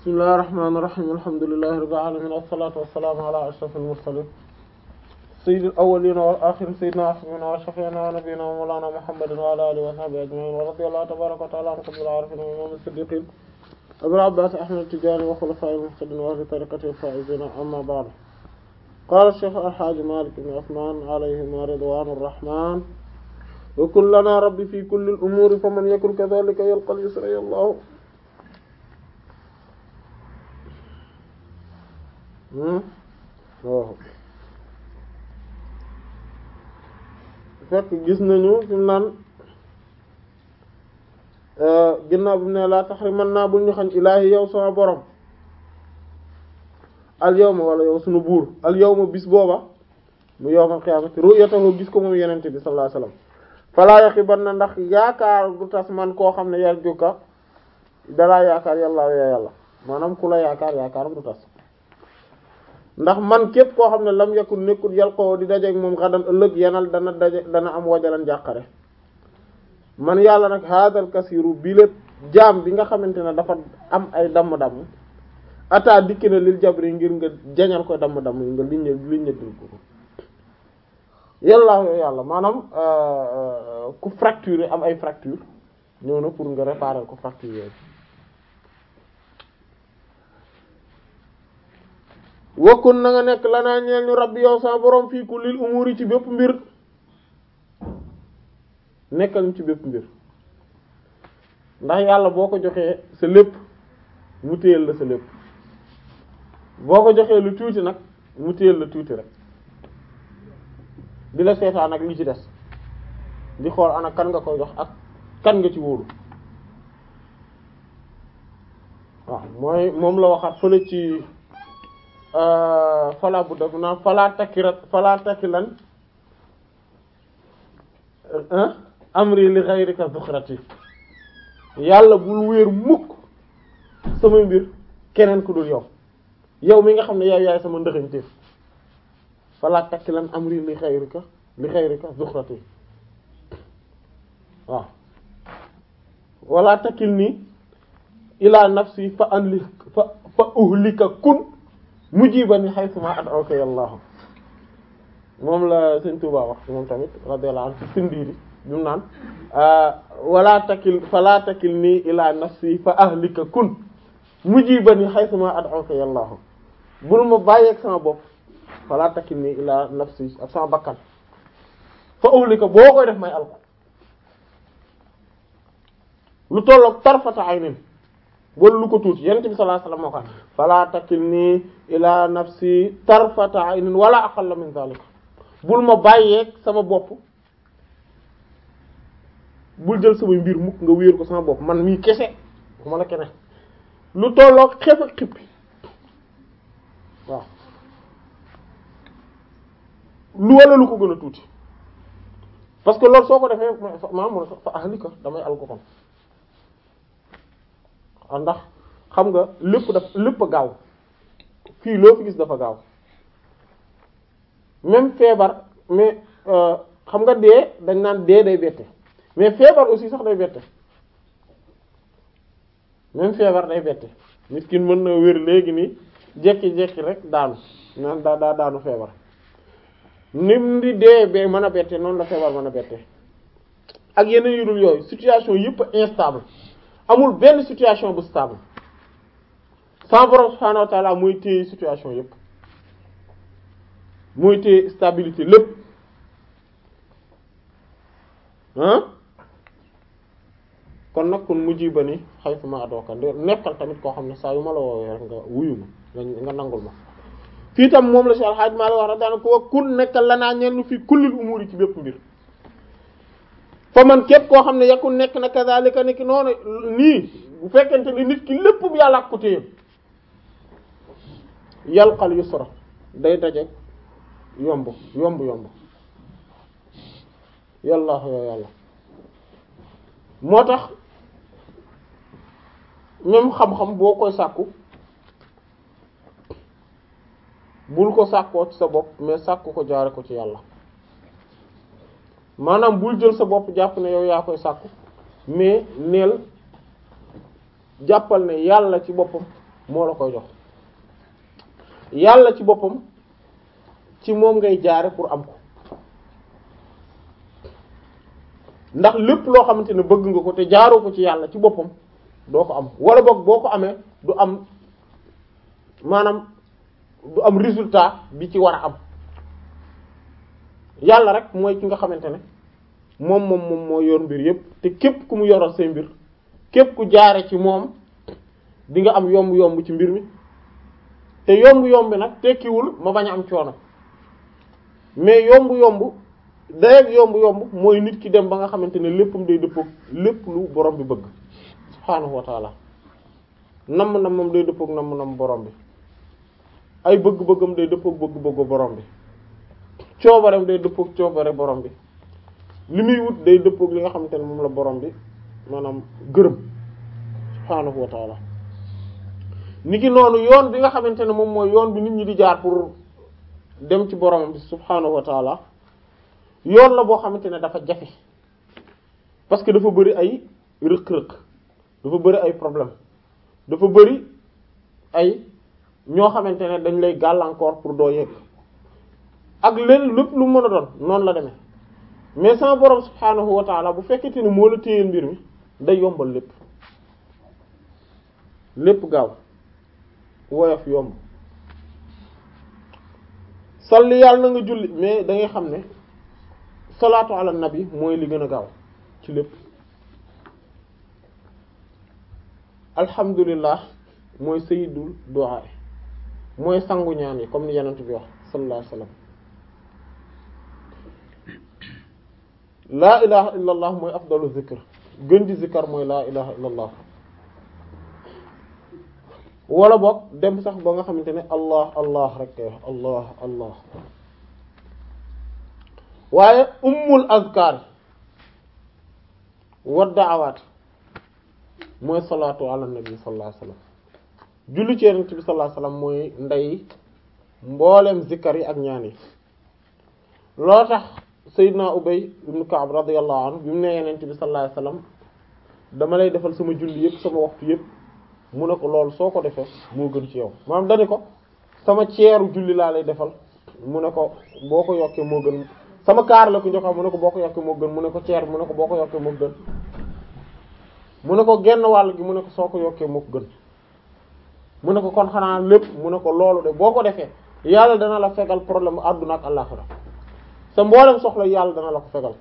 bismillahi rahmaani rahiim alhamdulillahi rabbil aalamiin wassalaatu wassalaamu alaa ashrafil mursaliin sayyidil awwaliin wal aaxiriin sayyidinaa wa shafii'inaa wa nabiyyinaa wa mawlaanaa Muhammadin wa alaa aalihi wa sahbihi ajma'iin wa radiyallaahu tabaaraka wa ta'aalaa an qutbil aarifiin wa imaamil siddiqiin abil abbaas ahmad tijaani wa xulafaa'il muhtadiin wa ahli tariiqatihi faa'iziin ammaa ba'du qaala sheikh alxaaji maalik ibn usmaan alayhimaa ridwaanu rahmaan wa kun lanaa rabbi fii kullil umuuri faman yakun kazaalika yalqal yusra yallaahu Hmm? waaw fekk gis nañu fi mu naan euh, ginnaaw bi mu ne laa tahrimanna bu ñu xañ ilaahi yow sama borom al yawma wala yow sunu buur al ma bis booba mu yawmal qiyaamati ru'yatahu gis ko moom yenente bi sallallahu alayhi wasallam falaa yaqibanna ndax yaakaar du tas man koo xam ne yarjuka dalaa yaakaar yàlla ya yàlla maanaam ku la yaakaar yaakaaram du tas ndax man képp koo xam ne lam yakun nekkul yal koo di dajeeg moom xadan ëllëg yenal dana daje dana am wajalan jàqare man yàlla nag hadal kasiru bi lépp jaam bi nga xamante ne dafa am ay damm-damm ataa dikki na lil jabri ngir nga jañal ko damm-damm yi nga liñ liñ ñëddul ko yàlla yàlla maanaam euh, euh, ku fracture am ay fracture ñoo na pour nga réparer ko fracture wakkun na nga nekk lanaa ñeel ñu yow sa borom fii kullil umuri ci bépp mbir nekkal ñu ci bépp mbir ndax yàlla boo ko joxee sa lépp mu téyel la sa lépp boo ko joxee lu tuuti nag mu téyel la tuuti rek di la seetaan ak li ci des di xool ana kan nga ko jox ak kan nga ci wóolu waaw mooy moom la waxaat fële ci Euh, fala bu daf naam fala takirat fala takilan euh, amri li ghayrika zukhrati yàlla bul wéer mukk sama mbir keneen ku dul yow yow mi nga xam ne yaay yaay sama ndëxañtéef fala takilan amri li ghayrika li ghayrika zukhrati waaw wala takil nii ila nafsi fa anli fa fa uhlika kun mujibani haythuma ad'uka yallahu moom la Sëriñ Tuubaa wax moom tamit radiyallahu anhu ci Sindiiri bi mu naan ah, wala takil fala takilni ila nafsi fa ahlika kun mujibani haythuma ad'uka yallahu bul ma bàyyeeg sama bopp fala takilni ila nafsi ak sama bakkan fa ahlika boo koy def may alko lu tolloog tarfata aynin wala lu ko tuuti yonent bi sallallahu alayhi wasallam moo ko fala takilni nafsi tarfata aynin wala aqalla min zalik bul ma bàyyeeg sama bopp bul jël samay mbir mukk nga wéer ko sama bopp man mii kese ma la keneen lu tolloog xef xippi lu wala lu ko gën a tuuti parce que loolu soo ko defee ma mun fa ahlika damay alko ndax xam nga lépp daf lépp a gaaw fii loo fi gis dafa gaaw même feebar mais euh, xam nga dee dañ naan dee day bette mais feebar aussi sax day bette même feebar day bette nit ki mën na wér léegi nii jekki-jekki rek daanu naan daa daa daanu feebar nim di dee ba mën a bette noonu la feebar mën a bette ak yeneen yu dul yooyu situation yëpp instable amul benn situation bu stable sans borom subhaanahu wa mooy téye situation yépp mooy téye stabilité lépp ah kon nag kon mujj ba ni xëy na ma adooka nekkal tamit koo xam ne saa yu ma la woowee rek nga wuyu ma nga nangul ma fii tam moom la si alxaaj maa la wax rek daanaka kun nekkal la naa ñenn fii kullil umur yi ci bépp mbir. fa man képp koo xam ne yakun nekk na kazalika ni ki noonu nii bu fekkente ni nit ki lépp bu yàlla ak ko téye yalqal yusra day daje yomb yomb yomb yàlla yoo yàlla moo tax même xam-xam boo koy sàkku bul ko sàkkoo ci sa bopp mais sàkku ko jaare ko ci yàlla maanaam bul jël sa bopp jàpp na yow yaa koy sàkku mais neel jàppal na yàlla ci boppam moo la koy jox yàlla ci boppam ci moom ngay jaare pour am ko ndax lépp loo xamante ne bëgg nga ko te jaaroo ko ci yàlla ci boppam doo ko am wala boog boo ko amee du am maanaam du am résultat bi ci war a am yàlla rek mooy ki nga xamante ne moom moom moom moo yor mbir yépp te képp ku mu yoral say mbir képp ku jaare ci moom di nga am yomb-yomb ci mbir mi te yomb-yomb nag tekkiwul ma bañ a am coono mais yomb-yomb dayeg yomb-yomb mooy nit ki dem ba nga xamante ne léppam day dëppoo lépp lu borom bi bëgg subhaanahu wa taala namm nam moom day dëppoog namm nam borom bi ay bëgg-bëggam day dëppoog bëgg-bëggu borom bi coobareem day dëppoog coobare borom bi li muy wut day dëppook li nga xamante ne moom la borom bi maanaam gërëm subhaanahu wa taala ni ki noonu yoon bi nga xamante ne moom mooy yoon bi nit ñi di jaar pour dem ci borom bi subhaanahu wa taala yoon la boo xamante ne dafa jafe parce que dafa bëri ay rëq-rëq dafa bëri ay problème dafa bëri ay ñoo xamante ne dañ lay gàllankoor pour doo yegg ak leen lépp lu mën a doon noonu la deme mais sama borom subhaanahu wa bu fekkente ni moo la téyeel mbir mi day yombal lépp lépp gaaw woyof yomb salli yàlla na nga julli mais dangay xam ne salaatu ala nabi mooy li gën a gaaw ci lépp alhamdulilah mooy sayyidul du'a mooy sangu ñaan yi comme ni yenent bi wax sallallahu alayhi wasallam laa ilaha illa mooy afdalu zikr gën ji zikar mooy laa ilaha illa wala boog dem sax ba nga xamante ni allah allah rek kay wax allah allah waaye ummul azkar wa da'awaat mooy salaatu ala nabi sallallahu alayhi wasallam julli ci yonent bi sallallahu alayhi wasallam mooy nday mboolem zikkar yi ak ñaan yi loo tax Seydina Ubay ibn Ka'b radiyallahu anhu bi mu nee Yonent bi sallallahu alayhi dama lay defal sama julli yëpp sama waxtu yëpp mu ne ko loolu soo ko defee moo gën ci yow maanaam ko sama ceeru julli laa lay defal mu ne ko boo ko yokkee moo gën sama kaar la ko jox mu ne ko boo ko yokkee moo gën mu ne ko ceer mu ne ko boo ko yokkee moo gën mu ne ko genn wàll gi mu ne ko soo ko yokkee moo gën mu ne ko kon xanaa lépp mu ne ko loolu de boo ko defee yàlla dana la fegal problème mu àdduna ak àllaxira sa mboolem soxla yàlla dana la ko fegal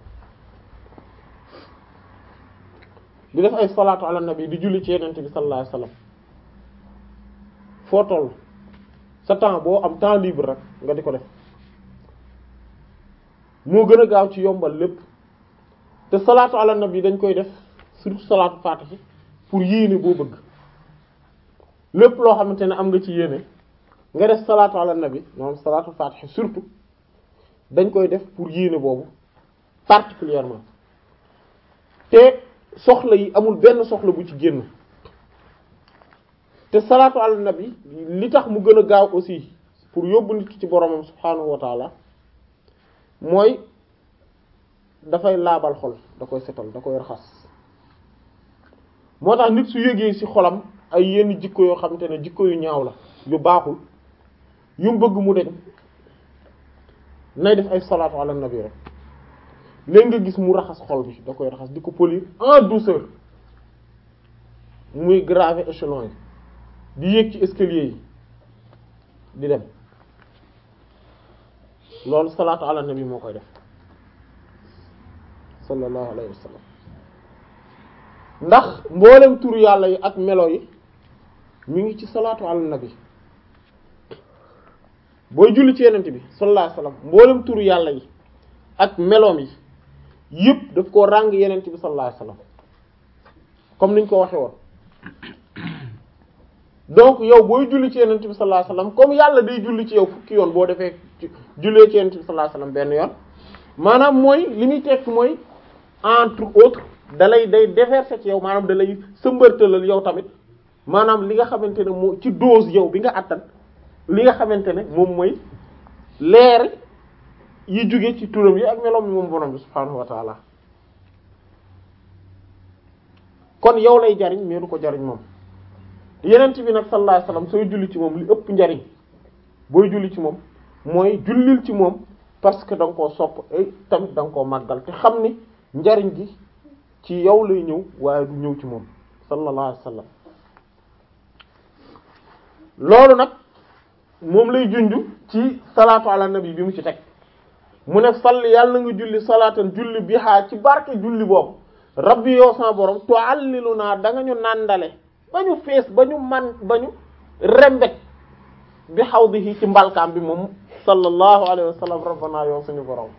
di def ay salaatu ala nabi di julli ci yenente bi sallallahu alayhi wasallam foo sa temps boo am temps libre rek nga di ko def moo gën a gaaw ci yombal lépp te salaatu ala yi dañ koy def surtout salaatu faatihi pour yéene boo bëgg lépp loo xamante ne am nga ci yéene nga def salaatu ala nabi maanaam salaatu faatihi surtout dañ koy def pour yéene boobu particulièrement te soxla yi amul benn soxla bu ci génn te salaatu ala nabi li tax mu gën a gaaw aussi pour yóbbu nit ki ci boromam subhaanahu wa mooy dafay laabal xol da koy setal da koy raxas moo tax nit su yëgee ci xolam ay yenn jikko yoo xamante ne jikko yu ñaaw la yu baaxul yu bëgg mu deñ nay def ay salaatu ala nabi rek léegi nga gis mu raxas xol bi da koy raxas di ko polir en douceur muy graver échelon yi di yéeg ci escalier yi di dem loolu salaatu ala nabi moo koy def sallallahu alayhi wa ndax mboolem turu yàlla yi ak melo yi mu ngi ci salaatu ala nabi booy julli ci yenent bi sallallahu alayhi mboolem turu yàlla yi ak meloom yi yëpp daf koo ràng yenent bi sallallahu alayhi wasallam comme niñ ko waxee woon donc yow booy julli ci yenent bi sallallahu alayhi comme yàlla day julli ci yow fukki yoon boo defee jullee ci yenent bi sallallahu alayhi benn yoon maanaam mooy li muy tekk mooy entre autres dalay day déverser ci yow maanaam dalay sëmbërtalal yow tamit maanaam li nga xamante ne moo ci doos yow bi nga attan li nga xamante ne moom mooy leer yi jóge ci turam yi ak meloom yi moom borom bi subhaanahu wa kon yow lay jariñ mais du ko jariñ moom yenent bi nag sallallahu alayhi wasallam sooy julli ci moom li ëpp njariñ booy julli ci moom mooy jullil ci moom parce que da nga koo sopp ay eh, tamit da nga koo màggal te xam ni njariñ gi ci yow lay ñëw waaye du ñëw ci moom sallallahu alayhi loolu nag moom lay junj ci salaatu ala nabi bi mu ci teg mu ne salli yàlla nga julli salaatan julli bihaa ci barke julli boobu rabbi yow sama borom tuallilu naa da ñu nàndale ba ñu fees ba ñu man ba ñu rembet bi hawdihi ci mbalkaam bi moom sallallahu alayhi wa sallam suñu borom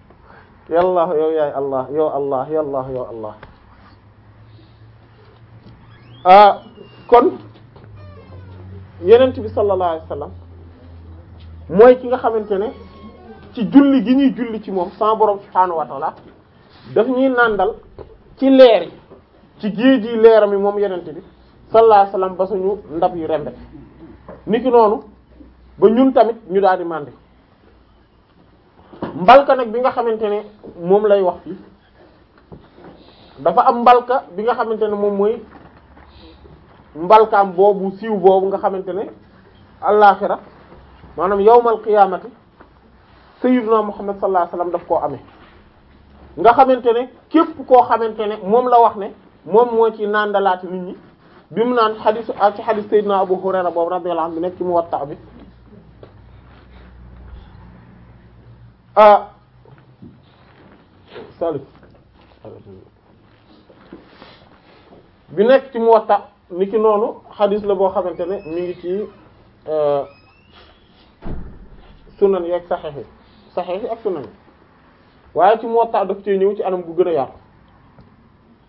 yàlla yow yaay allah yow allah yàlla yow allah ah, kon yenent bi sallallahu alayhi wa sallam mooy ki nga xamante ne ci julli gi ñuy julli ci moom sama borom subhaanahu wa ta'ala daf ñuy nàndal ci leer yi ci géej yi leeram yi moom yenente bi sallallahu alayhi wasallam ba suñu ndab yi rembet niki noonu ba ñun tamit ñu daal màndi mbalka nag bi nga xamante ne moom lay wax fii dafa am mbalka bi nga xamante ne moom mooy mbalkaam boobu siiw boobu nga xamante ne àllaaxira maanaam yawmal qiyaamati sayyiduna Muhammad sallallahu alayhi wasallam daf koo amee nga xamante ne képp koo xamante ne moom la wax ne moom moo ci nandalaati nit ñi bi mu naan xadis ci xadis sayyidina Abu Hurayra boobu radiyallahu anhu bi nekk ci Muwatta bi ah ci noonu xadis la boo xamante ne mi ngi ci euh, sunan yeeg saxeex yi saxeex yi ak sunan yi waaye ci Muwatta daf cee ñëw ci anam gu gën a yaatu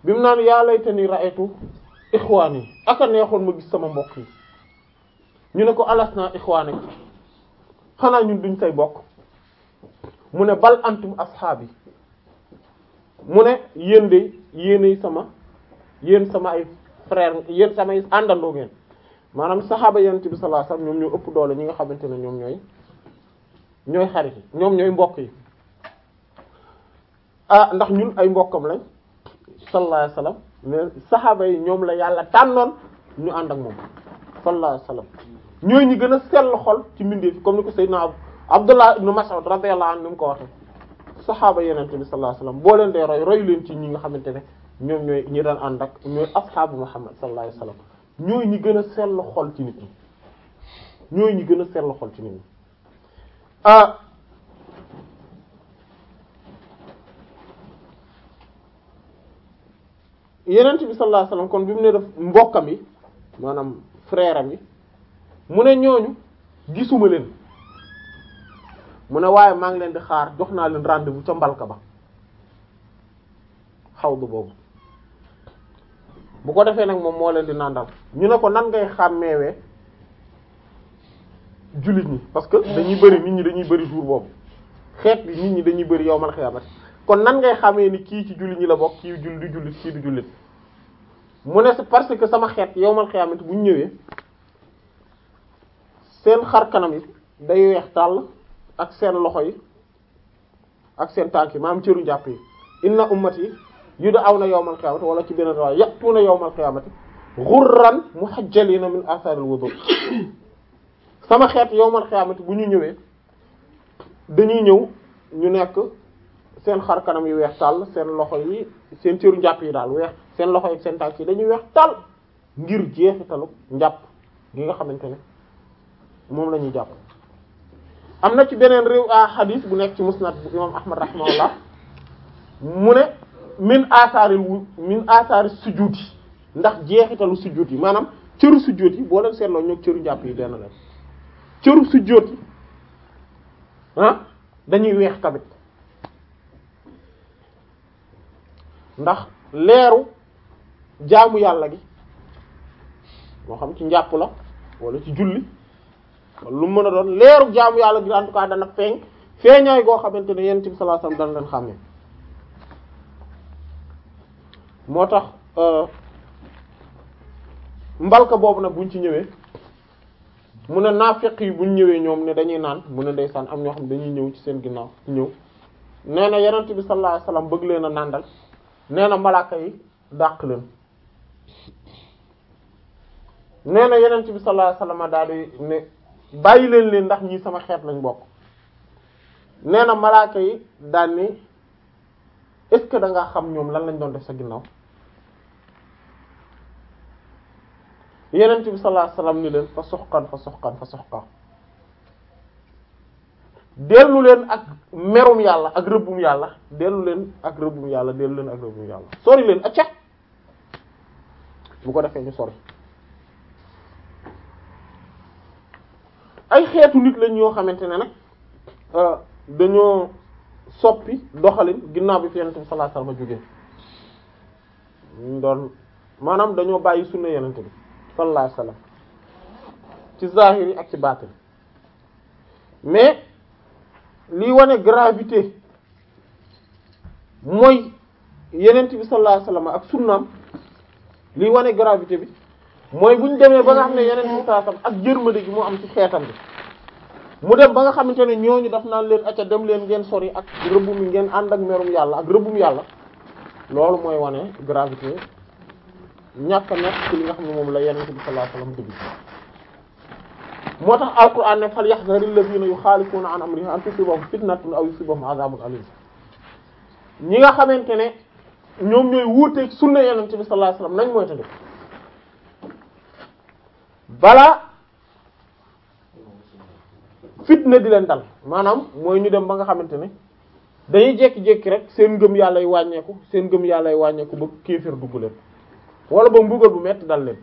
bi mu naan yaa laytani ra'aytu ixwaani aka neexoon ma gis sama mbokk yi ñu ne ko alasna ixwaani xanaa ñun duñ say bokk mu ne bal antum asxaabi mu ne yéen de yéenay sama yéen sama ay frère yéen samay àndandoo ngeen maanaam saxaaba yonent bi sallallahu alayhi wasallam ñoom ñoo ëpp doole ñi nga xamante ne ñoom ñooy ñooy xarit yi ñoom ñooy mbokk yi ah ndax ñun ay mbokkam lañ sallallahu alayhi wasallam mais saxaaba yi ñoom la yàlla tànnoon ñu ànd ak moom sallallahu alayhi wasallam ñooy ñi gën a sell xol ci mbindeef comme ni ko Seydina Abdullah ibn Mas'ud radiyallahu anhu ni mu ko waxee saxaaba yenente bi sallallahu alayhi wasallam boo leen dee roy roy leen ci ñi nga xamante ne ñoom ñooy ñi daan ànd ak ñooy asxaabu Muhammad sallallahu alayhi wasallam ñooy ñi gën a sell xol ci nit ñi ñooy ñi gën a sell xol ci nit ñi ah yenent bi sallallahu alayhi kon bi mu ne def mbokkam yi maanaam freeram yi mu ne ñooñu gisuma leen mu ne waaye maa ngi leen di xaar jox naa leen rendez-vous ca mbalka ba xaw du boobu bu ko defee nag moom moo leen di nàndal ñu ne ko nan ngay xàmmeewee jullit ñi parce que dañuy bëri nit ñi dañuy bëri jour boobu xeet bi nit ñi dañuy bëri yow man xiyamat kon nan ngay xamee ni kii ci jullit ñi la bokk kii jullit du jullit kii du jullit mu ne parce que sama xeet yow man xiyamat bu ñu ñëwee seen xar kanam yi day weex tàll ak seen loxo yi ak seen tànk yi maam cëru njàpp yi inna ummati yud'awna yawmal qiyamati wala ci beneen riwaaya ya'tuna yawmal mu ghurran muhajjalina na athari al wudu sama xeet yowmal xiyaamati bu ñu ñëwee dañuy ñëw ñu nekk seen xar kanam yi weex tàll seen loxo yi seen cëru njàpp yi daal weex seen loxo yi seen tànk yi dañuy weex tàll ngir jeexitalu njàpp gi nga xamante ne moom lañuy jàpp am na ci beneen réew a ah, xadiis bu nekk ci musnad bu imam ahmad rahimahullah mu ne min asaari wu min asaari sujjuut yi ndax jeexitalu sujjuut yi maanaam cëru sujjuut yi boo seen seetloo ñoo cëru njàpp yi denn leen cëru sujjóot yi ah, dañuy weex tamit ndax leeru jaamu yàlla gi moo xam ci njàpp la wala ci julli lu mun a doon leeru jaamu yàlla gi en tout cas dana feeñ feeñaay goo xamante ne yonent bi sallallahu alayhi wasallam dana leen xàmme moo tax euh, mbalka boobu nag buñ ci ñëwee mu ne naafiq yi bu ñu ñëwee ñoom ne dañuy naan mu ne ndeysaan am ñoo xam ne dañuy ñëw ci seen ginnaaw ñëw nee na yonent bi sallallahu alayhi wasallam bëgg leen a nàndal nee na malaaka yi dàq leen nee na yonent bi sallallahu alayhi wasallam daal di ne bàyyi leen leen ndax ñii sama xeet lañ bokk nee na malaaka yi daal ni est-ce da nga xam ñoom lan lañ doon def sa ginnaaw yenent bi sallallahu alayhi wasallam ni leen fa soxkan fa soxkan fa soxkan dellu leen ak merum yàlla ak rëbbum yàlla dellu leen ak rëbbum yàlla dellu leen ak rëbbum yàlla sori leen acca bu ko defee ñu sori ay xeetu nit lañ yoo xamante ne nag euh, dañoo soppi doxalin ginnaaw bi fi yenent bi sallallahu alayhi wasallam jógee ñu doon maanaam dañoo bàyyi sunna yenent bi sallallahu alayhi wa sallam ci zahir ak ci baatin mais liy wane gravité mooy yeneenti bi sallallahu alayhi wa ak sunnaam liy wane gravité bi mooy bu demee ba nga xam ne yeneen bi sallam ak jërmande gi mu am ci xeetam bi mu dem ba nga xamante ne ñu daf naan leen acca dem leen ngeen sori ak rëbbum yi ngeen ànd ak merum yàlla ak rëbbum yàlla loolu mooy wane gravité ñàkk a nekk ci li nga xam ne moom la yonent bi sallallahu alayhi wasallam moo tax alquran ne fal yahzari alladhina yukhalifuna an amrihi an tusibahum fitnatun aw yusibahum adhabun alim ñi nga xamante ne ñoom ñooy wuuteeg sunna yonent bi sallallahu alayhi wasallam nañ mooy tëdd bala fitna di leen dal maanaam mooy ñu dem ba nga xamante ne dañuy jékki-jékki rek seen ngëm yàlla yi wàññeeku seen ngëm yàlla yi wàññeeku ba kéefër dugg leen wala ba mbugal bu metti dal leen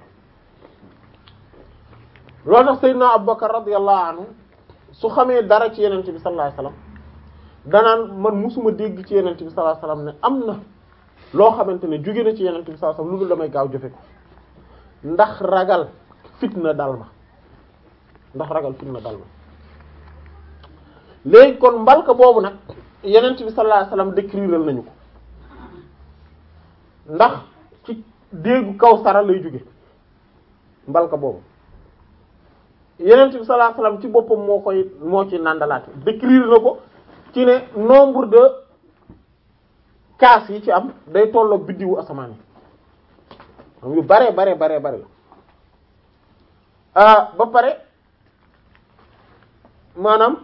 loolu tax Seydina Abubakar radiyallahu anhu su xamee dara ci yenente bi sallallahu alayhi wasallam danaan man musuma dégg ci yenente bi sallallahu alayhi wasallam ne am na loo xamante ne jóge na ci yenente bi sallallahu alayhi wasallam lu dul damay gaaw jëfe ko ndax ragal fitna dal ma ndax ragal fitna dal ma léegi kon mbalka boobu nag yenente bi sallallahu alayhi wasallam décriral nañu ko ndax déegu kaw sara lay jóge mbalka boobu yeneen bi sallallahu alayhi ci boppam moo koy moo ci nandalaate décrire ko ci ne nombre de kaas yi ci am day tolloog biddiwu asamaan yi am yu bare bare bare bare ah, ba pare maanaam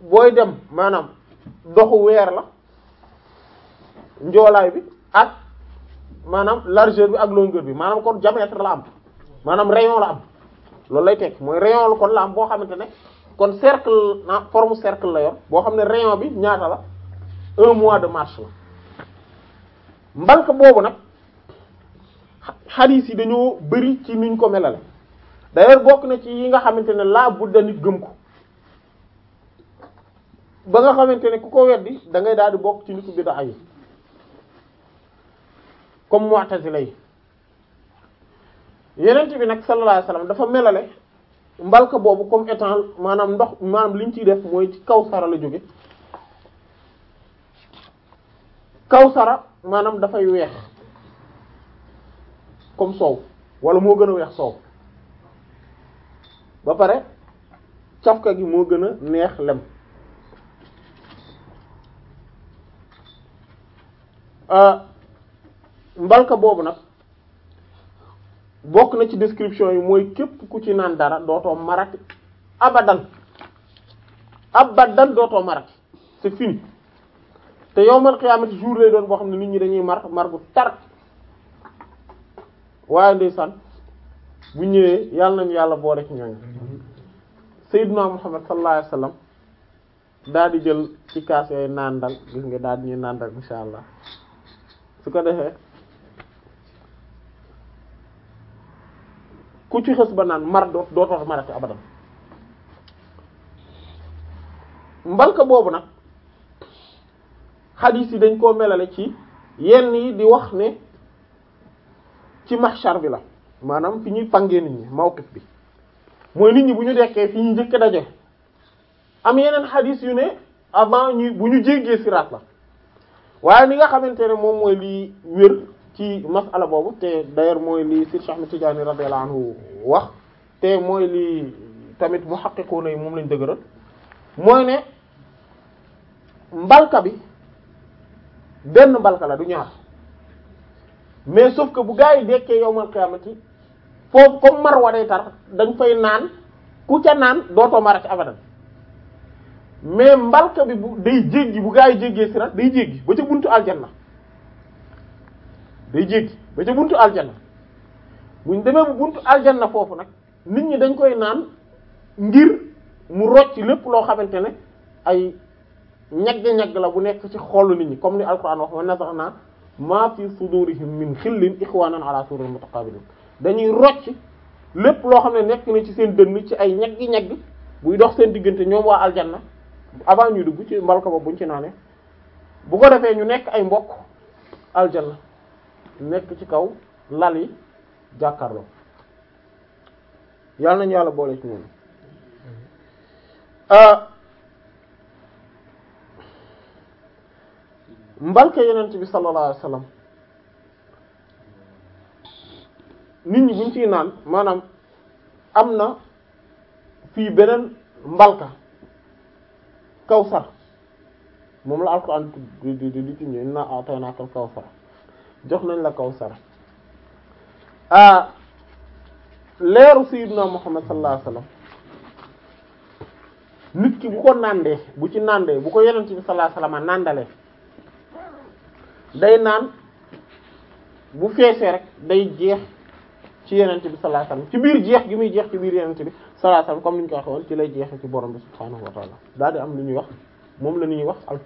booy dem maanaam doxu weer la njoolaay bi ak maanaam largeur bi ak longueur bi maanaam kon diamètre la am maanaam rayon la am loolu lay teg mooy rayon la kon la am boo xamante ne kon cercle na forme cercle la yor boo xam ne rayon bi ñaata la un mois de marche la mbalk boobu nag xadiis yi dañoo bari ci nuñ ko melale d'ailleurs bokk na ci yi nga xamante ne laa bu da nit gëm ko ba nga xamante ne ku ko weddi da ngay daal di bokk ci nitu bid'a yi comme mu'tazila yi yenent bi nag sallallahu alayhi dafa melale mbalka boobu comme étant maanaam ndox maanaam liñ ciy def mooy ci kaw sara la jóge kaw sara maanaam dafay weex comme soow walla moo gën a weex soow ba pare cafka gi moo gën a neex lem ah mbalka boobu nag bokk na ci description yi mooy képp ku ci naan dara dootoo marati abadan abadan dootoo marati c'est fini te yowmal xiyaamati jour lay doon boo xam ne nit ñi dañuy mar mar bu tar waaye ndeysaan bu ñëwee yàlla nañu yàlla boole ci ñooñu sayyiduna muhammad sallallahu alayhi wasallam daal di jël ci kaas yooyu naan dal gis nga daal di ñuy naan dal insha allah su ko defee ku ci xës ba naan mar doot dootoo marati abadan mbalka boobu nag xadiis yi dañ koo melale ci yenn yi di wax ne ci mahshar bi la maanaam fi ñuy pangee nit ñi mawqif bi mooy nit ñi bu ñu dekkee fi ñu njëkk a daje am yeneen xadiis yu ne avant ñuy bu ñu jéggee siraat la waaye ni nga xamante ne moom mooy lii wér ci masala boobu te d'ailleurs mooy lii Sir Cheikh Ahmed Tidiane radiyallahu anhu wax te mooy lii tamit muhaqqiquna yi moom lañ dëgëral mooy ne mbalka bi benn mbalka la du ñaar mais sauf ko bu gaa yi dekkee yowmal ci foofu comme mar wa day tar dañ fay naan ku ca naan dootoo mara ci abadan mais mbalka bi bu day jéggi bu gaa yi jéggee sirat day jéggi ba ca buntu aljanna day jéggi ba ca buntu aljanna buñ demee bu buntu aljanna foofu nag nit ñi dañ koy naan ngir mu rocc lépp loo xamante ne ay ñagg-ñagg la bu nekk ci xool nit ñi comme ni alquran wax wa nazaxna ma fi sudurihim min xillin ixwanan ala sururin mutaqabilin dañuy rocc lépp loo xam ne nekk na ci seen dënn ci ay ñagg-ñagg buy dox seen diggante ñoom waa aljana avant ñuy dugg ci mbalka ba buñ ci naanee bu ko defee ñu nekk ay mbokk aljanna nekk ci kaw lal yi jàkkaarloo yàlla nañu yàlla boole ci ñoom mbalke yeneen ci bi sallallahu alayhi wasallam nit ñi buñ ciy naan maanaam am na fii beneen mbalka kawsar moom la alxuraan di di di di ci ñu inna a'taynaka al-kawsar jox nañ la kawsar ah leeru sayyidina Muhammad na alayhi wasallam nit ki bu ko nàndee bu ci nàndee bu ko yonent bi sallallahu alayhi nàndale day naan bu feesee rek day jeex ci yonent bi sallallahu ci biir jeex gi muy jeex ci biir yonent bi sallallahu comme ni ñu ko waxee ci lay jeexe ci borom bi subhaanahu wa ta'ala daal di am lu ñuy wax moom la ñuy wax al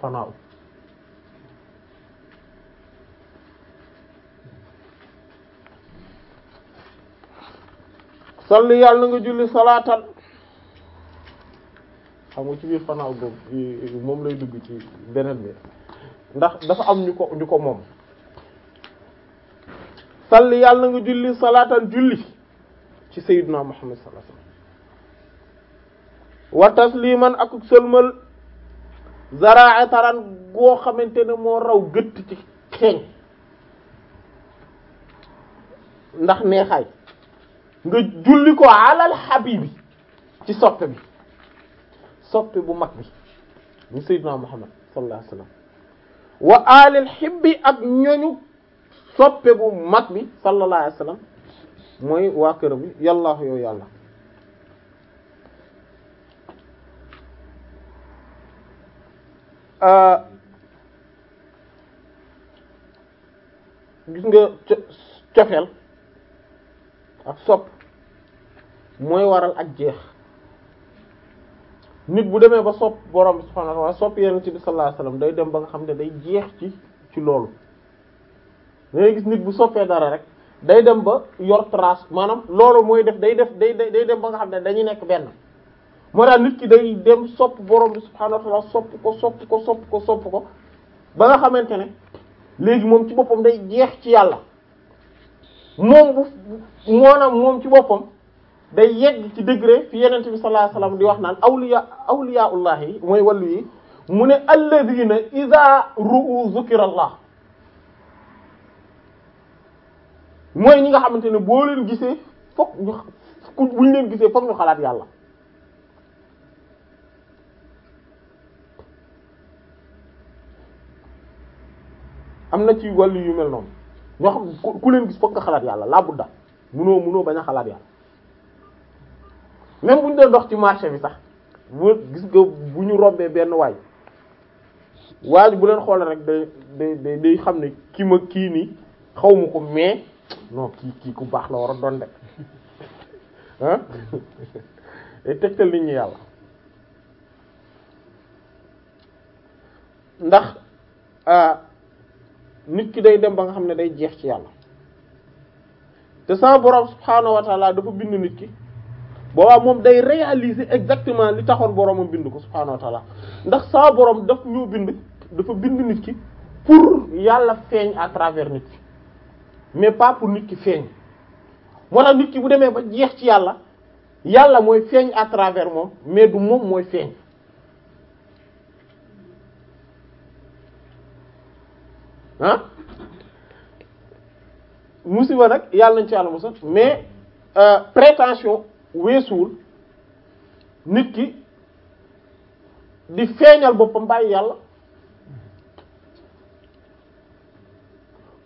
salli yàlla nga julli salaatan xam nga ci biir fanaaw boobu moom lay dugg ci beneen bi ndax dafa am ñu ko ñu ko moom salli yàlla nga julli salaatal julli ci sayyidina Muhammad sallallahu alayhi wasallam wa tasliman ak sëlmal zaraa taran goo xamante ne moo raw gëtt ci xeeñ ndax neexaay nga julli ko alal habibi ci soppe bi soppe bu mag bi ñu sayyidina muhammad sallallahu alayhi wasallam wa alil hibbi ak ñoñu soppe bu mag bi sallallahu alayhi wasallam mooy waa këram bi yàllaahu yow yàlla euh, gis nga cofeel ak sopp mooy waral ak jeex nit bu demee ba sopp borom bi subhaanahu wa ta'ala sopp yonent bi sallallahu alayhi day dem ba nga xam ne day jeex ci ci loolu dangay gis nit bu soppee dara rek day dem ba yor trace maanaam loolu mooy def day def day day dem ba nga xam ne dañuy nekk benn moo tax nit ki day dem sopp borom bi subhaanahu wa ta'ala sopp ko sopp ko sopp ko sopp ko ba nga xamante ne léegi moom ci boppam day jeex ci yàlla moom moom ci boppam day yegg ci degré fi yenente bi sallallahu alayhi di wax naan awliya awliyaullahi yi mooy wàllu yi mu ne alladina iza ru'u zukira allah mooy ñi nga xamante ne boo leen gisee fokk ñu buñ leen gisee fokk ñu xalaat yàlla am na ci wàllu yu mel noonu ñoo xam ku leen gis fokk nga xalaat yàlla laa budda munoo munoo bañ xalaat yàlla même bu ñu doon dox ci marché bi sax bu gis nga bu ñu rombee benn waay waay bu leen xool rek day day day xam ne kii ma kii nii xaw ma ko mais non kii kii ku baax la war a doon de ah day tegtal nit ñi yàlla ndax nit ki day dem ba nga xam ne day jeex ci yàlla te sama borom subhaanahu wa taala dafa bind nit ki. boobaa moom day réaliser exactement li taxoon boromam bind ko subhaanahu wa taala ndax saa borom daf ñu bind dafa bind nit ki pour yàlla feeñ à travers nit ki mais pas pour nit ki feeñ moo tax nit ki bu demee ba jeex ci yàlla yàlla mooy feeñ à travers moom mais du moom mooy feeñ ah musiba nag yàlla nañ ci yàlla musal mais euh, prétention weesuwul nit ki di feeñal boppam bàyyi yàlla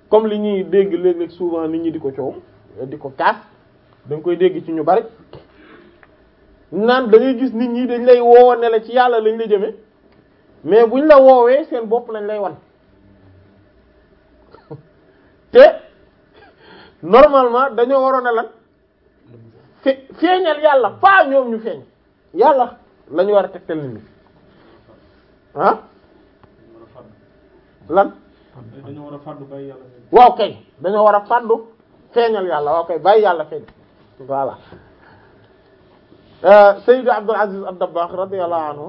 comme li ñuy dégg léeg souvent nit ñi di ko coow di ko kaas da koy dégg ci ñu bari naan da gis nit ñi dañ lay woo ne la ci yàlla lañ la jëme mais buñ la woowee seen bopp lañ lay wan te normalement dañoo waroon a lan fe feeñal yàlla pas ñoom ñu feeñ yàlla la war a tegtal nit ñi ah? lan dañoo war a fàddu waaw kay dañoo war a fàddu feeñal yàlla waaw kay bàyyi yàlla feeñ voilà euh, Seydou Abdul Aziz ad-Dabbagh radiyallahu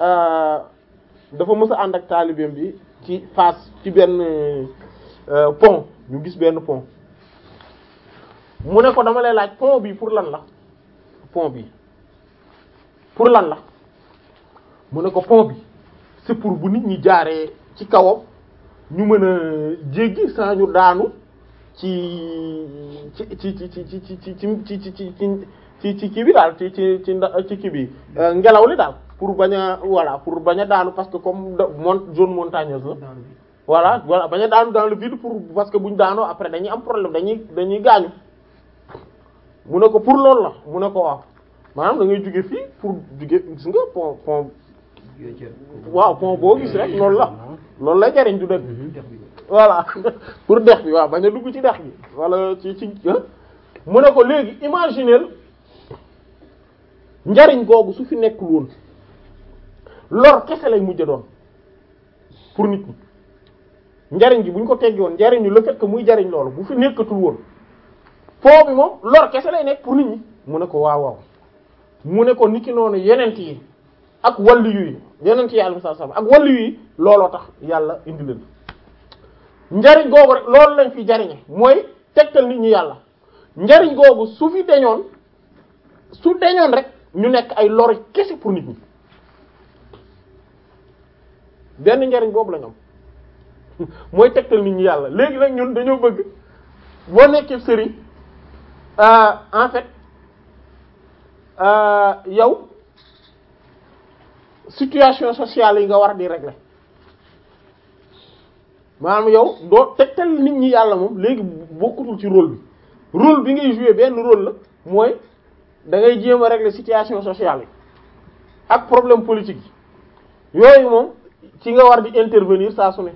euh, dafa mës a ànd ak taalibeem bi ci face ci benn euh, pont ñu gis benn pont mu ne ko dama lay laaj pont bi pour lan la pont bi pour lan la mu ne ko pont bi pour bu nit ñi jaaree ci kawam ñu mën a jéggi sans ñu daanu ci ci ci ci ci ci ci ci ci ci ci ci kii bi daal ci ci ci ci kii bi ngelaw li daal pour bañ a pour bañ a daanu parce que comme mont zone montagneuse la voilà voilà bañ a daanu dans le vide pour parce que bu ñu daanoo après dañuy am problème dañuy dañuy gaañu mu ne ko pour loolu la mu ne ko waaw maanaam da ngay jóge fii pour jóge gis nga pont pon waaw pon boo gis rek loolu la loolu la jariñ du dëgg mhm. voilà pour dex bi waaw bañ a dugg ci dex bi wala ci ci ah. mu ne ko léegi imagineel njariñ googu su fi nekkul woon lor kese lay mujj doon pour nit ñi njariñ gi bu ñu ko teggi woon njariñu la fekk muy jariñ loolu bu fi nekkatul woon foo bi moom lor kese lay nekk pour nit ñi mu ne ko waaw waaw mu ne ko niki noonu yenent yi ak yu yi yenent yi alayhi salaam ak waliyu yi looloo tax yàlla indi njariñ googu loolu lañ fi jariñe mooy tegtal nit ñi yàlla njariñ googu su fi su deñoon rek ñu nekk ay lor kese pour nit benn njariñ boobu lañ mooy tegtal nit ñi yàlla léegi nag ñun dañoo bëgg boo nekkee sëriñ Euh, en fait euh, yow situation sociale yi nga war di régler maanaam yow doo tegtal nit ñi yàlla moom léegi bokkutul ci rôle bi rôle bi ngay jouer benn rôle la mooy da ngay jéem a regle situation sociale yi ak problème politique yi yooyu moom ci nga war di intervenir saa su ne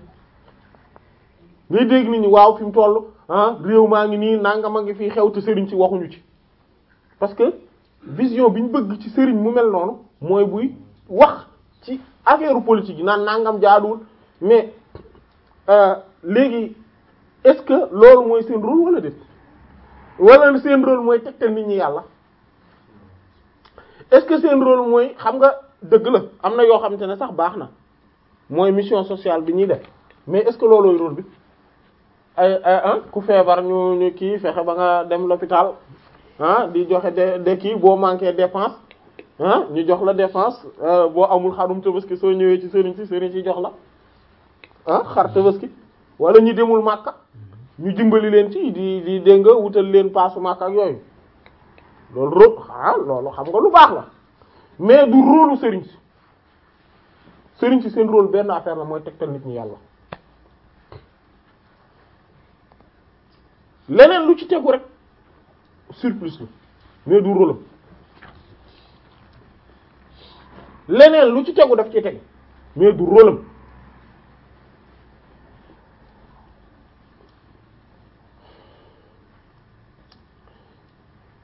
ngay dégg nit ñi waaw fi mu ah réew maa ngi nii a ngi fii xew te sëriñ ci waxuñu ci parce que vision bi ñu bëgg ci sëriñ mu mel noonu mooy buy wax ci affaire politique yi naan nangam jaaduwul mais euh, léegi est-ce que loolu mooy seen rôle wala déet wala seen rôle mooy tegtal nit ñi yàlla est-ce que seen rôle mooy xam nga dëgg la am na yoo xamante ne sax baax na mooy mission sociale bi ñuy def mais est-ce que loolooy rôle bi. ay ah, ku feebar ñu ñu kii fexe ba nga dem l'hôpital ah di joxe de de kii boo manqué dépense ah ñu jox la dépense euh, boo amul xarum tabaski soo ñëwee ci sëriñ si sëriñ si jox la ah xar tabaski wala ñu demul màkka ñu dimbali leen ci di di dégg nga wutal leen paasu màkka ak yooyu loolu rôle ah loolu xam nga lu baax la mais du rôle sëriñ si sëriñ si seen rôle benn affaire la mooy tegtal nit ñi yàlla. leneen lu ci tegu rek surplus la mais du rôle leneen lu ci tegu daf ci teg mais du rôle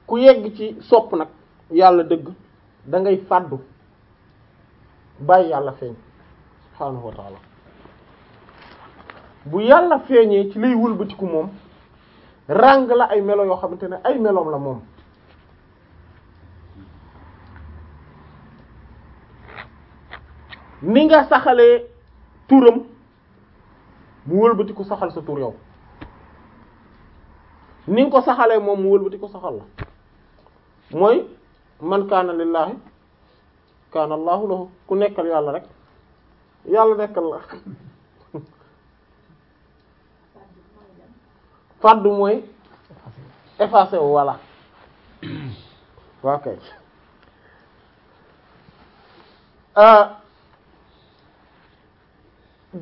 ku yegg ci sopp nag yàlla dëgg dangay ngay fàddu bàyyi yàlla feeñ subhaanahu wa taala bu yàlla feeñee ci lay wëlbatiku moom ràng la ay melo yoo xamante ne ay meloom la moom ni nga saxalee turam mu wëlbati ko saxal sa tur yow ni ko saxalee moom mu wëlbati ko saxal la mooy man kaana lillaahi kaana allaahu ku nekkal yàlla rek yàlla nekkal la faddu mooy effacé wu voilà ok euh,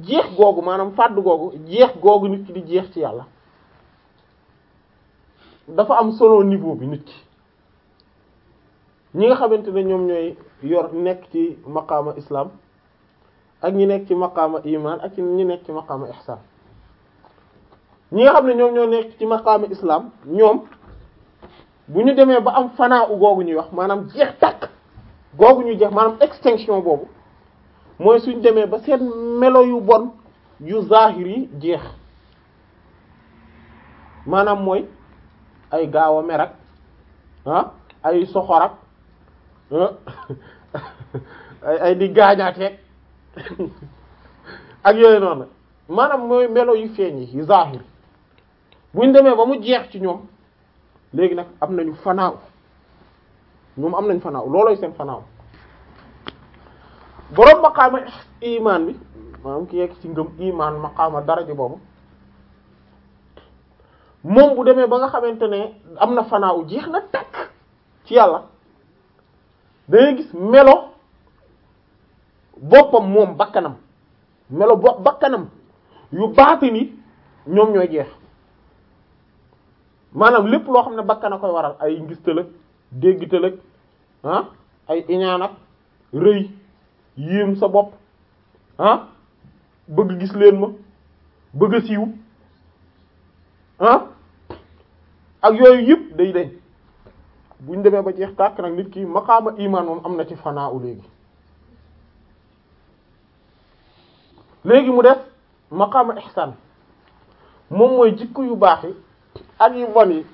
jeex googu maanaam fàddu googu jeex googu nit ki di jeex ci yàlla dafa am solo niveau bi nit ñi nga xamante ne ñoom ñooy yor nekk ci maqaama islaam ak ñi nekk ci maqaama imaan ak ñi nekk ci maqaama ihsan ñi nga xam ne ñoom ñoo nekk ci maqaami islam ñoom bu ñu demee ba am fanaa u googu ñuy wax maanaam jeex tàkk googu ñu jeex maanaam extinction boobu mooy suñ demee ba seen melo yu bon yu zahir yi jeex maanaam mooy ay gaaw a mer ak ah ay soxor ak ah, ay ay di gaañaateeg ak yooyu noonu maanaam mooy melo yu feeñ yi yu zahir buñ demee ba mu jeex ci ñoom léegi nag am nañu fanaaw ñoom am nañ fanaaw loolooy seen fanaaw boroom maqaama imaan bi maanaam ci ngëm imaan maqaama boobu moom demee ba nga xamante ne am na fanaaw jeex na takk ci yàlla dangay gis melo boppam moom bakkanam melo bopp bakkanam yu baatini ñoom ñooy jeex maanaam lépp loo xam ne bakkan a koy waral ay ngistal ak déggtal ak ah ay iñaan ak rëy yéem sa bopp ah bëgg gis leen ma bëgg a siiw ah ak yooyu yëpp day dañ buñ demee ba jeex tàkk nag nit ki maqaama iman moom am na ci fanaa u léegi léegi mu def maqaama ihsan moom mooy jikko yu baax yi ak yu bon yi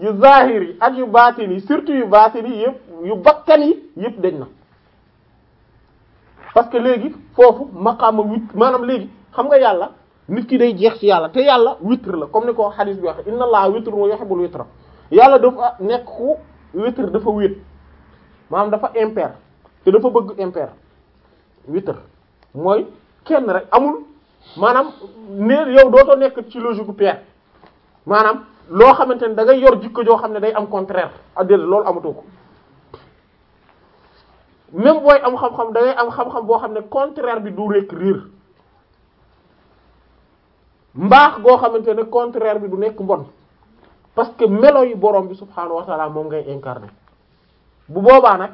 yu zahir yi ak yu baatin yi surtout yu baatin yi yëpp yu bakkan yi yëpp dañ na parce que léegi foofu maqaama wit maanaam léegi xam nga yàlla nit ki day jeex ci yàlla te yàlla witre la comme ni ko hadith bi waxe inna allaha witrun yuhibbul witra yàlla dafa nekk ku witre dafa wét maanaam dafa impair te dafa bëgg impair witre mooy kenn rek amul maanaam ne yow dootoo nekk ci logique pair maanaam loo xamante ne da ngay yor jikko joo xam ne day am contraire addél ah, loolu amatoo ko même booy am xam-xam da am xam-xam boo xam ne contraire bi du rekk mbaax goo xamante ne contraire bi du nekk mbon parce que melo yi borom bi subhaanahu wa moom ngay incarner bu boobaa nag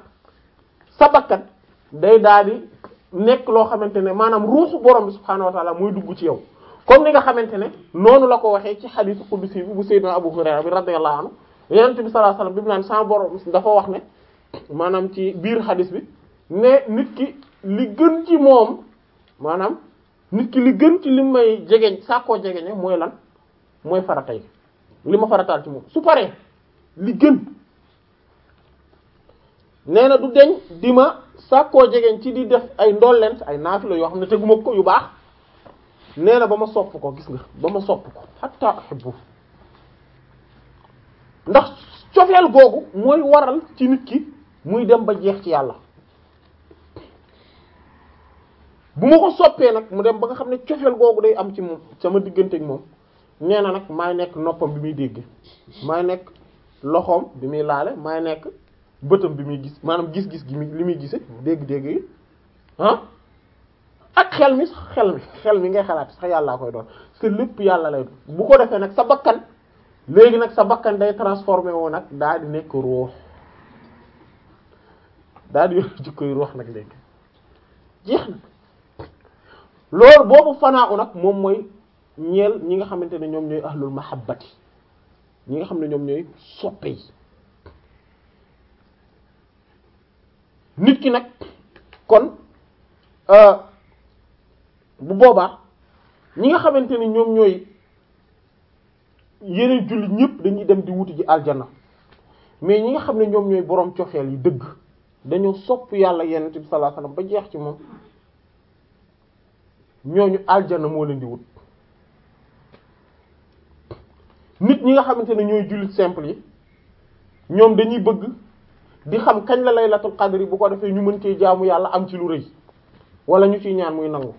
sa bakkan day daal di nekk loo xamante ne maanaam ruuxu borom bi subhaanahu wa muy dugg ci yow comme ni nga xamante ne noonu la ko waxee ci xadiisu qudsi bi bu Seydina Abu Hurayra bi radiyallahu anhu Yonent bi sallallahu bi wasallam bi mu naan sa borom dafa wax ne maanaam ci biir xadiis bi ne nit ki li gën ci moom maanaam nit ki li gën ci li may jegeñ sàkkoo jegeñe mooy lan mooy faratay li ma farataal ci moom su paree li gën nee na du deñ di ma sàkkoo jegeñ ci di def ay ndolleent ay naafila yoo xam ne teguma ko yu baax neena ba ma sopp ko gis nga ba ma sopp ko hatta uhibbu ndax cofeel googu mooy waral ci nit ki muy dem ba jeex ci yàlla bu ma ko soppee nag mu dem ba nga xam ne cofeel googu day am ci moom sama diggante ak moom nee na nag maay nekk noppam bi muy dégg maay nekk loxoom bi muy laale maay nekk bëtam bi muy gis maanaam gis-gis gi li muy gise dégg-dégg yi ah. ak xel mi xel mi xel mi ngay xalaat sax yàllaa koy doon te lépp yàlla lay bu ko defee nag sa bakkan léegi nag sa bakkan day transformé woo nag daal di nekk ruux daal di yor jikkoy ruux nag léegi jeex na loolu boobu fanaaw nag moom mooy ñeel ñi nga xamante ne ñoom ñooy ahlul mahabbati ñi nga xam ne ñoom ñooy soppe nit ki nag kon. Euh, bu boobaa ñi nga xamante ni ñoom ñooy yeneen jullit ñëpp dañuy dem di wuti ji aljana mais ñi nga xam ne ñoom ñooy boroom cofeel yi dëgg dañoo sopp yàlla yenent bi sallallahu alayhi ba jeex ci moom ñooñu aljana moo leen di wut nit ñi nga xamante ne ñooy jullit simple yi ñoom dañuy bëgg di xam kañ la laylatul qadr yi bu ko defee ñu mën cee jaamu yàlla am ci lu rëy wala ñu ciy ñaan muy nangu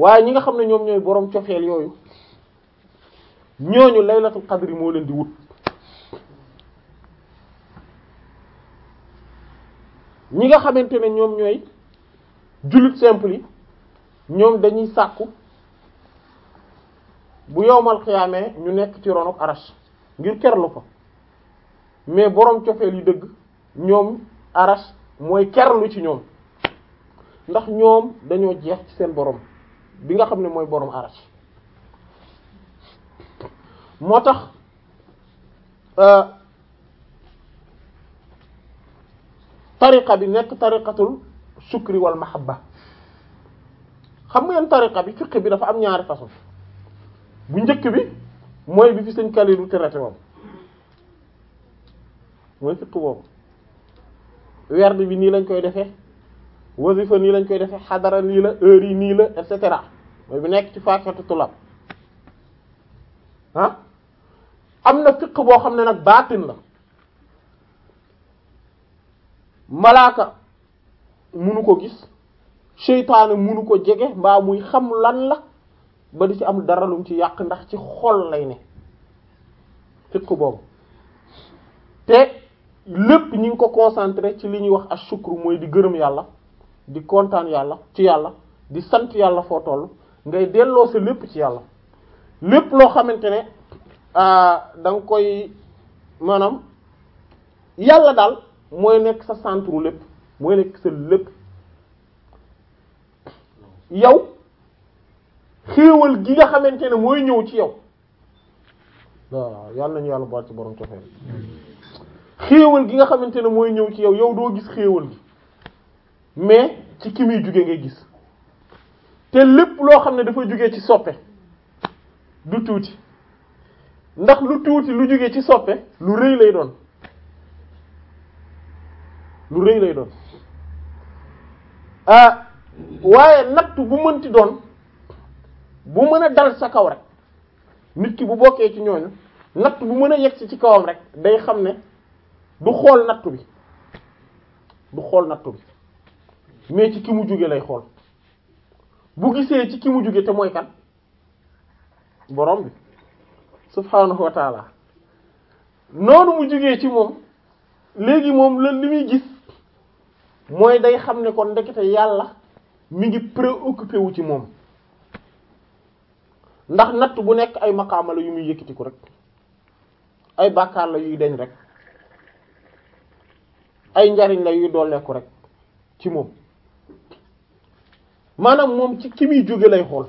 waaye ñi nga xam ne ñoom ñooy boroom cofeel yooyu ñooñu laylatul xadri moo leen di wut ñi nga xamante ne ñoom ñooy jullit simple yi ñoom dañuy sàkku bu yowmal xiyaamee ñu nekk ci ronok arash ngir kerlu ko mais boroom cofeel yu dëgg ñoom arash mooy kerlu ci ñoom ndax ñoom dañoo jeex ci seen boroom bi nga xam ne mooy borom aras moo tax euh, tariqa bi nekk tariqatul sukri wal mahabba xam nga yeen tariqa bi fiqh bi dafa am ñaari façon bu njëkk bi mooy bi fi sëñ Kalilu traité moom mooy fiqh boobu werd bi nii lañ koy defee wasifa nii lañ koy defee xadara lii la heure yi nii la et cetera mooy bu nekk ci faatatu tulab ah am na fiq boo xam ne nag baatin la malaaka munu ko gis seytaane munu ko jege mbaa muy xam lan la ba di ci am dara lu ci yàq ndax ci xol lay ne fiq boobu te lépp ñi ngi ko concentré ci li ñuy wax ak shukru mooy di gërëm yàlla di kontaan yàlla ci yàlla di sant yàlla foo toll ngay delloo sa lépp ci yàlla lépp loo xamante ne da nga koy maanaam yàlla daal mooy nekk sa centre lépp mooy nekk sa lépp yow xéewal gi nga xamante ne mooy ñëw ci yow waaw yàlla nañu yàlla baal ci borom cofeel xéewal gi nga xamante ne mooy ñëw ci yow yow doo gis xéewal gi mais ci ki muy jugee ngay gis te lépp loo xam ne dafa jóge ci soppe du tuuti ndax lu tuuti lu jóge ci soppe lu rëy lay doon lu rëy lay doon ah waaye nattu bu mënti doon bu mën a dal sa kaw rek nit ki bu bokkee ci ñooñu natt bu mën a yegg ci kawam rek day xam ne du xool nattu bi du xool nattu bi mais ci ki mu jóge lay xool bu gisee ci ki mu jóge te mooy kan borom bi subhaanahu wa taala noonu mu jógee ci moom léegi moom la li muy gis mooy day xam ne ko ndekete yàlla mi ngi préoccupé wu ci moom ndax natt bu nekk ay maqaama yu muy yëkkatiku rek ay bàkkaar la yuy deñ rek ay njariñ la yuy dooleeku rek ci moom maanaam moom ci ki muy jóge lay xool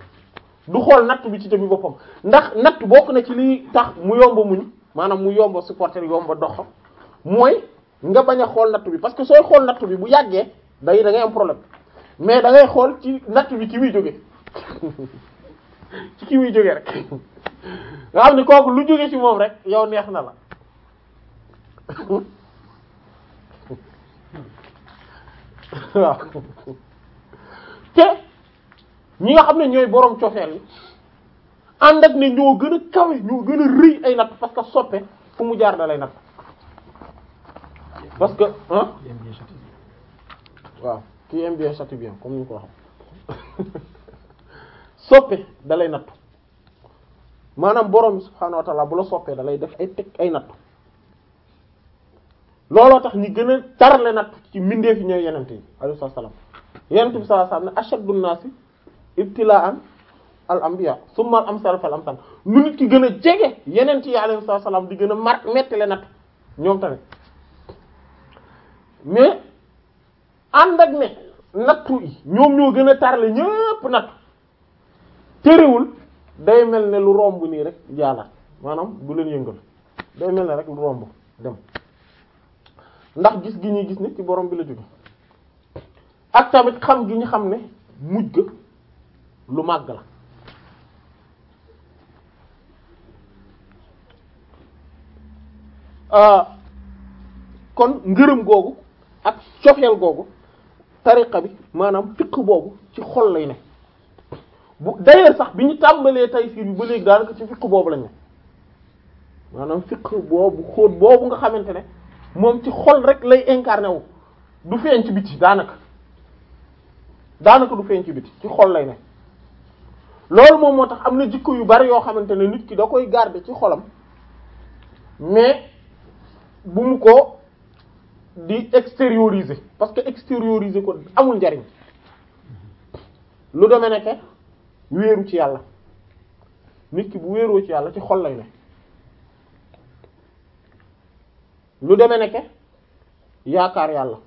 du xool natt bi ci jëmi boppam ndax natt bokk na ci liy tax mu yomba muñ maanaam mu yomba supporter yomba dox mooy nga bañ a xool natt bi parce que sooy xool natt bi bu yàggee day da ngay am problème mais da ngay xool ci natt bi ci muy jóge ci ki muy jóge rek nga xam kooku lu jóge ci moom rek yow neex na la waaw te ñi nga xam ne ñooy boroom cofeel yi ànd ak ne ñoo gën a kawe ñoo gën a rëy ay natt parce que soppe fu mu jaar da lay natt parce que ah waaw qui aime bien châtie bien comme ñu ko waxee soppe da natt maanaam borom subhaanahu wa bu la soppee da lay def ay teg ay natt looloo tax ñi gën a tarle natt ci mbindeef yi ñooy yenente yi alayhi salaam yonent bi sallallahu alayhi wasallam ne ashaddu an-naasi ibtilaa'an al anbiya summa al amsal fal amsal lu nit ki gën a jege yeneen yi alayhi salaam di gën a mar mettile nag ñoom tamit mais ànd ak ne nattu yi ñoom ñoo gën a tarle ñëpp nattu terewul day mel ni lu romb nii rek jaalaat maanaam bu leen yëngal day mel ne rek lu romb dem ndax gis gi ñuy gis ne ci borom bi la jóge ak tamit xam gi ñu xam ne mujj lu màgg la ah, kon ngërëm googu ak cofeel googu tariqa bi maanaam fiq boobu ci xol lay ne bu d'ailleurs sax bi ñu tàmbalee tey fii bi ba léegi daanaka ci fiq boobu lañ ne maanaam fiq boobu xóot boobu nga xamante ne moom ci xol rek lay incarné wu du feeñ ci biti daanaka daanaka du feeñ ci biti ci xol lay ne loolu moom moo tax am na jikko yu bari yoo xamante ne nit ki da koy garder ci xolam mais bu mu ko di extérioriser parce que extérioriser ko amul njariñ lu deme nekk wéeru ci yàlla nit ki bu wéeroo ci yàlla ci xol lay ne lu demee nekk yaakaar yàlla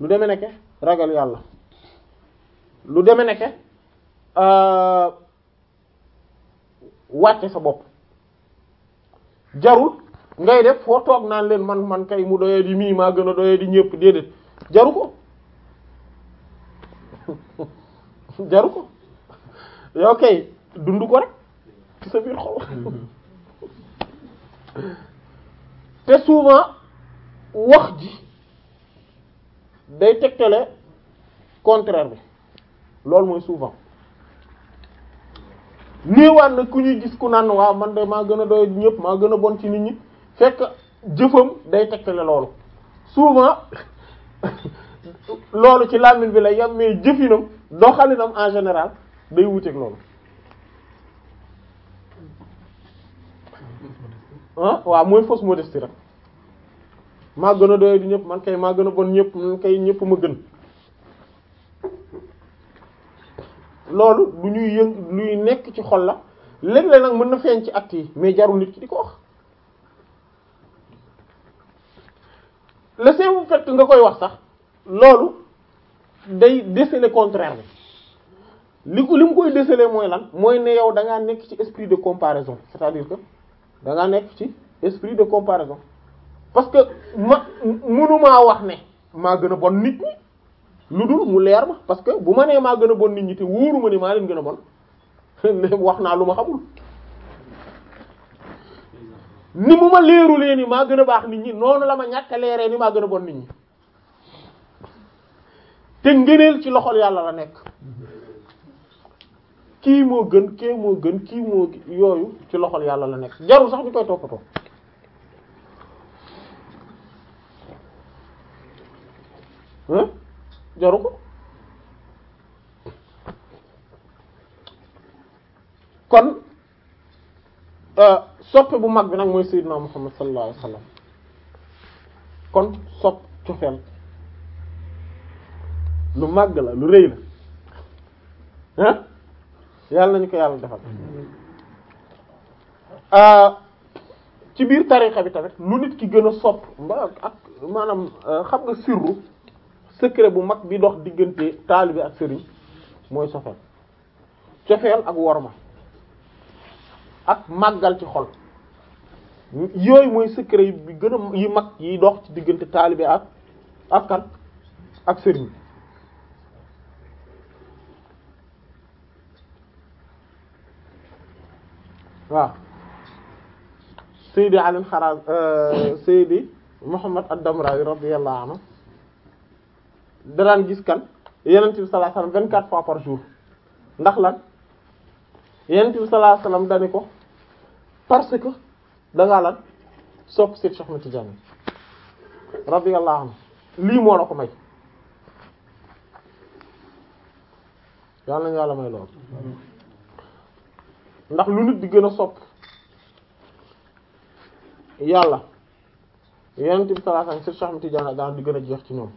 lu demee nekk ragal yàlla lu deme nekke euh, wàcce sa bopp jarul ngay def foo toog naan leen man man kay mu doyee di mii maa gën a doyee di ñëpp déedéet jaru ko jaru ko yow kay dund ko rek ci sa biir xol te souvent wax ji day tegtale contraire bi loolu mooy souvent néewaan na ku ñuy gis ku naan waaw man de maa gën a doy ñëpp maa gën a bon ci nit ñi fekk jëfam day tegtale loolu souvent loolu ci làmmiñ bi la yam mais jëfinam doxalinam en général day wuteeg loolu ah waaw mooy fausse modestie rek maa gën a doy di ñëpp man kay maa gën a bon ñëpp man kay ñëpp ma gën loolu lu ñuy yëng luy nekk ci xol la léeg nag mën na feeñ ci actes yi mais jarul nit ki di ko wax le simple fait nga koy wax sax loolu day déceler contraire bi li ko li mu koy déceler mooy lan mooy ne yow da ngaa nekk ci esprit de comparaison c'est-à-dire que da ngaa nekk ci esprit de comparaison parce que ma mënumaa wax ne maa gën a bon nit ñi lu dul mu leer ma parce que bu ma nee maa gën a bon nit ñi te wóoru ma ni maa leen gën a bon wax naa lu ma xamul ni mu ma leerulee ni maa gën a baax nit ñi noonu la ma ñàkk leeree ni maa gën a bon nit ñi te ngëneel ci loxol yàlla la nekk kii moo gën kii moo gën kii moo yooyu ci loxol yàlla la nekk jarul sax ñu koy toppatoo jaru ko kon euh, soppe bu mag bi nag mooy sayyidina Muhammad sallallahu alayhi wasallam kon sopp cofeel lu màgg la lu rëy la ah yàlla nañu ko yàlla defal euh, ci biir tarixa bi tamit lu nit ki gën a sopp mba ak maanaam euh, xam nga sirru secret bu mag bi dox diggante taalibe ak sëriñ mooy sofeel cofeel ak worma ak màggal ci xol yooyu mooy secret bi gën a yi mag yi dox ci diggante taalibe ak ak kan ak sëriñ waaw Seydi Ali Xaraz euh, Seydi Muhammad ad-Damrawi radiyallahu anhu daraan gis kan yonent bi sallallahu alayhi wasallam 24 fois par jour ndax lan yonent bi sallallahu dani ko parce que da ngaa lan sopp Seex Ahmad Tijaani radiyallahu anhu lii moo la ko may. yàlla nañu yàlla may lool ndax lu nit di gën a sopp yàlla yonent bi sallallahu alayhi wasallam Seex Ahmad daan di gën a jeex ci ñoom.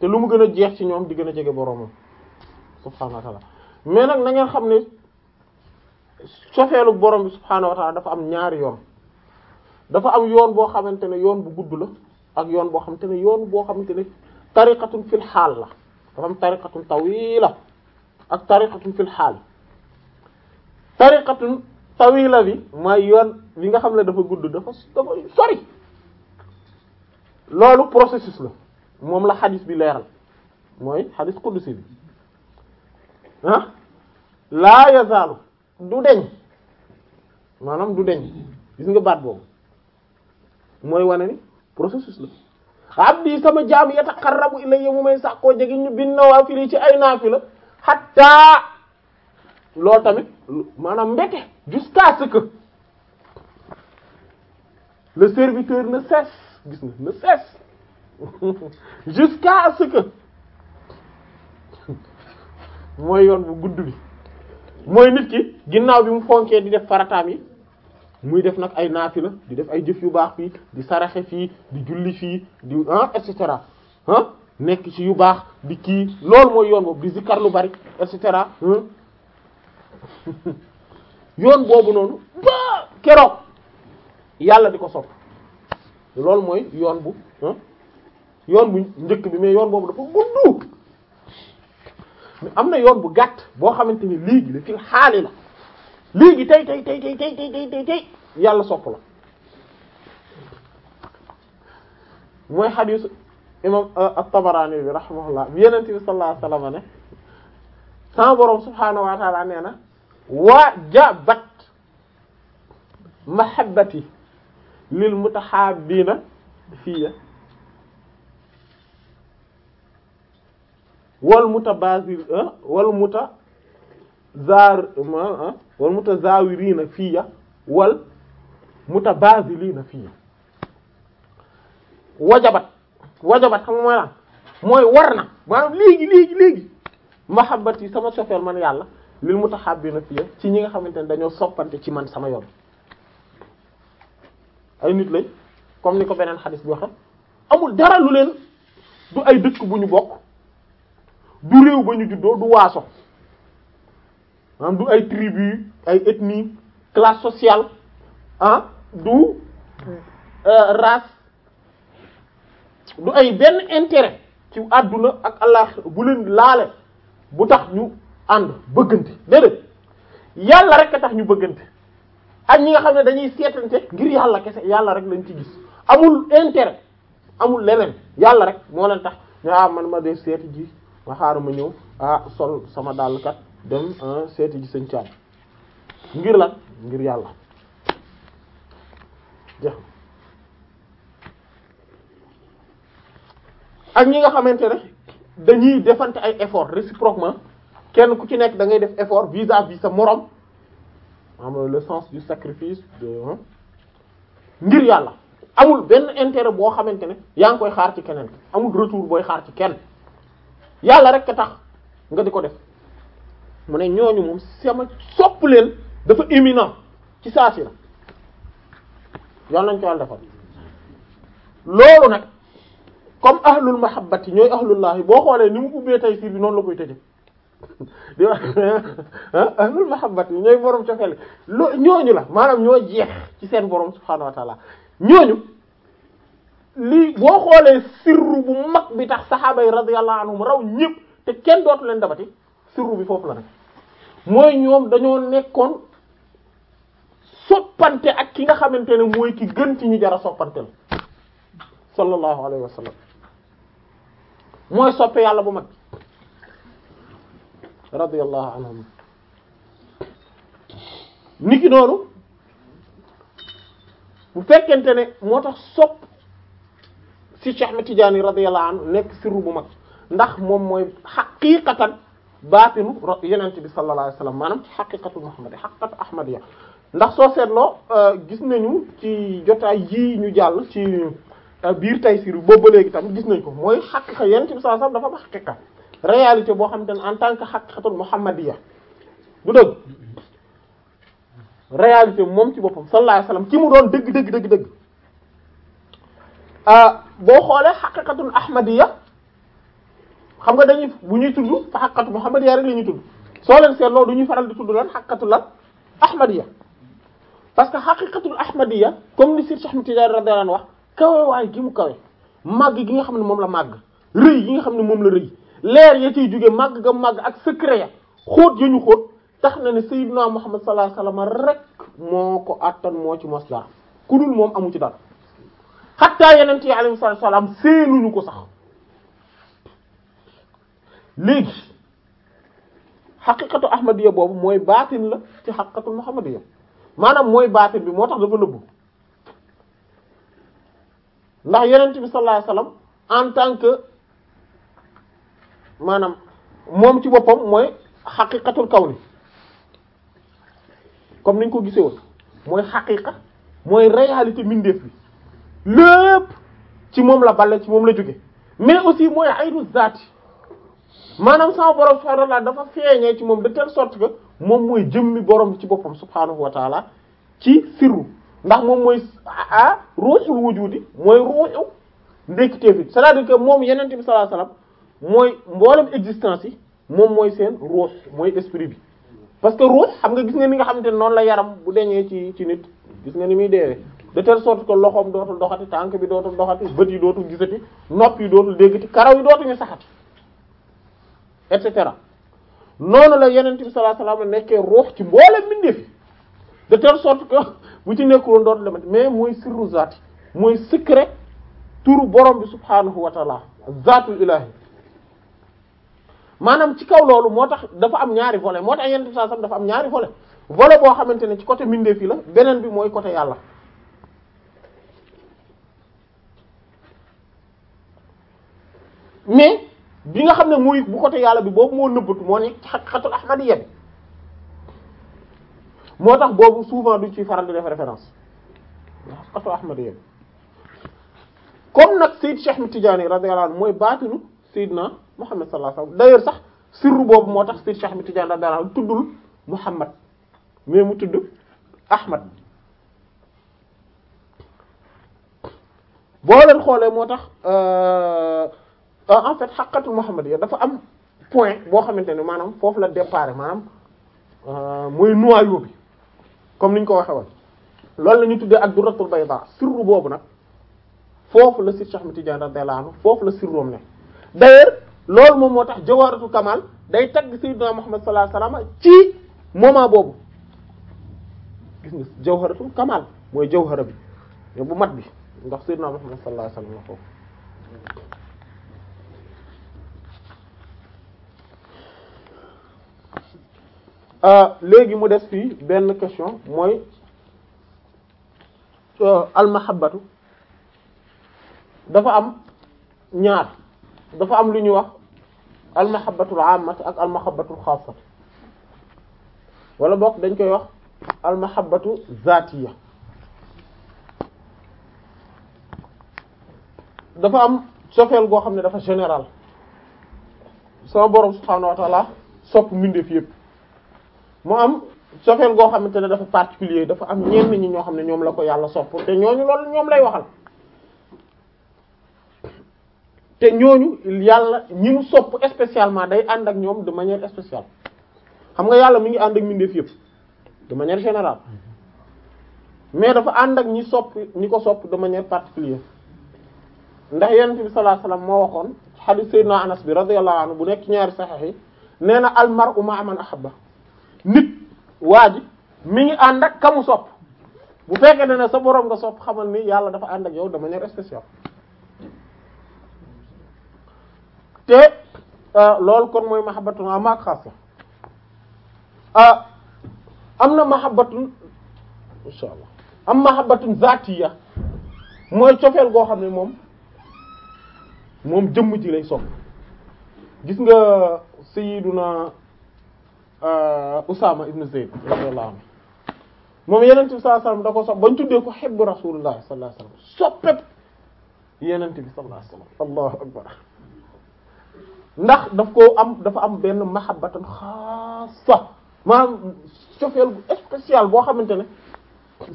te lu mu gën a jeex ci ñoom di gën a jege boroomam subhaanahu wa taala mais nag na ngeen xam ne sofeelu borom bi subhaanahu wa taala dafa am ñaari yoon dafa am yoon boo xamante ne yoon bu gudd la ak yoon boo xamante ne yoon boo xamante ne tariqatun fil xaal la dafa am tariqatun tawila ak tariqatun fil xaal tariqatun tawila bi mooy yoon bi nga xam ne dafa gudd dafa dafa sori loolu processus la moom la xadis bi leeral mooy xadis qudsi bi ah laa yazaalu du deñ maanaam du deñ gis nga baat boobu mooy wane ni processus la abdi sama jaam yataqarrabu ilayya mu may sax koo jege ñu bin nawaafili ci ay naafila xatta loolu tamit maanaam mbete jusqu'à ce que le serviteur ne cesse gis nga ne cesse jusqu'à ce que mooy yoon bu gudd bi mooy nit ki ginnaaw bi mu fonkee di def farataam yi muy def nag ay naati la di def ay jëf yu baax fii di saraxe fii di julli fii di ah et cetera ah, nekk ci yu baax di kii loolu mooy yoon boobu di zikkar lu bari et cetera hmm. yoon boobu noonu ba keroog yàlla di ko sopp loolu mooy yoon bu hmm. yoon bu njëkk bi mais yoon boobu dafa gudd mais am na yoon bu gàtt boo xamante ni léegi la fii xaali la léegi tey tey tey tey tey tey tey tey yàlla sopp la mooy xadiis imam euh, at-Tabarani bi rahimahullah bi yenent bi sallallahu alayhi wasallam ne sama boroom subhaanahu wa ta'ala nee na waa jabat mahabbati lil mutahabbina fiya wal muta mutabaazir eh, wal muta zaar eh, wal mutazaawiriina fiya wal mutabaaziliina fiya wajabat wajabat xam nga mooy lan mooy war na maanaam léegi léegi léegi mahabbati sama sofeel man yàlla lil mutahabbiina fiya ci ñi nga xamante ne dañoo soppante ci man sama yoon ay nit lañ comme ni ko beneen xadis bi waxe amul dara lu leen du ay dëkk bu ñu bokk du réew ba ñu juddoo du waaso ah du ay tribu ay ethnie classe social ah du euh, race du ay benn intérêt ci àdduna ak allah bu leen laale bu tax ñu ànd bëggante déedéet yàlla rek a tax ñu bëggante ak ñi nga xam ne dañuy seetante ngir yàlla kese yàlla rek lañ ci gis amul intérêt amul leneen yàlla rek moo leen tax ñu ah man ma dee seeti ji ba xaaral ma ñëw ah sol sama dàll kat dem ah, seeti ji sëñ Thiam ngir lan ngir yàlla jeex ak ñi nga xamante ne dañuy defante ay effort réciproquement kenn ku ci nekk da ngay def effort vis-à-vis sa morom am le sens du sacrifice de ngir yàlla amul benn intere boo xamante ne yaa ngi koy xaar ci keneen amul retour booy xaar ci kenn yàlla rek tax nga di ko def mu ne ñooñu moom sama sopp leen dafa éminent ci saa si la yoon nañ ko yàlla defal loolu nag comme ahlul mahabbati ñooy ahlullahi boo xoolee ni mu ubbee tay siir bi noonu la koy tëje di wax ah ahlul mahabbati ñooy borom cofeel loo ñooñu la maanaam ñoo jeex ci seen borom subhaanahu wa ta'ala ñooñu lii boo xoolee sirru bu mag bi tax saxaaba yi radiyallahu anhum raw ñëpp te kenn dootu leen dabati sirru bi foofu la nag mooy ñoom dañoo nekkoon soppante ak ki nga xamante ne mooy ki gën ci ñu jara soppante la sallallahu alayhi wa mooy soppe yàlla bu mag radiyallahu anhum niki noonu bu fekkente ne moo tax sopp ci si Cheikh Ahmed Tidiane radiyallahu anhu nekk sirru bu mag ndax moom mooy xaqiqatan baatinu yenent bi sallallahu alayhi maanaam ci xaqiqatu Muhammad xaqiqatu Ahmadiyya ndax soo seetloo euh, gis nañu ci jotaay yii ñu jàll ci euh, biir Tayssîr boobu ba léegi tamit gis nañ ko mooy xaqiqa yenent bi sallallahu alayhi dafa am xaqiqa réalité boo xam ne en tant que xaqiqatul Muhammadiyya bu dëgg réalité moom ci boppam sallallahu alayhi ci mu doon dëgg dëgg dëgg euh, boo xoolee xaqiqatul ahmadiya xam nga dañuy bu ñuy tudd fa xaqiqatu muhammadiya rek la ñuy soo leen seetloo du ñuy faral di tudd lan xaqiqatu lan ahmadiya parce que xaqiqatul ahmadiya comme ni Cheikh Ahmed Tidiane radiyallahu anhu wax kawe waaye gi mu kawe màgg gi nga xam ne moom la màgg rëy gi nga xam ne moom la rëy leer ya ciy jóge màgg ga màgg ak secret ya xóot ya ñu xóot tax na ne Sayyidina Muhammad sallallahu alayhi wasallam rek moo ko attan moo ci mos dara moom amu ci dara xattaa yeneen ci alayhi salaam séenuñu ko sax léegi xaqiqatu ahmadiyya boobu mooy baatin la ci xaqiqatu muhammadiyya maanaam mooy baatin bi moo tax dafa nëbbu ndax yeneen bi sallallahu alayhi en tant que maanaam moom ci boppam mooy xaqiqatul kawni comme niñ ko gisee woon mooy xaqiqa mooy réalité mindeef bi lépp ci moom la balle ci moom la jóge mais aussi mooy aynu zaati maanaam sama borom subhaanahu wa taala dafa feeñee ci moom de telle sort que moom mooy jëmmi borom ci boppam subhaanahu wa taala ci sirru ndax moom mooy ah ruuxul wujudi mooy ruuxu ndékkitee fi cest à moom yeneen bi sallallahu alayhi mooy mboolem existence yi moom mooy seen ruux mooy esprit bi parce que ruux xam nga gis nga ni nga xamante ne noonu la yaram bu deñee ci ci nit gis nga ni muy deewee de tele sorte que loxoom dootul doxati tànk bi dootul doxati bët yi dootul gisati nopp yi dootul déggati karaw yi ñu saxati et cetera noonu la yeneen bi sallallahu alayhi wasallam nekkee ruux ci mboolem mbindeef de telle sorte que bu ci nekkuloon dootul demati mais mooy sirru zaati mooy secret turu borom bi subhaanahu wa taala zaatul ilaahi maanaam ci kaw loolu moo tax dafa am ñaari volet moo tax yeneen bi sallallahu dafa am ñaari volet volet boo xamante ne côté mbindeef yi la beneen bi mooy côté yàlla. mais bi nga xam ne muy bu côté yàlla bi boobu moo nëbbatu moo nekk xaqiqatul ahmadiyya bi moo tax boobu souvent du ciy faral di def référence xaqiqatul ahmadiyya bi comme nag Sayyid Cheikh mi Tidiane radiyallahu anhu mooy baatinu Sayyidna Muhammad sallallahu alayhi sa d'ailleurs sax sirru boobu moo tax Sayyid Cheikh mi Tidiane radiyallahu anhu tuddul Muhammad mais mu tudd Ahmad boo leen xoolee moo tax euh, Euh, en fait xaqatul muhammadiyya dafa am point boo xamante ne maanaam foofu la départ maanaam euh, mooy noyau bi comme ni ñu ko waxee woon loolu la ñu tuddee ak durratul bayda sirru boobu nag foofu la Cheikh Ahmed Tidiane radiyallahu anhu foofu la sirroom ne d'ailleurs loolu moom moo tax jawaaratul kamal day tagg sayyidina Muhammad sallallahu alayhi wasallam ci moment boobu gis nga jawharatul kamal mooy jawhara bi bu mat bi ndax sayyidina Muhammad sallallahu alayhi wasallam foofu Ah, léegi mu des fii benn question mooy euh, almahabatu dafa am ñaar dafa am lu ñuy wax almahabatul amatu ak almaxabatu xaasatu walla bokk dañ koy wax almahabatu zaatiya dafa am cofeel goo xam ne dafa général sama borom subhaanahu wa taala sopp mbindeef yépp mu am sofeel goo xamante ne dafa particulier dafa am ñenn ñi ñoo xam ne ñoom la ko yàlla sopp te ñoo ñooñu loolu ñoom lay waxal te ñooñu yàlla ñi mu sopp spécialement day ànd ak ñoom de manière spéciale xam nga yàlla mu ngi ànd ak mbindeef yëpp de manière générale mais dafa ànd ak ñi sopp ñi ko sopp de manière particulière ndax yonent bi sallallahu alayhi moo waxoon hadith na Anas bi radiyallahu anhu bu nekk ñaari saxiix yi nee na al mar'u ma'a man ahabba nit waa ji mi ngi ànd ak kamu sopp bu fekkee ne ne sa borom nga sopp xamal ni yàlla dafa ànd ak yow de manière spéciale te euh, loolu kon mooy mahabbatun amma xaasa ah am na mahabbatun insha allah am mahabbatun zatiya mooy cofeel goo xam ne moom moom jëmm ji lay sopp gis nga sayyiduna Euh, Usaama ibn Zayd radiyallahu anhu moom yenent bi sallallahu alayhi wasallam tuddee ko xibbu rasulullah sallallahu alayhi wasallam soppeb yenent bi sallallahu alayhi wasallam allahu ndax daf koo am dafa am benn mahabbatan xaasa maanaam cofeel gu spécial boo xamante ne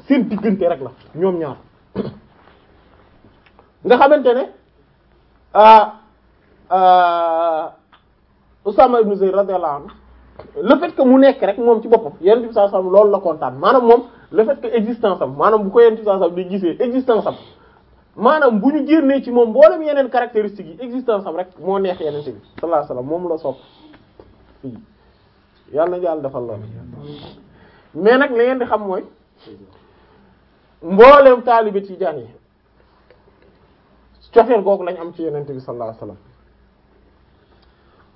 seen diggante rek la ñoom ñaar nga xamante ne ah, ah, Usaama ibn Zayd radiyallahu anhu le fait que mu nekk rek moom ci boppam yonent bi sallallahu alayhi wasallam loolu la kontaan maanaam moom le fait que existence ko yonent bi di gisee existence am maanaam bu ñu génnee ci moom mboolem yeneen caractéristiques yi existence am rek moo neex yonent bi sallallahu alayhi moom la sopp yàlla na yàlla defal lool mais nag li ngeen di xam mooy mboolem taalibe ci yi cofeel googu lañ am ci yonent bi sallallahu alayhi wasallam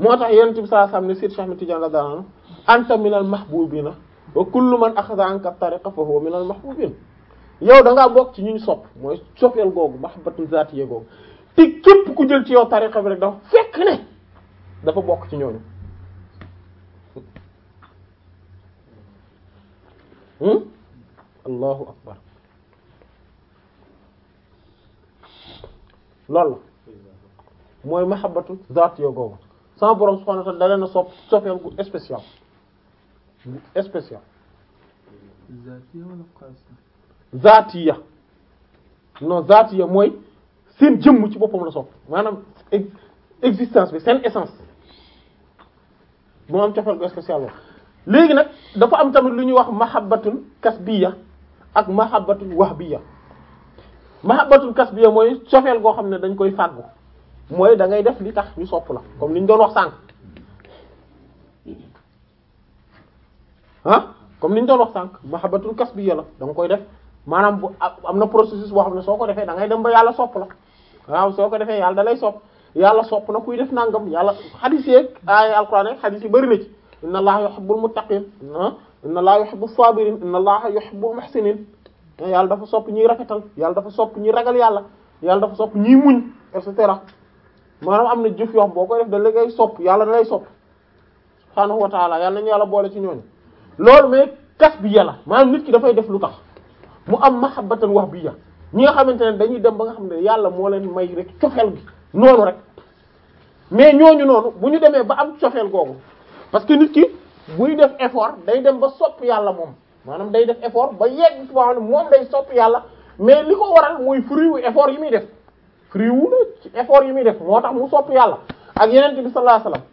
moo tax yonent bi saa sam ne Seydi Cheikh Ahmed Tidiane radiyallahu anhu anta minal mahbubina wa kullu man akhadha anka tariqa fa huwa minal mahbubin yow da bokk ci ñu ñu sopp mooy soppeel googu mahabbatun zatiyya googu te képp ku jël ci yow tariqa bi rek dafa fekk ne dafa bokk ci ñooñu hmm? allahu akbar loolu mooy mahabbatu zatiyya googu sama borom subhanahu wa da leen a sopp soppeel gu spécial gu spécial zaatiya non zaatiya mooy seen jëmm ci boppam la sopp maanaam existence bi seen essence moo am cofeel gu spécial léegi nag dafa am tamit lu ñuy wax mahabbatul kasbiya ak mahabbatul wahbiya mahabbatul kasbiya mooy cofeel goo xam ne dañ koy fàggu mooy dangay def li tax ñu sopp la comme li ñu doon wax sànq ah comme li ñu doon sànq mahabbatul kasbiyya la da nga koy def maanaam bu ah, am na processus boo xam ne soo ko defee dangay dem ba yàlla sopp la waaw soo ko defee yàlla da lay sopp yàlla sopp na kuy def nangam yàlla xadis yeeg ay alquran yeeg xadis yi bëri na ci inna allaha yuhibbul muttaqin inna allaha yuhibbus sabirin inna allaha yuhibbul muhsinin yàlla dafa sopp ñuy rafetal yàlla dafa sopp ñuy ragal yàlla yàlla dafa sopp ñuy muñ et maanaam am na jëf yoo boo koy def da la koy sopp yàlla da lay sopp subhaanahu wa taala yàlla nañu yàlla boole ci ñooñu loolu mais kas bi yàlla maanaam nit ki dafay def lu tax mu am mahabbatan wax bi ya ñi nga xamante ne dañuy dem ba nga xam ne yàlla moo leen may rek cofeel gi noonu rek mais ñooñu noonu bu ñu demee ba am cofeel googu parce que nit ki buy def effort day dem ba sopp yàlla moom maanaam day def effort ba yegg ci moom day sopp yàlla mais li ko waral mooy fruit wu yi muy def friwu na ci effort yi muy def moo tax mu sopp yàlla ak yeneen bi sallallahu alayhi wasallam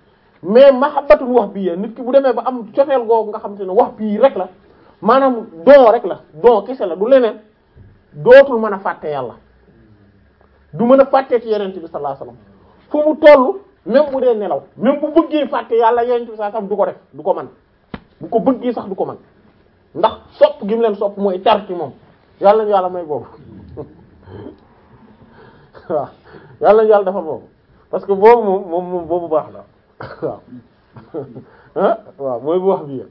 mais mahabbatul wax bii nit ki bu demee ba am cofeel googu nga xam te ne wax bii rek la maanaam don rek la don kese la du leneen dootul mën a fàtte yàlla du mën a fàtte ci yeneen bi sallallahu alayhi wasallam fu mu toll même bu dee nelaw même bu bëggee fàtte yàlla yeneen bi sallallahu alayhi wasallam du ko def du ko mën bu ko bëggee sax du ko man ndax sopp gi mu leen sopp mooy tar ci moom yàlla yàlla may boobu waaw yàlla yàlla defal boobu parce que boobu moom moom moom boobu baax na waaw mooy bu wax bi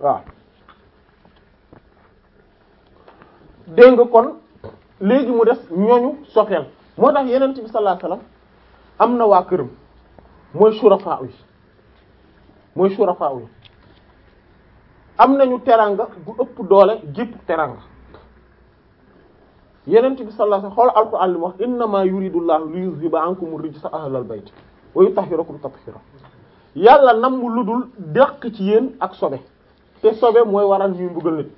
waaw dégg nga kon léegi mu des ñooñu sofeel moo tax yeneen bi sallallahu alayhi am na waa këram mooy surafa yi mooy surafa yi am nañu teranga gu ëpp doole gépp teranga yenent bi xool sallallahu alayhi wasallam xool alquran li mu wax innama yuridullahu li yuzhiba ankum rijsa ahlal bayt wa yutahhirakum tathira yàlla nam lu dul dëkk ci yéen ak sobe te sobe mooy waral ñuy mbugal nit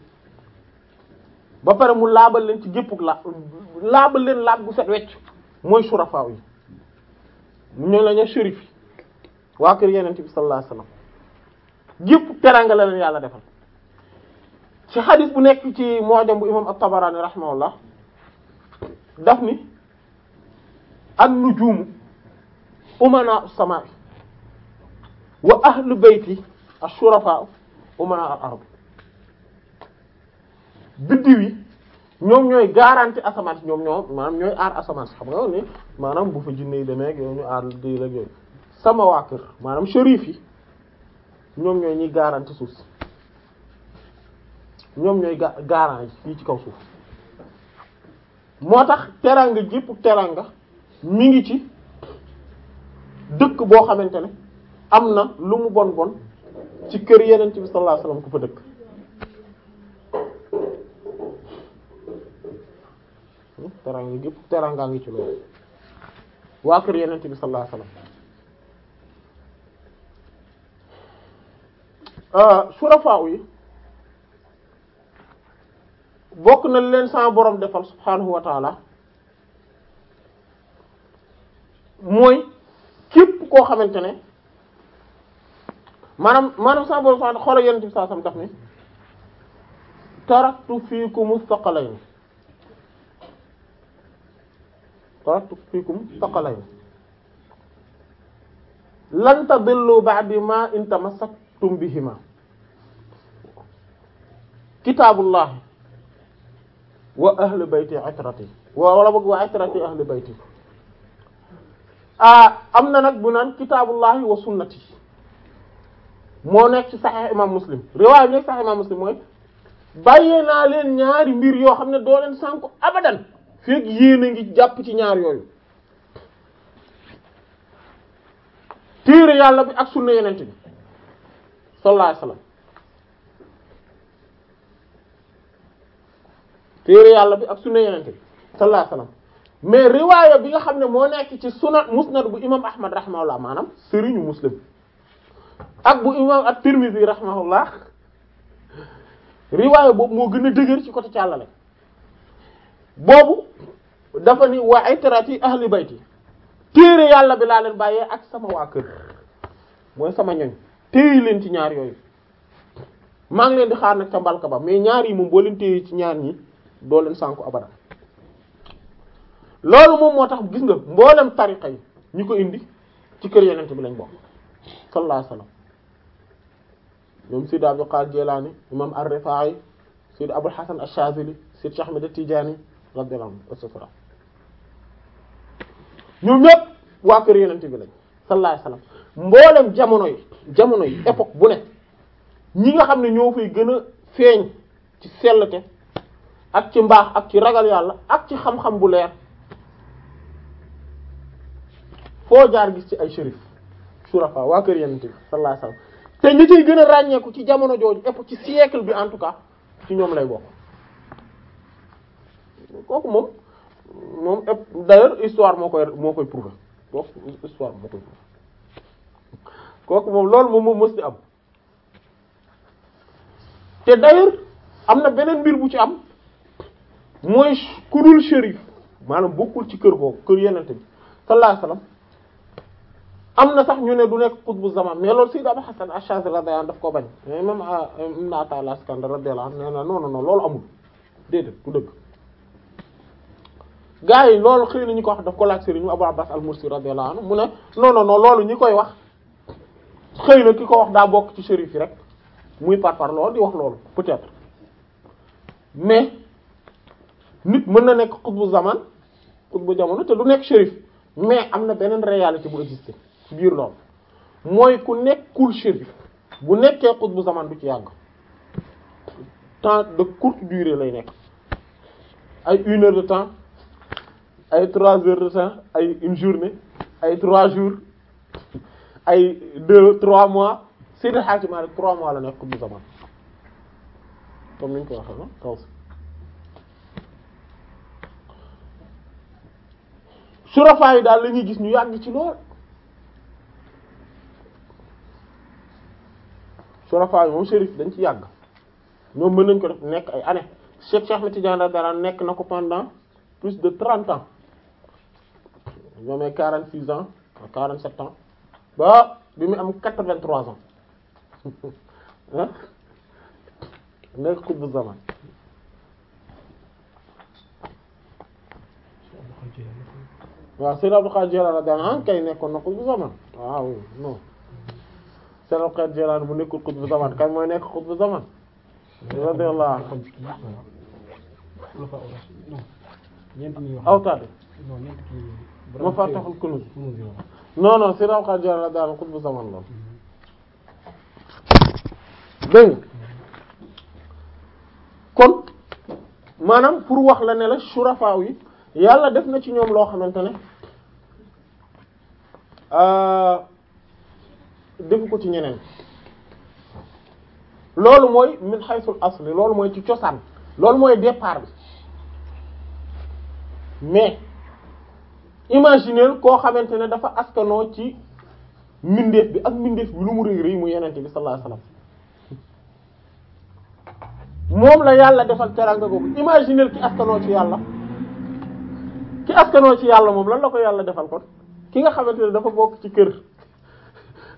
ba pare mu laabal leen ci géppuk la laabal leen laab gu set wecc mooy surafaa yi ñoo la ñu shérif waa kër yenent bi sallallahu alayhi wasallam gépp teranga la leen yàlla defal ci xadis bu nekk ci mu'jam bu imam at-Tabarani rahimahullah daf ni an nujuumu umanaa as-samaa wa ahlu bayti ash-shurafaa umanaa al-ard biddiw yi ñoom ñooy garanti asamaan ñoom ñoom maanaam ñooy aar asamaan xam nga ni maanaam bu fa jinne yi demee ak yooyu sama waa kër maanaam shérif yi ñoom ñooy ñuy garanti suuf ñoom ñooy ga garant yi ci kaw suuf moo tax teraanga jépp teraanga mu ngi ci dëkk boo xamante ne am na lu mu bon bon ci kër yeneen bi sallallahu alayhi wasallam ku fa dëkk teraanga jépp teraanga ngi ci loolu waa kër yeneen bi sallallahu alayhi wasallam ah, surafaa yi bokk na leen sama borom defal subhaanahu wa taala mooy képp koo xamante ne maanaam maanaam sama borom subhaanahu xoola yonent bi saasam daf ni taraktu fiikum thaqalayn taraktu fiikum thaqalayn lan tadillu ma in tamassaktum bihima kitaabullahi wa ahli bayti itrati wa wala boog wa itrati ahli bayti ah am na nag bu naan kitaabullahi wa sunnati moo nekk ci saxiix imam muslim riwaay bi nekk saxiix imam muslim mooy bàyyee naa leen ñaari mbir yoo xam ne doo leen sànku abadan feeg yéen ngi jàpp ci ñaar yooyu téere yàlla bi ak sunna yenente bi sallallahu téere yàlla bi ak sunna yonent bi sallallahu mais riwaaya bi nga xam ne moo nekk ci sunan musnad bu imam ahmad rahimahullah maanaam sëriñu muslim ak bu imam at-tirmidhi rahimahullah riwaaya boobu moo gën a dëgër ci côté càllale boobu dafa ni waa itrati ahli bayti téere yàlla bi laa leen bàyyee ak sama waa kër mooy sama ñoñ téye leen ci ñaar yooyu maa ngi leen di xaar nag ca mbalka ba mais ñaar yi moom boo leen téye ci ñaar yi doole leen sànku loolu moom moo tax gis nga mboolem tariqa yi ñu ko indi ci kër yenente bi lañ bokk sallallahu alayhi wasallam ñoom Sidi Abdul Qadir Jilani imam Ar-Rifa'i Sidi Abul Hasan Ash-Shazili Sidi Cheikh Ahmed At-Tidjani radiyallahu anhu et cetera ñoom waa kër yenente bi lañ sallallahu alayhi wasallam mboolem jamono yi jamono yi époque bu ne ñi nga xam ne ñoo fay gën a feeñ ci sellte ak ci mbaax ak ci ragal yàlla ak ci xam-xam bu leer foo jaar gis ci ay shérif surafa waa kër yonent bi sallallahu te ñi ciy gën a ràññeeku ci jamono jooju ëpp ci siècle bi en tout cas ci ñoom lay bokk kooku moom moom ëpp d'ailleurs histoire moo koy moo koy prouver kooku histoire moo koy moom loolu moom moom mës di am te d'ailleurs am na beneen mbir bu ci am mooy ku dul shérif maanaam bokkul ci kër googu kër yeneen bi sallallahu alayhi wasallam am na sax ñu ne du nekk qutbu zaman mais loolu Sayyid Abu Hasan Ash-Shazili radiyallahu anhu daf ko bañ mais même euh, Ibn Ata al-Iskandar radiyallahu anhu nee na non non non loolu amul déedéet du dëgg. gaa yi loolu xëy na ñu ko wax daf ko laaj Serigne Abu Abbas al-Mursi radiyallahu anhu mu ne non non non loolu ñi koy wax xëy na ki ko wax daa bokk ci shérif yi rek muy par par loolu di wax loolu peut-être mais. nit mën na nekk xutbu zaman xutbu jamono te du nekk shérif mais am na beneen réalité bu existé ci biir lool mooy ku nekkul shérif bu nekkee bu zaman du ci yàgg temps de courte durée lay nekk ay une heure de temps ay trois heures de temps ay une journée ay trois jours ay deux trois mois Seydi Hadji Malick trois mois la nekk xutbu zaman comme waxee kaw surafa yi daal la gis ñu yàgg ci lool surafa yi moom shérif dañ ci yàgg ñoom mën nañ ko def nekk ay années Cheikh Cheikh Ahmed Tidiane dara nekk na ko pendant plus de trente ans ñoom ay quarante six ans quarante sept ans ba bi am quatre vingt trois ans ah nekk xutbu zaman waaw Seydou Abdou Khadir Jeylaani daan ah, kay nekkoon na qutbu zaman waaw non Seydou Abdou Khadir Jeylaani bu nekkul qutbu zaman kay mooy nekk qutbu zaman radiyallahu anhu awtaade ma faa taxul kunuz non non Seydou Abdou Khadir Jeylaani daan qutbu zaman la dégg kon maanaam pour wax la ne la surafaaw yi yàlla def na ci ñoom loo xamante ne Euh, defu ko ci ñeneen loolu mooy min haythul asl loolu mooy ci cosaan loolu mooy départ bi mais imagineel koo xamante ne dafa askanoo ci mbindeef bi ak mbindeef bi lu mu rëy rëy mu yenente bi sallallahu alayhi wasallam moom la yàlla defal teranga googu imagineel ki askanoo ci yàlla ki askanoo ci yàlla moom lan la ko yàlla defal kon ki nga xamante ne dafa bokk ci kër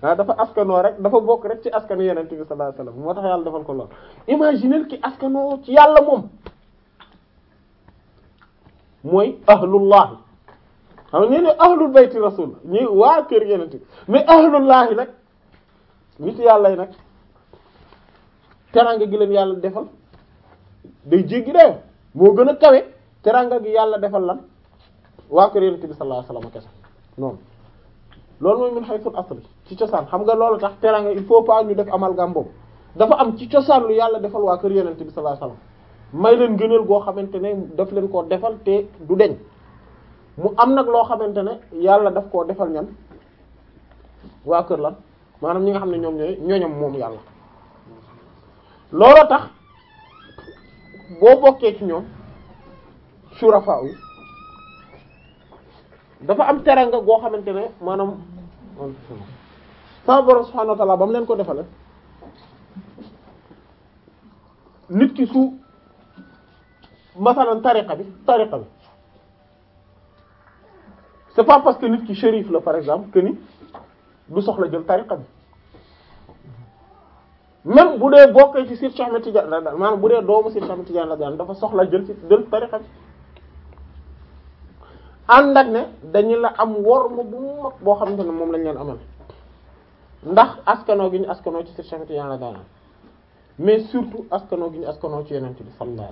ah dafa askanoo rek dafa bokk rek ci askanu yeneen bi sallallahu alayhi wasallam moo tax yàlla defal ko lool imaginez ki askanoo ci yàlla moom mooy ahlullahi xam nga ne ahlul bayti rasul ñi waa kër yeneen bi mais ahlullahi nag nit yàlla yi nag teranga gi leen yàlla defal day jéggi dayoo moo gën a kawe teranga gi yàlla defal lan waa kër yeneen bi sallallahu alayhi wasallam noonu loolu mooy min haythul asl ci cosaan xam nga loolu tax teraanga il faut pas ñu def amal boobu dafa am ci cosaan lu yàlla defal waa kër yonent bi salaa alayhi wasallam may leen gënal goo xamante ne daf leen koo defal te du deñ mu am nag loo xamante ne yàlla daf koo defal ñan waa kër lan maanaam ñi nga xam ne ñoom ñooy ñooñam moom yàlla looloo tax boo bokkee ci ñoom surafa dafa am teranga goo xamante ne maanaam sama borom subhanahu wa ba mu leen ko defale nit ki su masalan tariqa bi tariqa bi c'est pas parce que nit ki shérif la par exemple que du soxla jël tariqa bi même bu dee bokkee ci Cheikh Ahmed Tidiane la daan maanaam bu dee doomu Cheikh Ahmed Tidiane la daan dafa soxla jël ci jël tariqa bi ànd ak ne dañu la am worma bu mag boo xamante ne moom lañ leen amal ndax askanoo gi ñu askanoo ci Cheikh Tidiane Dane mais surtout askanoo gi ñu ci Yonent bi sallallahu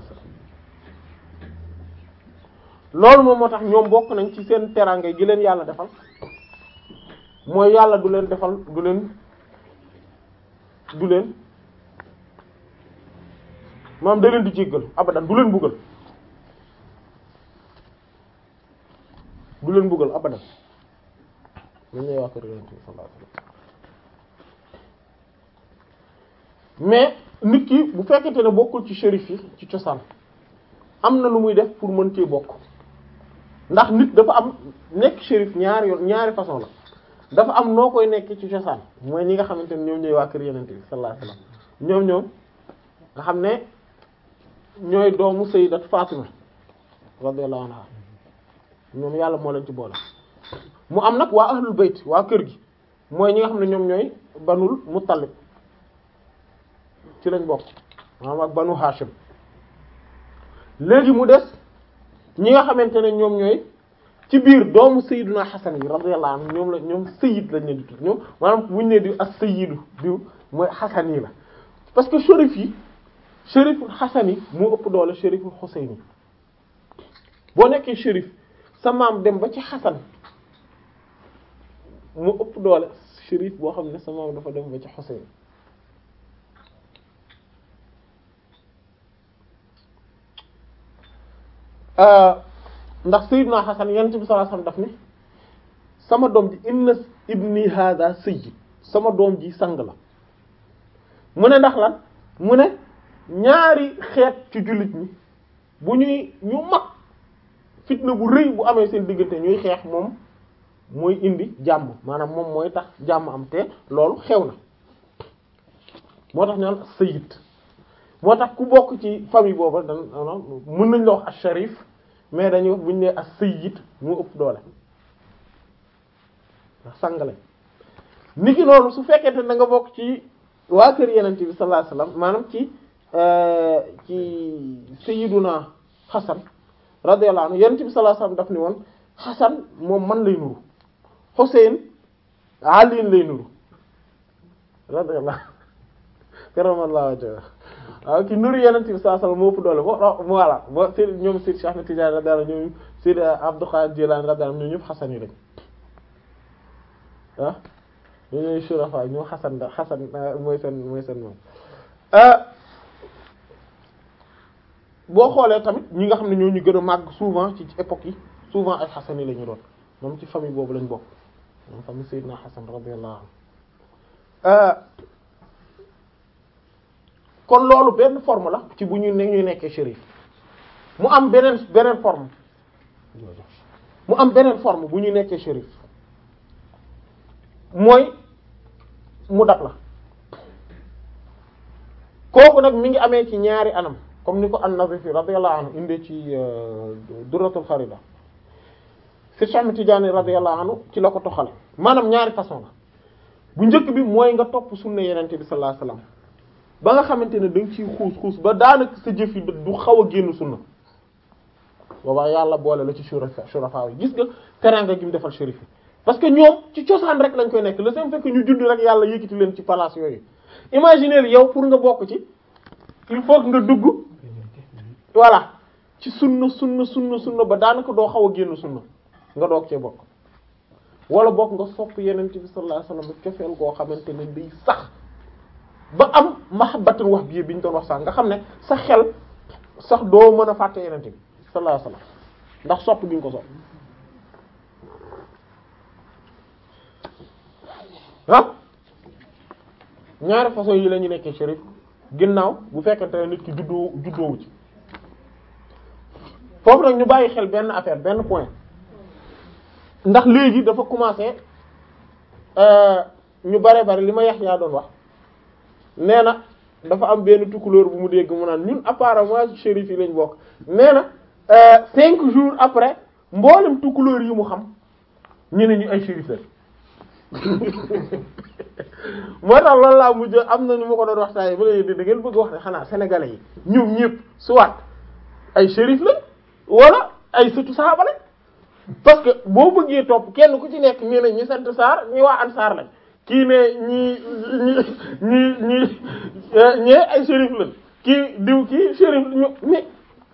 alayhi moom moo tax ñoom bokk nañ ci seen teraanga gi leen yàlla defal mooy yàlla du leen defal du leen du leen maam da leen di jéggal abadan du leen buggal du leen bëggal abadan ñu ñuy wax yonent mais nit ki bu fekkente ne bokkul ci shérif yi ci cosaan am na lu muy def pour mën cee bokk ndax nit dafa am nekk shérif ñaari yoon ñaari façon la dafa am noo koy nekkee ci cosaan mooy ñi nga xamante ne ñoom ñooy waa kër yonent bi sallallahu alayhi wasallam ñoom ñoom nga xam ne ñooy doomu sayyidat Fatima radiyallahu anha ñoom yàlla moo leen ci boole mu am nag waa ahlul bayt waa kër gi mooy ñi nga xam ne ñoom ñooy banul muttalib ci lañ bokk maanaam ak banu hashim léegi mu des ñi nga xamante ne ñoom ñooy ci biir doomu sayyiduna xasan yi radiyallahu anhu ñoom la ñoom sayyid lañ leen di tudd ñoom maanaam ne di as sayyidu diw mooy xasan yi la parce que shérif yi shériful xasan yi moo ëpp doole shériful xuseyn yi boo nekkee shérif sa maam dem ba ci xasan mu ëpp doole shérif boo xam ne sa maam dafa dem ba ci xuseyn euh, ndax sayyidna xasan yonent bi sallallahu daf ne sama doom ji inna ibni hada sayyid sama doom ji sang la mu ne ndax lan mu ne ñaari xeet ci jullit ñi bu ñuy ñu mag fitna bu rëy bu amee seen diggante ñuy xeex moom mooy indi jàmm maanaam moom mooy tax jàmm am te loolu xew na moo tax ñu naan moo tax ku bokk ci famille boobu da mën nañ la wax as sharif mais dañuy wax bu ñu nee as ëpp doole sangale ni ki loolu su fekkee te da bokk ci waa kër yeneen bi sallallahu alayhi wasallam maanaam ci euh, ci sayiduna Xasan radiyallahu anhu yonent bi sallallahu alayhi daf ni woon Xasan moom man lay nuru Xuseyn Ali lay nuru radiyallahu karamallahu waaw ki nuru yonent bi sallallahu alayhi wasallam moo ëpp doole bo voilà bo seen ñoom Seydi Cheikh Tidiane ñoom Seydi euh, Abdou Khadir Jilani radiyallahu ñëpp Xasan yi lañ ah ñoo ñooy surafa Xasan euh, mooy seen mooy seen moom euh, boo xoolee tamit ñi nga xam ne ñoo ñu gën a màgg souvent ci époque yi souvent ay xasan yi la ñu doon moom ci famille boobu lañ bokk ñoom famille Seydina Xasan radiyallahu anhu euh, kon loolu benn forme la ci bu ñu ne ñuy nekkee chérif mu am beneen beneen forme mu am beneen forme bu ñu nekkee chérif mooy mu dab la kooku nag mi ngi amee ci ñaari anam comme ni ko an-Nazifi radiyallahu anhu indee ci du euh, Durratul Kharida si Cheikh Tidiane radiyallahu anhu ci la ko toxale maanaam ñaari façon la bu njëkk bi mooy nga topp sunna yenente bi sallallahu alayhi wasallam ba nga xamante ne danga ciy xuus xuus ba daanaka sa jëf yi du xaw a génn sunna boobaa yàlla boole la ci shurafa shurafa yi gis nga teraanga gi mu defal shérif yi parce que ñoom ci cosaan rek lañ koy nekk la seen fekk ñu judd rek yàlla yëkkati leen ci palace yooyu yow pour nga bokk ci il faut nga dugg voilà ci sunna sunna sunna sunna ba daanaka doo xaw a génn sunna nga doog cee bokk wala bokk nga sopp yenent bi sallallahu alayhi wasallam cofeel goo xamante ne day sax ba am ma mahabbatul wax bii bi ñu doon wax sax nga xam ne sa xel sax doo mën a fàtte yenent bi sallallahu ndax sopp gi nga ko sopp ah ñaari façon yi la ñu nekkee shérif ginnaaw bu fekkante ne nit ki juddoo juddoowu ci foofu nag ñu bàyyi xel benn affaire benn point ndax léegi dafa commencé euh, ñu bare bari li ma yaa doon wax nee na dafa am benn tukulóor bu mu dégg mu naan ñun apparemment chérif yi lañ bokk nee na euh, cinq jours après mboolem tukulóor yi mu xam ñu ne ñu ay chérif la moo tax loolu laa mujj am na ñu ma ko doon wax saa yi ba léegi da ngeen bëgg wax ne xanaa sénégalais yi ñoom ñëpp soit ay chérif la wala ay sëtu saxaaba lañ parce que boo bëggee topp kenn ku ci nekk nee na ñi sant saar ñi waa ansaar lañ kii ne ñi ñi ñi ñi ñee ay shérif lañ ñu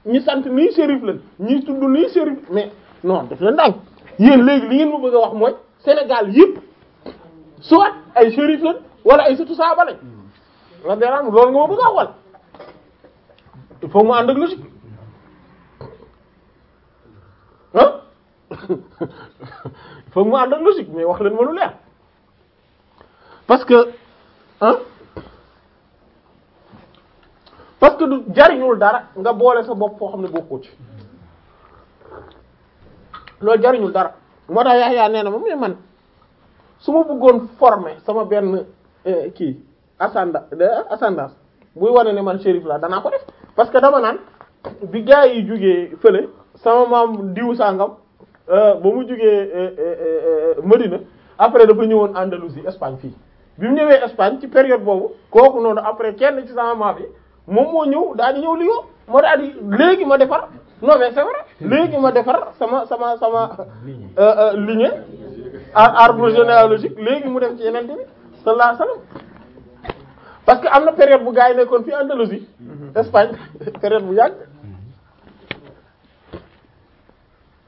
ñi sant nii shérif lañ ñi tudd nii shérif mais non daf leen daal yéen léegi li ngeen ma bëgg wax mooy Sénégal yëpp soit ay shérif lañ wala ay sëtu saxaaba lañ la deraam hmm. loolu nga ma bëgg wal il faut mu ànd ak logique ah foog mu ànd ak logique mais wax leen ma lu leer parce que parce que du jariñul dara nga boole sa bopp foo xam ne bokkoo ci loolu jariñul dara moo tax Yahya nee na ma mais man su ma bëggoon forme sama benn eh, kii ascendance ascendance buy wane ne man shérif laa danaa ko def parce que dama naan bi gaa yi jógee fële sama maam diwu sàngam euh, ba mu jógee euh, euh, Medina après dafa ñëwoon Andalousie Espagne fii bi mu ñëwee Espagne ci période boobu kooku noonu après kenn ci sama maam yi moom moo ñëw daal ñëw Lyon ma daal léegi ma defar non mais c'est vrai léegi ma defar sama sama sama lignée arbre généalogique léegi mu dem ci yeneen tamit sallallahu alayhi parce que am na période bu gaa yi nekkoon fii Andalousie mhm. Espagne période bu yàgg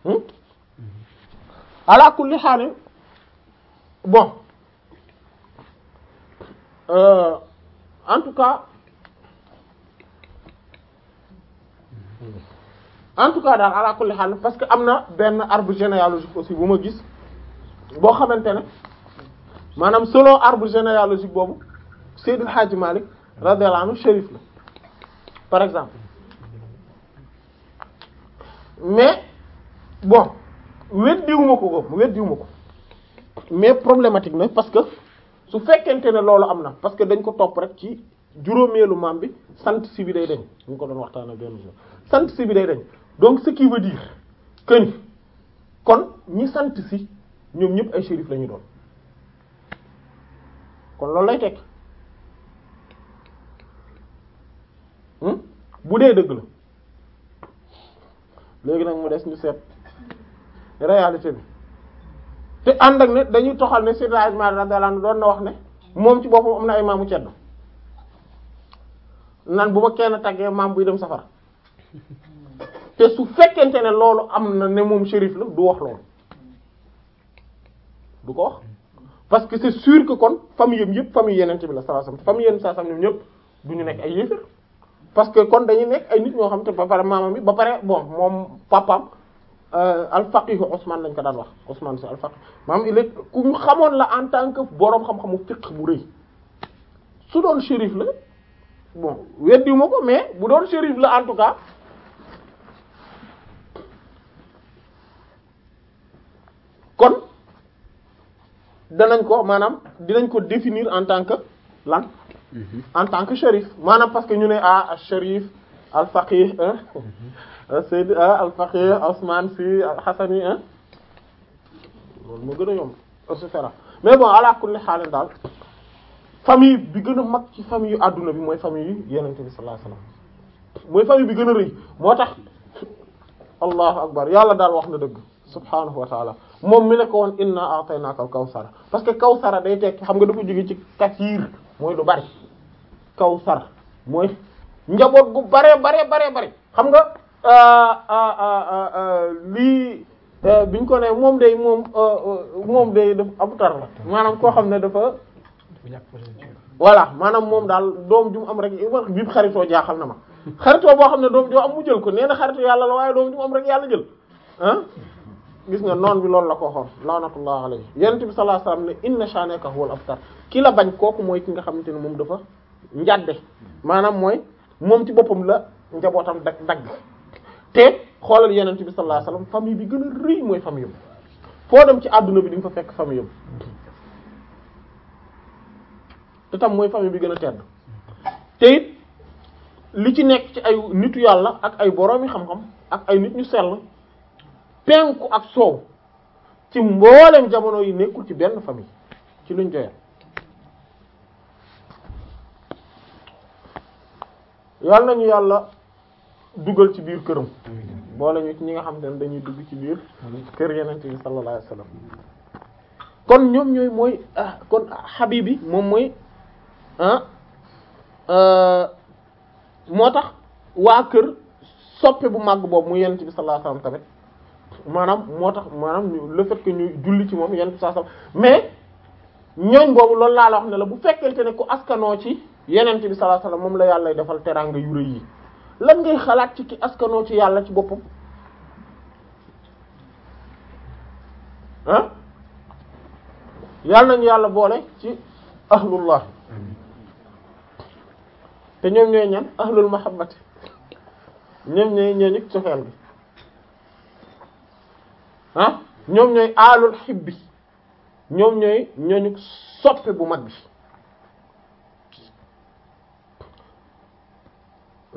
Hmm? Mm-hmm. ala kulli xaal bon euh, en tout cas en tout cas daal ala kulli xaal parce que am na benn arbre généalogique aussi bu ma gis boo xamante ne maanaam selon arbre généalogique boobu Seydou Hadji Malick radiyallahu anhu shérif la par exemple mais bon weddiwuma ko ko weddiwuma ko mais problématique na parce que su fekkente ne loolu am na parce que dañ ko topp rek ci juróomeelu maam bi sant si bi day dañ ñu ko doon waxtaan ak benn sant si bi day dañ donc ce qui veut kon ñi sant si ñoom ñëpp ay shérif la ñu doon kon loolu lay tekk hmm? bu dee dëgg la léegi nag mu des ñu seet réalité bi te ànd ak ne dañuy toxal ne Seydina Ismaïl radiyallahu anhu doon na wax ne moom ci boppam am na ay maamu ceddo nan bu ma kenn taggee maam buy dem safara te su fekkente ne loolu am na ne moom shérif la du wax loolu du ko wax parce que c'est sûr que kon famille yam yëpp famille yeneen bi la sallallahu alayhi wasallam famille yeneen saa sam ñoom ñëpp ñu nekk ay yéefar parce que kon dañuy nekk ay nit ñoo xam te ba pare maamam bi ba pare bon moom papaam Euh, alfaqihu Ousmane lañ ko daan wax osman si alfaqih maanaam il est ku ñu xamoon la en tant que boroom xam-xamu fiqh bu rëy su doon shérif la bon weddi ma ko mais bu doon shérif la en tout cas kon danañ ko maanaam dinañ ko définir en tant que lan mhm. en tant que shérif maanaam parce que ñu ne ah shérif al-faqih mhm. euh, Seydi euh, al-faqih Ousmane Sy al-Hassani loolu moo gën a yomb et cetera mais bon ala kulli xaal daal famille bi gën a mag ci famille yu adduna bi mooy famille yu Yonent bi sallallahu mooy famille bi gën a rëy moo tax allahu akbar yàlla daal wax na dëgg subhaanahu wa taala moom mi ne ko woon inna a'taynaka al-kawsar parce que kawsara day tekki xam nga dafa jóge ci kasiir mooy lu bari kawsar mooy njaboot gu bare bare bare bare xam nga euh, euh, euh, lii biñ ko ne moom day moom moom day def abutar la maanaam koo xam ne dafa voilà maanaam moom daal doom ju mu am rek biib xaritoo jaaxal na ma xaritoo boo xam ne doom joo am mu jël ko nee xaritu yàlla la waaye doom ju mu am rek yàlla jël gis nga noon bi loolu la ko xool laanatullah alayhi yonent bi sallallahu alayhi wasallam ne inna shanaka huwal abtar ki la bañ kooku mooy ki nga xamante ne moom dafa njadde maanaam mooy moom ci boppam la njabootam dag dagg te xoolal yenente bi sallallahu alayhi wasallam famille bi gën a rëy mooy famille am foo dem ci àdduna bi di nga fa fekk famille am te tam mooy famille bi gën a tedd te li ci nekk ci ay nitu yàlla ak ay boroomi xam-xam ak ay nit ñu sell penku ak soow ci mboolem jamono yi nekkul ci benn famille ci luñ joyal yàlla nañu yàlla dugal ci biir këram boole ñu ci ñi nga xam ne dañuy dugg ci biir kër yenente bi sallallahu alayhi wasallam kon ñoom ñooy mooy ah, kon habibi moom mooy ah, euh, moo tax waa kër soppe bu màgg boobu muy yenente bi sallallahu alayhi tamit maanaam moo tax maanaam le fait que ñu julli ci moom yenn saa sax mais ñooñ boobu loolu laa la wax ne la bu fekkente ne ku askanoo ci yenent bi sallallahu alayhi moom la yàlla defal teraanga yu rëy yi lan ngay xalaat ci ki askanoo ci yàlla ci boppam ah yàlla nañu yàlla boole ci ahlullah te ñoom ñooy ñan ahlul mahabbati ñoom ñooy ñooñu cofeel bi ah ñoom ñooy alul xibbi ñoom ñooy ñooñu soppe bu mag bi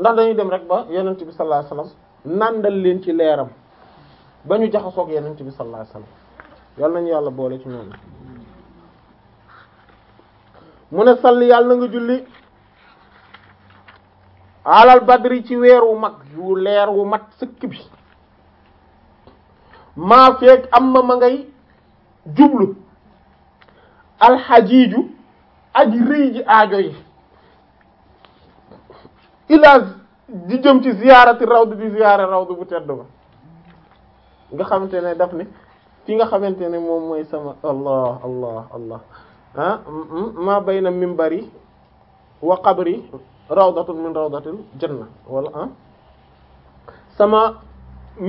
ndax dañuy dem rek ba yenent bi sallallahu alayhi nàndal leen ci leeram ba ñu jaxasoog yenent bi sallallahu alayhi wasallam yàlla nañu yàlla boole ci ñoom mu ne salli yàlla na nga julli alal badri ci weer wu mag wu leer wu mat sëkk bi maa feeg am ma ma ngay jublu alxajiiju aj rëy ji aajo yi ilaa di jëm ci ziyaarati rawd di ziyaara rawd bu tedd ba nga xamante ne daf ni fi nga xamante ne moom mooy sama allah allah allah ah ma bayna mimbari wa qabri rawdatun min rawdatil janna wala ah? sama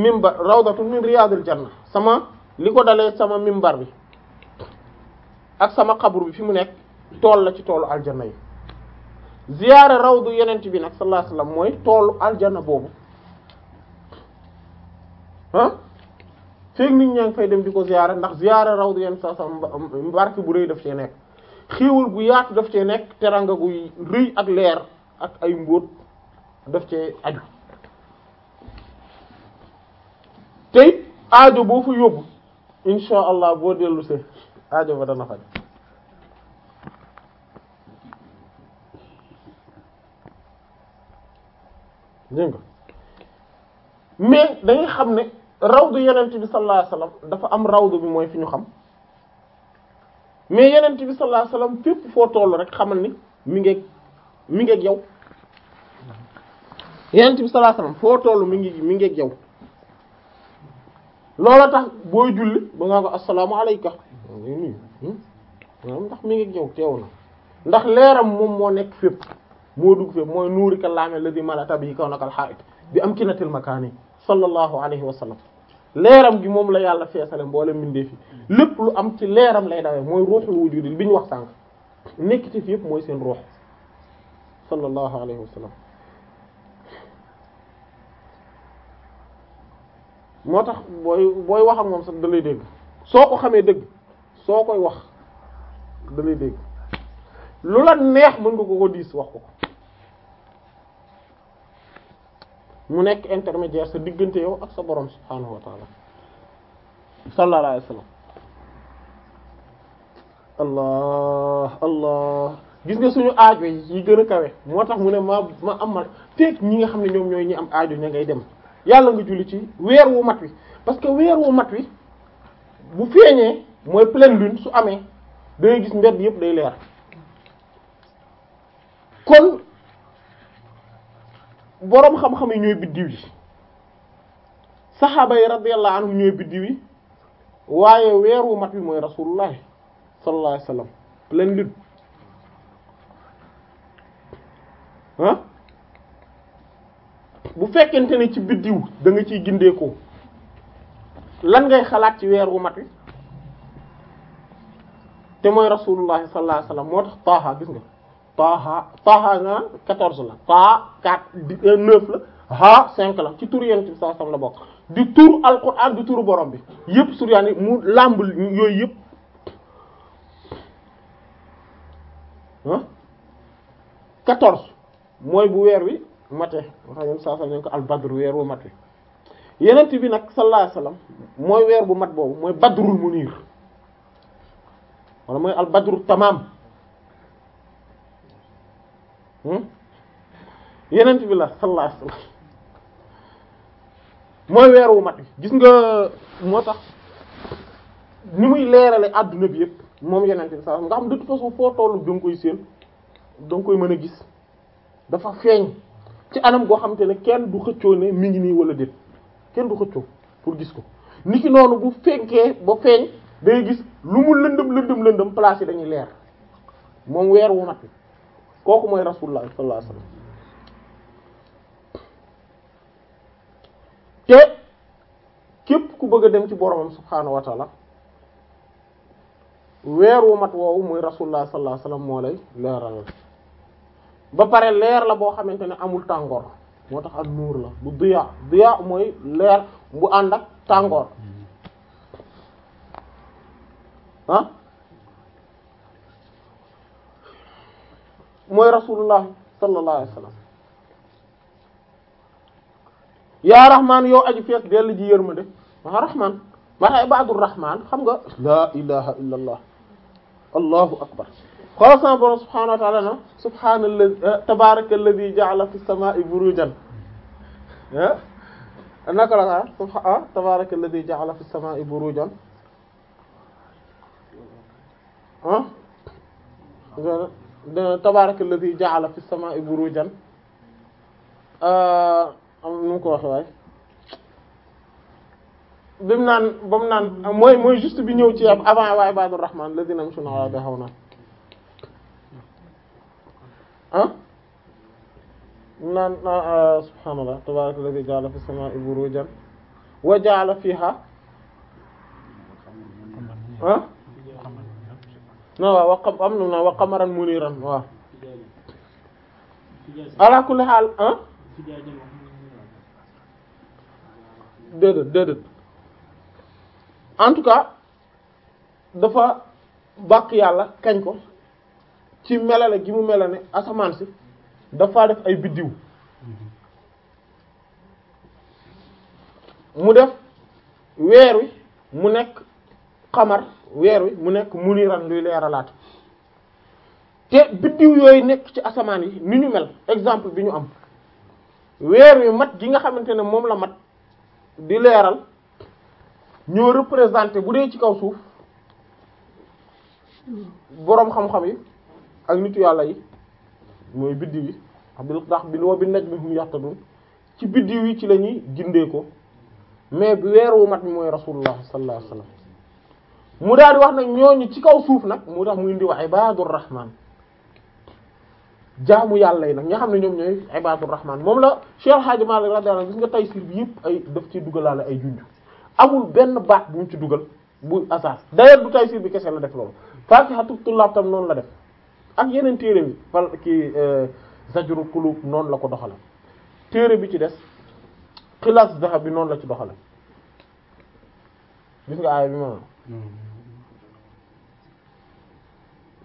mimbar rawdatun min riyadil janna sama li ko dalee sama mimbar bi ak sama xabru bi fi mu nekk tool la ci toolu aljanna yi raw ziyaara yeneen yonent bi nag sallallahu alayhi wasallam mooy toolu aljana boobu ah feek nit ñaa ngi fay dem di ko ziyaara ndax ziyaara rawdu yonent sallallahu alayhi wasallam barke bu rëy daf cee nekk xiiwal gu yaat daf cee nekk teranga gu rëy ak leer ak ay mbóot daf cee aju tey aajo boo fa yóbbu insha allah boo dellu see aajo ba dana faj dégg nga mais dangay xam ne rawdu yenent bi sallallahu alayhi dafa am rawdu bi mooy fi ñu xam mais yenent bi sallallahu alayhi fépp foo tollu rek xamal ni mi ngeeg mi ngeeg yow yenent bi sallallahu alayhi foo tollu mi ngi mi ngeeg yow loola tax booy julli ba nga ko assalaamu alayka hmm? ndax mi ngeeg yow teew na ndax leeram moom moo nekk fépp moo dugg fépp mooy nuuri kallaame ladi malata bi kaw nakal xaait bi am kinatil makaani sallallahu alayhi wa sallam leeram gi moom la yàlla feesalee mboole mbindeef yi lépp lu am ci leeram lay dawee mooy ruuxul wujudi bi ñu wax sànq nekkiti fi yëpp mooy seen ruux sallallahu alayhi wa sallam moo tax booy booy wax ak moom sax da dégg soo ko xamee dëgg soo koy wax da lay dégg lu la neex mën nga ko ko diis wax ko mu nekk intermédiaire sa diggante yow ak sa borom subhaanahu wa taala sallallahu alayhi wa allah allah gis nga suñu aajo yi gën a kawe moo tax mu ne ma ma amal teeg ñi nga xam ne ñoom ñooy ñi am aajo ña ngay dem yàlla nga julli ci weer wu mat wi parce que weer wu mat wi bu feeñee mooy pleine lune su amee dangay gis mbedd yépp day leer kon boroom xam-xam yi ñooy biddiw yi saxaaba yi radiyallahu anhum ñooy biddiw yi waaye weer wu mat wi mooy rasulullah sallallahu alayhi wasallam pleine lune bu fekkente ni ci biddiw danga ciy gindeekoo lan ngay xalaat ci weer wu mat wi te mooy rasulullah sallallahu alayhi wasallam moo tax taaha gis nga Taha Taha nga la Taha 4 9 la Ha la ci tur yonent bi sallallahu alayhi la bokk di tur alquran di turu borom bi yëpp suryaani mu làmb yooyu yëpp ah mooy bu weer wi mate wax yonent sallallahu alayhi wasallam nañ ko albadru weer wu mate yonent bi nag sallallahu alayhi mooy weer bu mat boobu mooy badrul munir wala mooy albadru tamam Hmm? yeneen bi la sallallahu alayhi wasallam mooy weer wu mat gis nga moo tax ni muy leerale àdduna bi yëpp moom yeneen bi sallallahu nga xam de toute façon foo tollu da nga koy séen da koy mën a gis dafa feeñ ci anam goo xamante ne kenn du xëccoo ne mi ngi nii wala déet kenn du xëccoo pour gis ko ni ki noonu bu fenkee ba feeñ day gis lu mu lëndëm lëndëm lëndëm place yi dañuy leer moom weer wu mat kooku mooy rasulullah sallallahu alayhi te képp ku bëgg a dem ci boromam subhaanahu wa taala weer wu mat woowu muy rasulullah sallallahu alayhi wasallam moo lay leeralal ba pare leer la boo xamante ni amul tàngoor moo tax ak nuur la bu diya diya mooy leer bu ànd ak tàngoor mm-hmm. ah? mooy rasulullah sallallahu alayhi wa sallam yaa rahmaan yow aji fees dell ji yërmande maa rahmaan maa ibaadu rahmaan xam nga laa ilaha illa allah allahu akbar xoolal sama borom subhanahu wa ta'ala na subhaanallazi tabaaraka allazi ja'ala fis samaa'i burujan naka la ah subha ah, tabaaraka allazi ja'ala fis samaa'i burujan ah tabaaraka allazi ja'ala fis samaa'i burujan euh, am nu mu ko waxee bi mu naan ba mu naan mooy mooy juste bi ñëw ci avant wa ibadur rahman allazina yamshuna ala al-ardi hawna ah mu naan ah, ah, subhaanallah tabaaraka allazi fiha non waaw wax am na wa qamaran muniran waaw ala kulli ah déedéet déedéet en tout cas dafa bàkk yàlla kañ ko ci melale gi mu melale ne asamaan si dafa def ay biddiw mu def weer wi mu nekk xamar weer wi mu nekk muniran luy leeralaat te biddiw yooyu nekk ci asamaan yi ni ñu mel exemple bi ñu am weer wi mat gi nga xamante ne moom la mat di leeral ñoo représenté bu dee ci kaw suuf boroom xam-xam yi ak nitu yàlla yi mooy biddiw yi abdul dax bi woo bi naj bi hum yaxtadun ci biddiw yi ci la ñuy gindee ko mais bu weer wu mat mi mooy rasulullah sallallahu alayhi mu daal di wax nag ñooñu ci kaw suuf nag mu tax mu indi wa ibadur rahman jaamu yàlla yi nag ña xam ne ñoom ñooy ibadur rahman moom la Cheikh Hadji Malick radiyallahu anhu gis nga Tayssîr bi yëpp ay daf ci dugalaale ay junj amul benn baat bu mu ci dugal bu asaas d'ailleurs du Tayssîr bi kese la def loolu Faatihatu Tullaab tam noonu la def ak yeneen téere bi fal ki euh, Zajrul Qulub noonu la ko doxala téere bi ci des Xilaas Zahab bi noonu la ci doxala gis nga aaya bi moom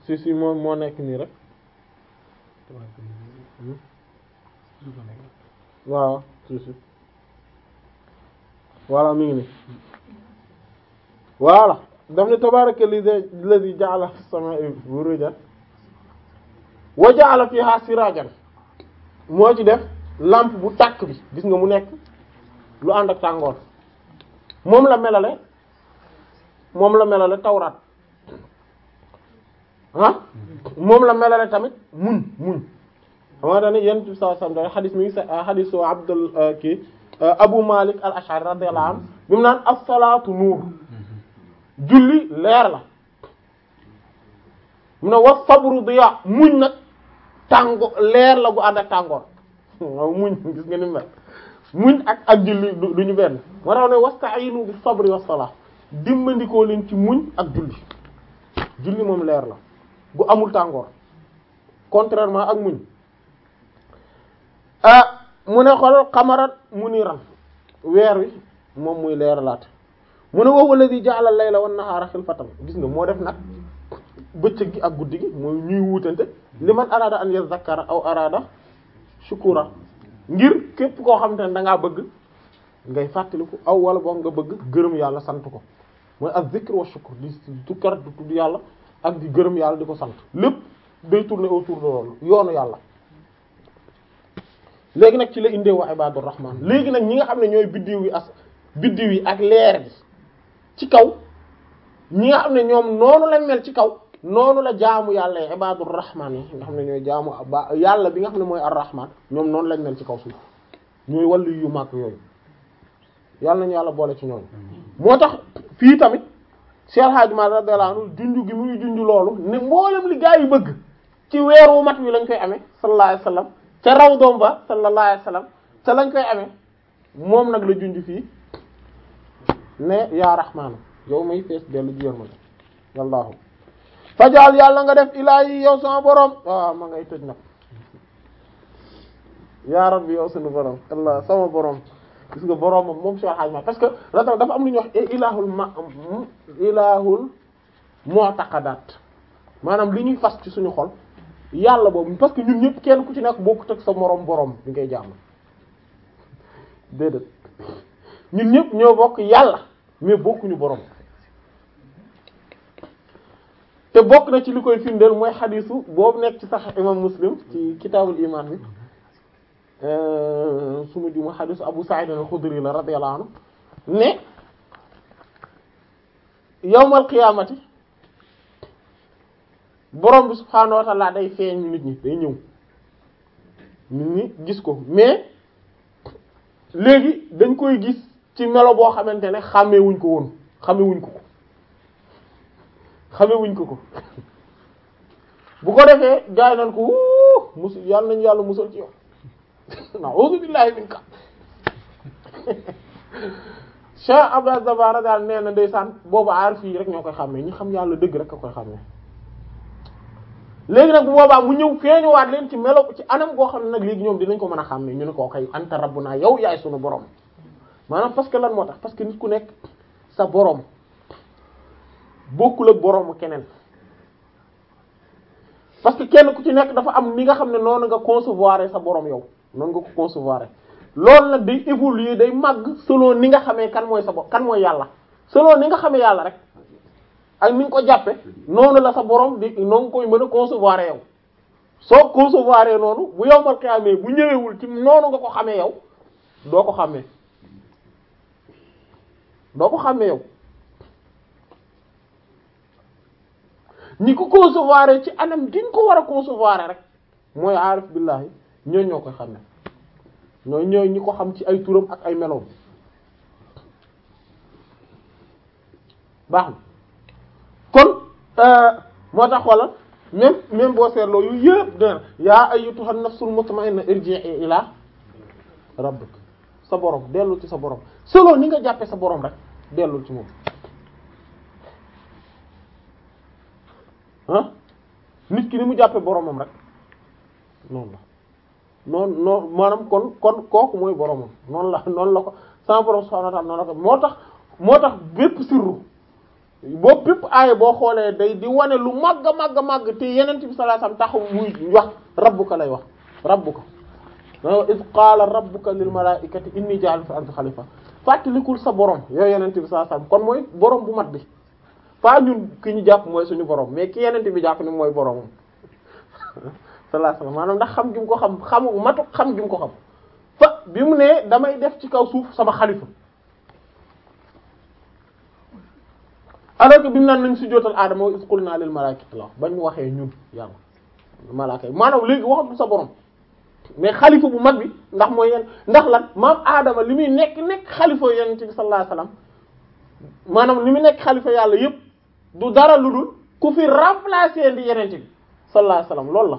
si si moom moo nekk nii rek waaw si si voilà mi ngi ni voilà daf ne tabaraka alladhi ja'ala as-samaa'a burujan wa ja'ala fiha sirajan moo ci def làmp bu tàkk bi gis nga mu nekk lu ànd ak tàngoor moom la melale moom la melale tawraat ah moom la melale tamit muñ muñ xam nga dañuy yenn ci saa sam da xadis mi ngi sa ah, xadisu Abdul ah, kii ah, Abu Malik al Ash'ari radiyallahu anhu bi mu naan as-salaatu nuur julli leer la mu ne wa sabru diya muñ nag tàngo leer la gu ànd ak tàngoor waaw muñ gis ni mel muñ ak julli du ñu benn moo tax ne wasta'inu bis sabri was salaat dimbandikoo leen ci muñ ak julli julli moom leer la gu amul tàngoor contrairement ak muñ ah mu ne xolal xamarat mu ni weer wi moom muy leeralaat mu ne woowu la di ja'ala la wan nahaara xilfatan gis nga moo def nag bëccëg gi ak guddi gi mooy ñuy wuutante li man araada an yazakkara aw araada shukura ngir képp koo xam te ne da bëgg ngay fàttaliku aw wala boog nga bëgg gërëm yàlla sant ko mooy az-zikr wa shukr di du tudd yàlla ak di gërëm yàlla di ko sant lépp day tourner autour de loolu yoonu yàlla léegi nag ci la indee wa ibadur rahman léegi nag ñi nga xam ne ñooy biddiw yi as yi ak leer bi ci kaw ñi nga xam ne ñoom noonu lañ mel ci kaw noonu la jaamu yàlla yi ibadur rahman yi nga xam ne ñooy jaamu ba yàlla bi nga xam ne mooy ar ñoom noonu lañ mel ci kaw suuf ñooy wàllu yu mag yooyu yàlla nañu yàlla boole ci ñoom moo tax fii tamit Cheikh Hadj Mal radiyallahu anhu junj gi muy junj loolu ne mboolem li gaa yi bëgg ci weer mat wi lañ koy ame sallallahu alayhi wa raw doom ba sallallahu alayhi wa sallam lañ koy ame moom nag la junj fii ne yaa rahmaanu yow may fees dellu ji yorma la wallaahu yàlla nga def ilaahi yow sama borom ma ngay tëj nag yaa rabbi yow sunu borom allah sama boroom gis nga boroomam moom Cheikh Hadj parce que rajo dafa am lu ñuy wax ilahul ma ilahul mu'taqadat maanaam li ñuy fas ci suñu xol yàlla boobu parce que ñun ñëpp kenn ku ci nekk bokkut ak sa moroom boroom bi ngay jàmm déedéet ñun ñëpp ñoo bokk yàlla mais bokkuñu boroom te bokk na ci li koy firndeel mooy xadiisu boobu nekk ci sax imam muslim ci kitaabul iman bi Euh, su ma juma xadiis Abu Sa'id al-Khudri la radiyallahu anhu ne yawmal qiyaamati borom bi subhaanahu wa ta'ala day feeñ nit ñi day ñëw nit ñi gis ko mais léegi dañ koy gis ci melo boo xamante ne xàmmewuñ ko woon xàmmewuñ ko ko ko ko bu ko defee jaay ko wuu musul yàlla nañ yàlla musal ci yow na'uuzu billaahi minka Cheikh Abdou Dabara daal nee dey ndeysaan booba aarif fii rek ñoo koy xàmmee ñi xam yàlla dëgg rek a koy xàmmee léegi nag bu boobaa mu ñëw feeñuwaat leen ci melo ci anam goo xam ne nag léegi ñoom dinañ ko mën a xàmmee ñu ne koo kay anta naa yow yaay sunu borom maanaam parce que lan moo tax parce que nit ku nekk sa boroom bokkul ak boroomu keneen parce que kenn ku ci nekk dafa am ni nga xam ne noonu nga concevoir sa boroom yow. noonu nga ko concevoir loolu nag day day màgg selon ni nga xamee kan mooy sa kan mooy yàlla selon ni nga xamee yàlla rek ak ni nga ko jàppe noonu la sa borom di noo ngi koy yow soo concevoir noonu bu yow mal xamee bu ñëwewul ci nga ko xamee yow doo ko xamee doo ko xamee yow ni ko ko concevoir ci anam gi nga ko war a concevoir rek mooy aarif billahi ñooñ ñoo koy xàmme ñooy ñooy ñi ko xam ci ay turam ak ay meloom baax na kon euh, moo tax wala même même boo seetloo yu yëpp dana yaa ayyatuhan nafsul ma irji'i ay rabbik sa borom dellu ci sa borom selon ni nga jàppee sa borom rek dellul ci moom ah nit ki ni mu jàppee boromam rek noonu noonu noonu maanaam kon kon kooku mooy boromam noonu la noonu la ko sama borom subhaanahu wa ta'aala noonu la ko moo tax moo tax bépp sirru boo bépp aaya boo xoolee day di wane lu màgg a màgg a màgg te yeneen bi sallallahu alayhi wasallam taxaw muy wax rabbuka lay wax rabbuka iz qaala rabbuka lil malaa'ikati inni jaa'ilun fil ardi xalifa fàttalikul sa borom yooyu yeneen bi sa alayhi wasallam kon mooy borom bu mat bi fa ñun ki ñu jàpp mooy suñu borom mais ki yeneen bi jàpp ni mooy boromam sallallahu alayhi wasallam maanaam ndax xam gi mu ko xam xamu matu xam gi mu ko xam fa bi mu nee damay def ci kaw suuf sama xalifa alors que bi mu naan nañ si jootal aadama wa isqul naa lil malaikati la bañ waxee ñun yàlla malaaka yi maanaam léegi waxatul sa borom mais xalifa bu mag bi ndax mooy yenn ndax lan maam aadama li muy nekk nekk xalifa yonent bi sallallahu alayhi wasallam maanaam li muy nekk xalifa yàlla yépp du dara lu dul ku fi remplacer ndi yonent bi sallallahu alayhi wasallam loolu la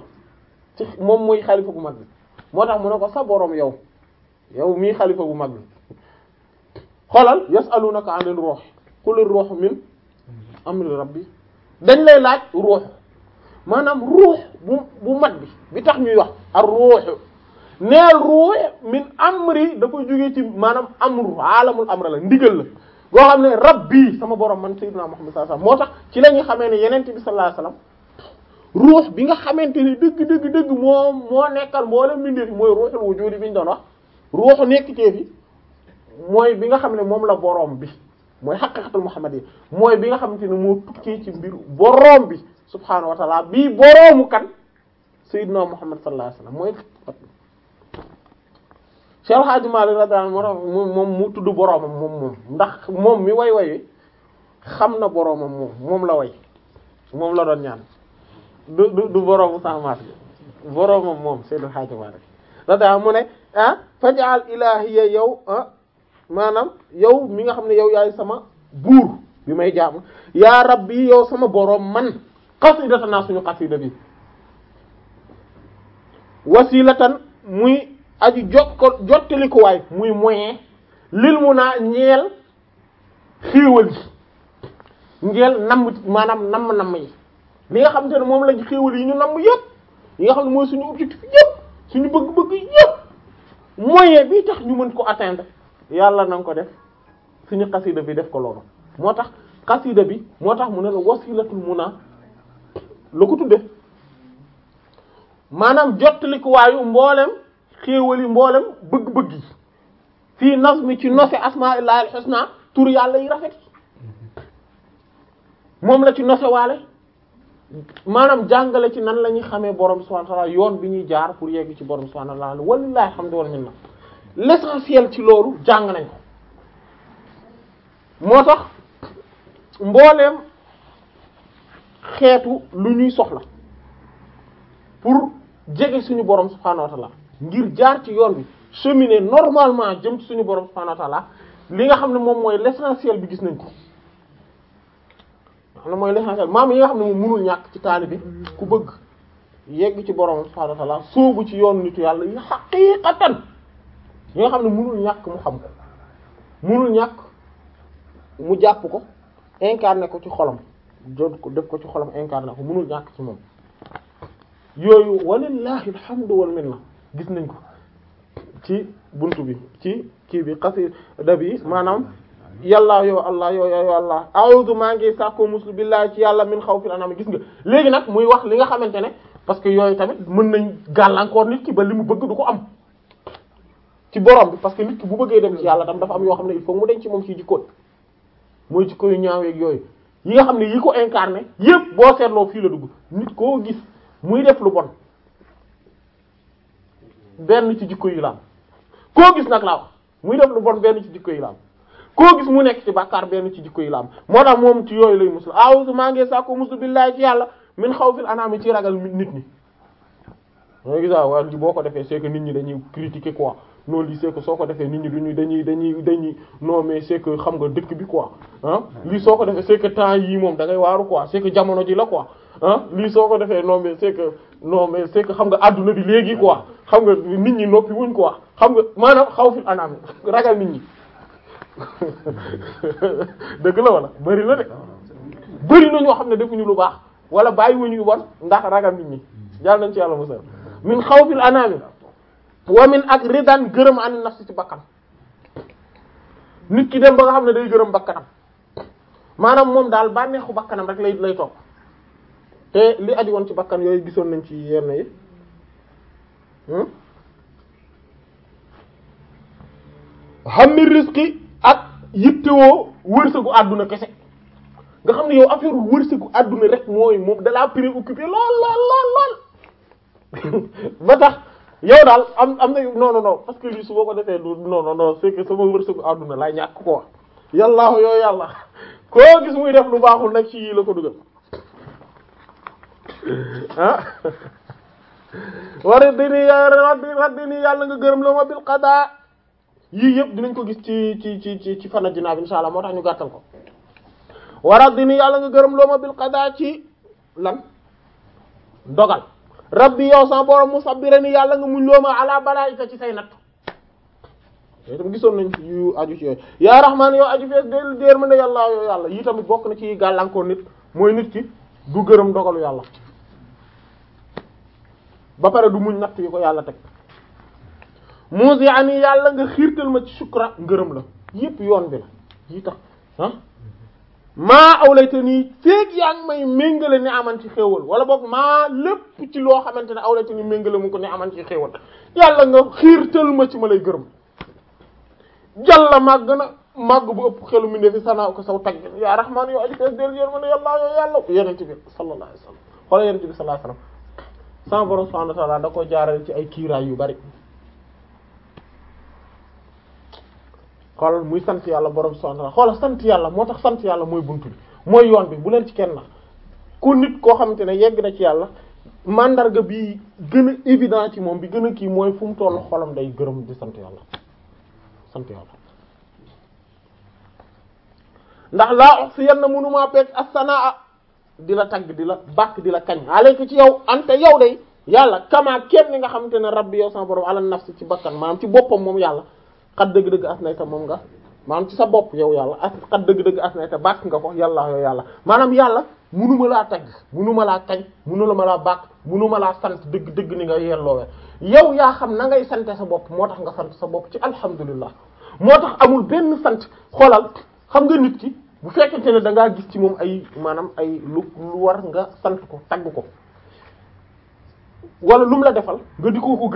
moom mooy xalifa bu mag bi moo tax mu ne ko sa boroom yow yow mii xalifa bu mag bi xoolal yasalunaka anil ruh qul ruh min amri rabbi dañ lay laaj ruux maanaam ruux bu mag bi bi tax ñuy wax ak ruuxu neel ruux min amri dafa jógee ci maanaam amru alamul amra la ndigal la goo xam ne rabbi sama borom man sayyidina Muhammad sallallahu alayhi moo tax ci la xamee ne yeneen bi sallallahu alayhi ruux bi nga xamante ni dëgg dëgg dëgg moo moo nekkal moo la mbindeef mooy ruuxul wujuudi bi ñu doon wax ruuxu nekkiteef yi mooy bi nga xam ne moom la boroom bi mooy xaqiqatul muhammad yi mooy bi nga xamante ne moo tukkee ci mbiru boroom bi subhaanahu wa taala bii boroomu kan sayyidina muhammad sallallahu alayhi wasallam mooy Cheikh Hadji Malick radiyallahu moom mu tudd boroomam moom moom ndax moom mi way waye xam na boroomam moom moom la woy moom la doon ñaan du du du boroomu saxmaat bi boroomam moom Seydi El Hadji mu ne ah fajaal ilaahiya yow ah, maanaam yow mi nga xam ne yow yaay sama buur bi may jaamu yaa rabbi yow sama boroom man xasida naa suñu xasida bi wasilatan muy aji jokko jottalikuwaay muy moyen lil mu naa ñeel xiiwal yi ngeel namm maanaam namm namm yi li nga xam ne moom lañ xéewal yi ñu namm yëpp yi nga xam ne mooy suñu objectif yëpp suñu bëgg-bëgg yëpp moyen bi tax ñu mën ko atteindre yàlla na ko def suñu xasida bi def ko loolu moo tax xasida bi moo tax mu ne la wasilatul muna la ko tudde maanaam mbooleem xéewal xéewali mboolem bëgg-bëgg yi fii nazmi ci nose asma'illahi al husna tur yàlla yi rafet moom la ci nose waale maanaam jàngale ci nan la ñuy xamee borom subhanahu wa yoon bi ñuy jaar pour yegg ci borom subhanahu wa ta'ala wallahi hamdu wal minna l'essentiel ci loolu jàng nañ ko moo tax mbooleem xeetu lu ñuy soxla pour jege suñu borom subhanahu wa ta'ala ngir jaar ci yoon bi cheminer normalement jëm ci suñu borom subhanahu wa ta'ala li nga xam ne moom mooy l'essentiel bi gis nañ ko. xam ne mooy l'essentiel maam yi nga xam ne moom mënul ñàkk ci taalibe bi ku bëgg yegg ci borom subhaanahu wa ta'aala sóobu ci yoon nitu yàlla yi xaqiiqatan yi nga xam ne mënul ñàkk mu xam ko mënul ñàkk mu jàpp ko incarné ko ci xolam jot ko def ko ci xolam incarné ko mënul ñàkk ci moom yooyu walillahi alhamdu wal minna gis nañ ko ci bunt bi ci kii bi xasida bi maanaam yàllaa yow allah yow yow allah a'udhu maa ngi sàkkoo muslu billahi ci yàlla min xawfil anam gis nga léegi nag muy wax li nga xamante ne parce que yooyu tamit mën nañ gàllankoor nit ki ba li mu bëgg du ko am ci borom bi parce que nit ki bu bëggee dem ci yàlla tam dafa am yoo xam ne il faut mu denc moom ci jikkoon mooy jikko yu ñaaweeg yooyu yi nga xam ne yi ko incarné yépp boo seetloo fii la dugg nit koo gis muy def lu bon benn ci jikko yi koo gis nag la wax muy def lu benn ci jikko yi koo gis mu nekk ci bàkkaar benn ci jikko yi la am moo tax moom ci yooyu lay muslu awsu maa ngi sàkku muslu billaahi ci yàlla min xawfil anaami ci ragal nit ñi mooy gis waaw boo ko defee c'est nit ñi dañuy critiquer quoi non lii c'est soo ko defee nit ñi duñu dañuy dañuy dañuy non mais c'est xam nga dëkk bi quoi ah lii soo ko defee c'est temps yii moom dangay ngay waaru quoi c'est que jamono ji la quoi ah lii soo ko defee non mais c'est que non xam nga adduna bi léegi quoi xam nga nit ñi noppi wuñ quoi xam nga maanaam xaw xawfil anaam ragal nit ñi dëgg la wala bëri na de bëri na xam ne defuñu lu baax wala bàyyiwuñu yu bon ndax ragal nit ñi jàll nañ ci yàlla musal min xawfil anaami wa min ak ridan gërëm an nafsi ci bakkan nit ki dem ba nga xam ne day gërëm bakkanam maanaam moom daal bànneexu bakkanam rek lay lay topp te li aju woon ci bakkan yooyu gisoon nañ ci yenn yi hmm? hammi rizqi ak yittewoo wërsëgu àdduna kese nga xam ne yow affaire wërsëgu àdduna rek mooy moom dalaa préoccupé lool lool lool lool ba tax yow daal am am na non non non parce que lii su boo ko defee du non non sama wërsëgu àdduna laa ñàkk ko wax yàllaahu yooyu yàlla koo gis muy def lu baaxul nag ci yii la ko dugal ah wara dini yàlla nga gërëm la ma bil qada yii yëpp dinañ ko gis ci ci ci ci ci fana dinaa bi insha allah moo tax ñu gàttal ko warat dini yàlla nga gërëm loo ma bil qada ci lan dogal rabbi yow sama borom mu sabbira ni yàlla nga muñ loo ma ala balaika ci say natt yooyu tamit gisoon nañ yu aju ci yooyu yaa rahmaan yow aju fees dél déer mën ne yàlla yow yàlla yii tamit bokk na ci gàllankoor nit mooy nit ki du gërëm dogalu yàlla ba pare du muñ natt yi ko yàlla teg muus yaa ni yàlla nga xiirtal ma ci sukra ngërëm la yépp yoon bi la yi tax ah maa awlayta nii feeg yaa ngi may méngale ni aman ci xéewal wala boog maa lépp ci loo xamante ne awlayta ni méngale mu ko ni aman ci xéewal yàlla nga xiirtal ma ci ma lay gërëm jàlla màgg na màgg bu ëpp xelu mi ndefi sanaa ko saw tagg yaa rahmaan yoo aji fees dér yéen mën a yàlla yoo yàlla yenente bi sallallahu alayhi wasallam wala yenente bi sallallahu alayhi wasallam sama borom subhanahu da ko jaarale ci ay kiiraay yu bari xoolal muy sant yàlla borom subhanahu wa ta'ala sant yàlla moo tax sant yàlla mooy bunt bi mooy yoon bi bu leen ci kenn na ku nit koo xamante ne yegg na ci yàlla màndarga bi gën a évident ci moom bi gën a kii mooy fu mu toll xolam day gërëm di sant yàlla sant yàlla ndax laa ox si yenn mënumaa peeg assanaa di la tagg di la bàkk di la kañ aleyku ci yow ante yow day yàlla kamaa képp ni nga xamante ne rabbi yow sama borom ala nafsi ci bakkan maanaam ci boppam moom yàlla xat dëgg-dëgg as nay ta moom nga maanaam ci sa bopp yow yàlla as xat dëgg-dëgg as nay ta bàkk nga ko yàlla yow yàlla maanaam yàlla munuma laa tagg munuma laa kañ munuma laa bàkk munuma laa sant dëgg dëgg ni nga yelloowe yow yaa xam na ngay sante sa bopp moo tax nga sant sa bopp ci alhamdulillah moo tax amul benn sant xoolal xam nga nit ki bu fekkente ne da gis ci moom ay maanaam ay lu lu war nga sant ko tagg ko wala lum la defal nga di ko ko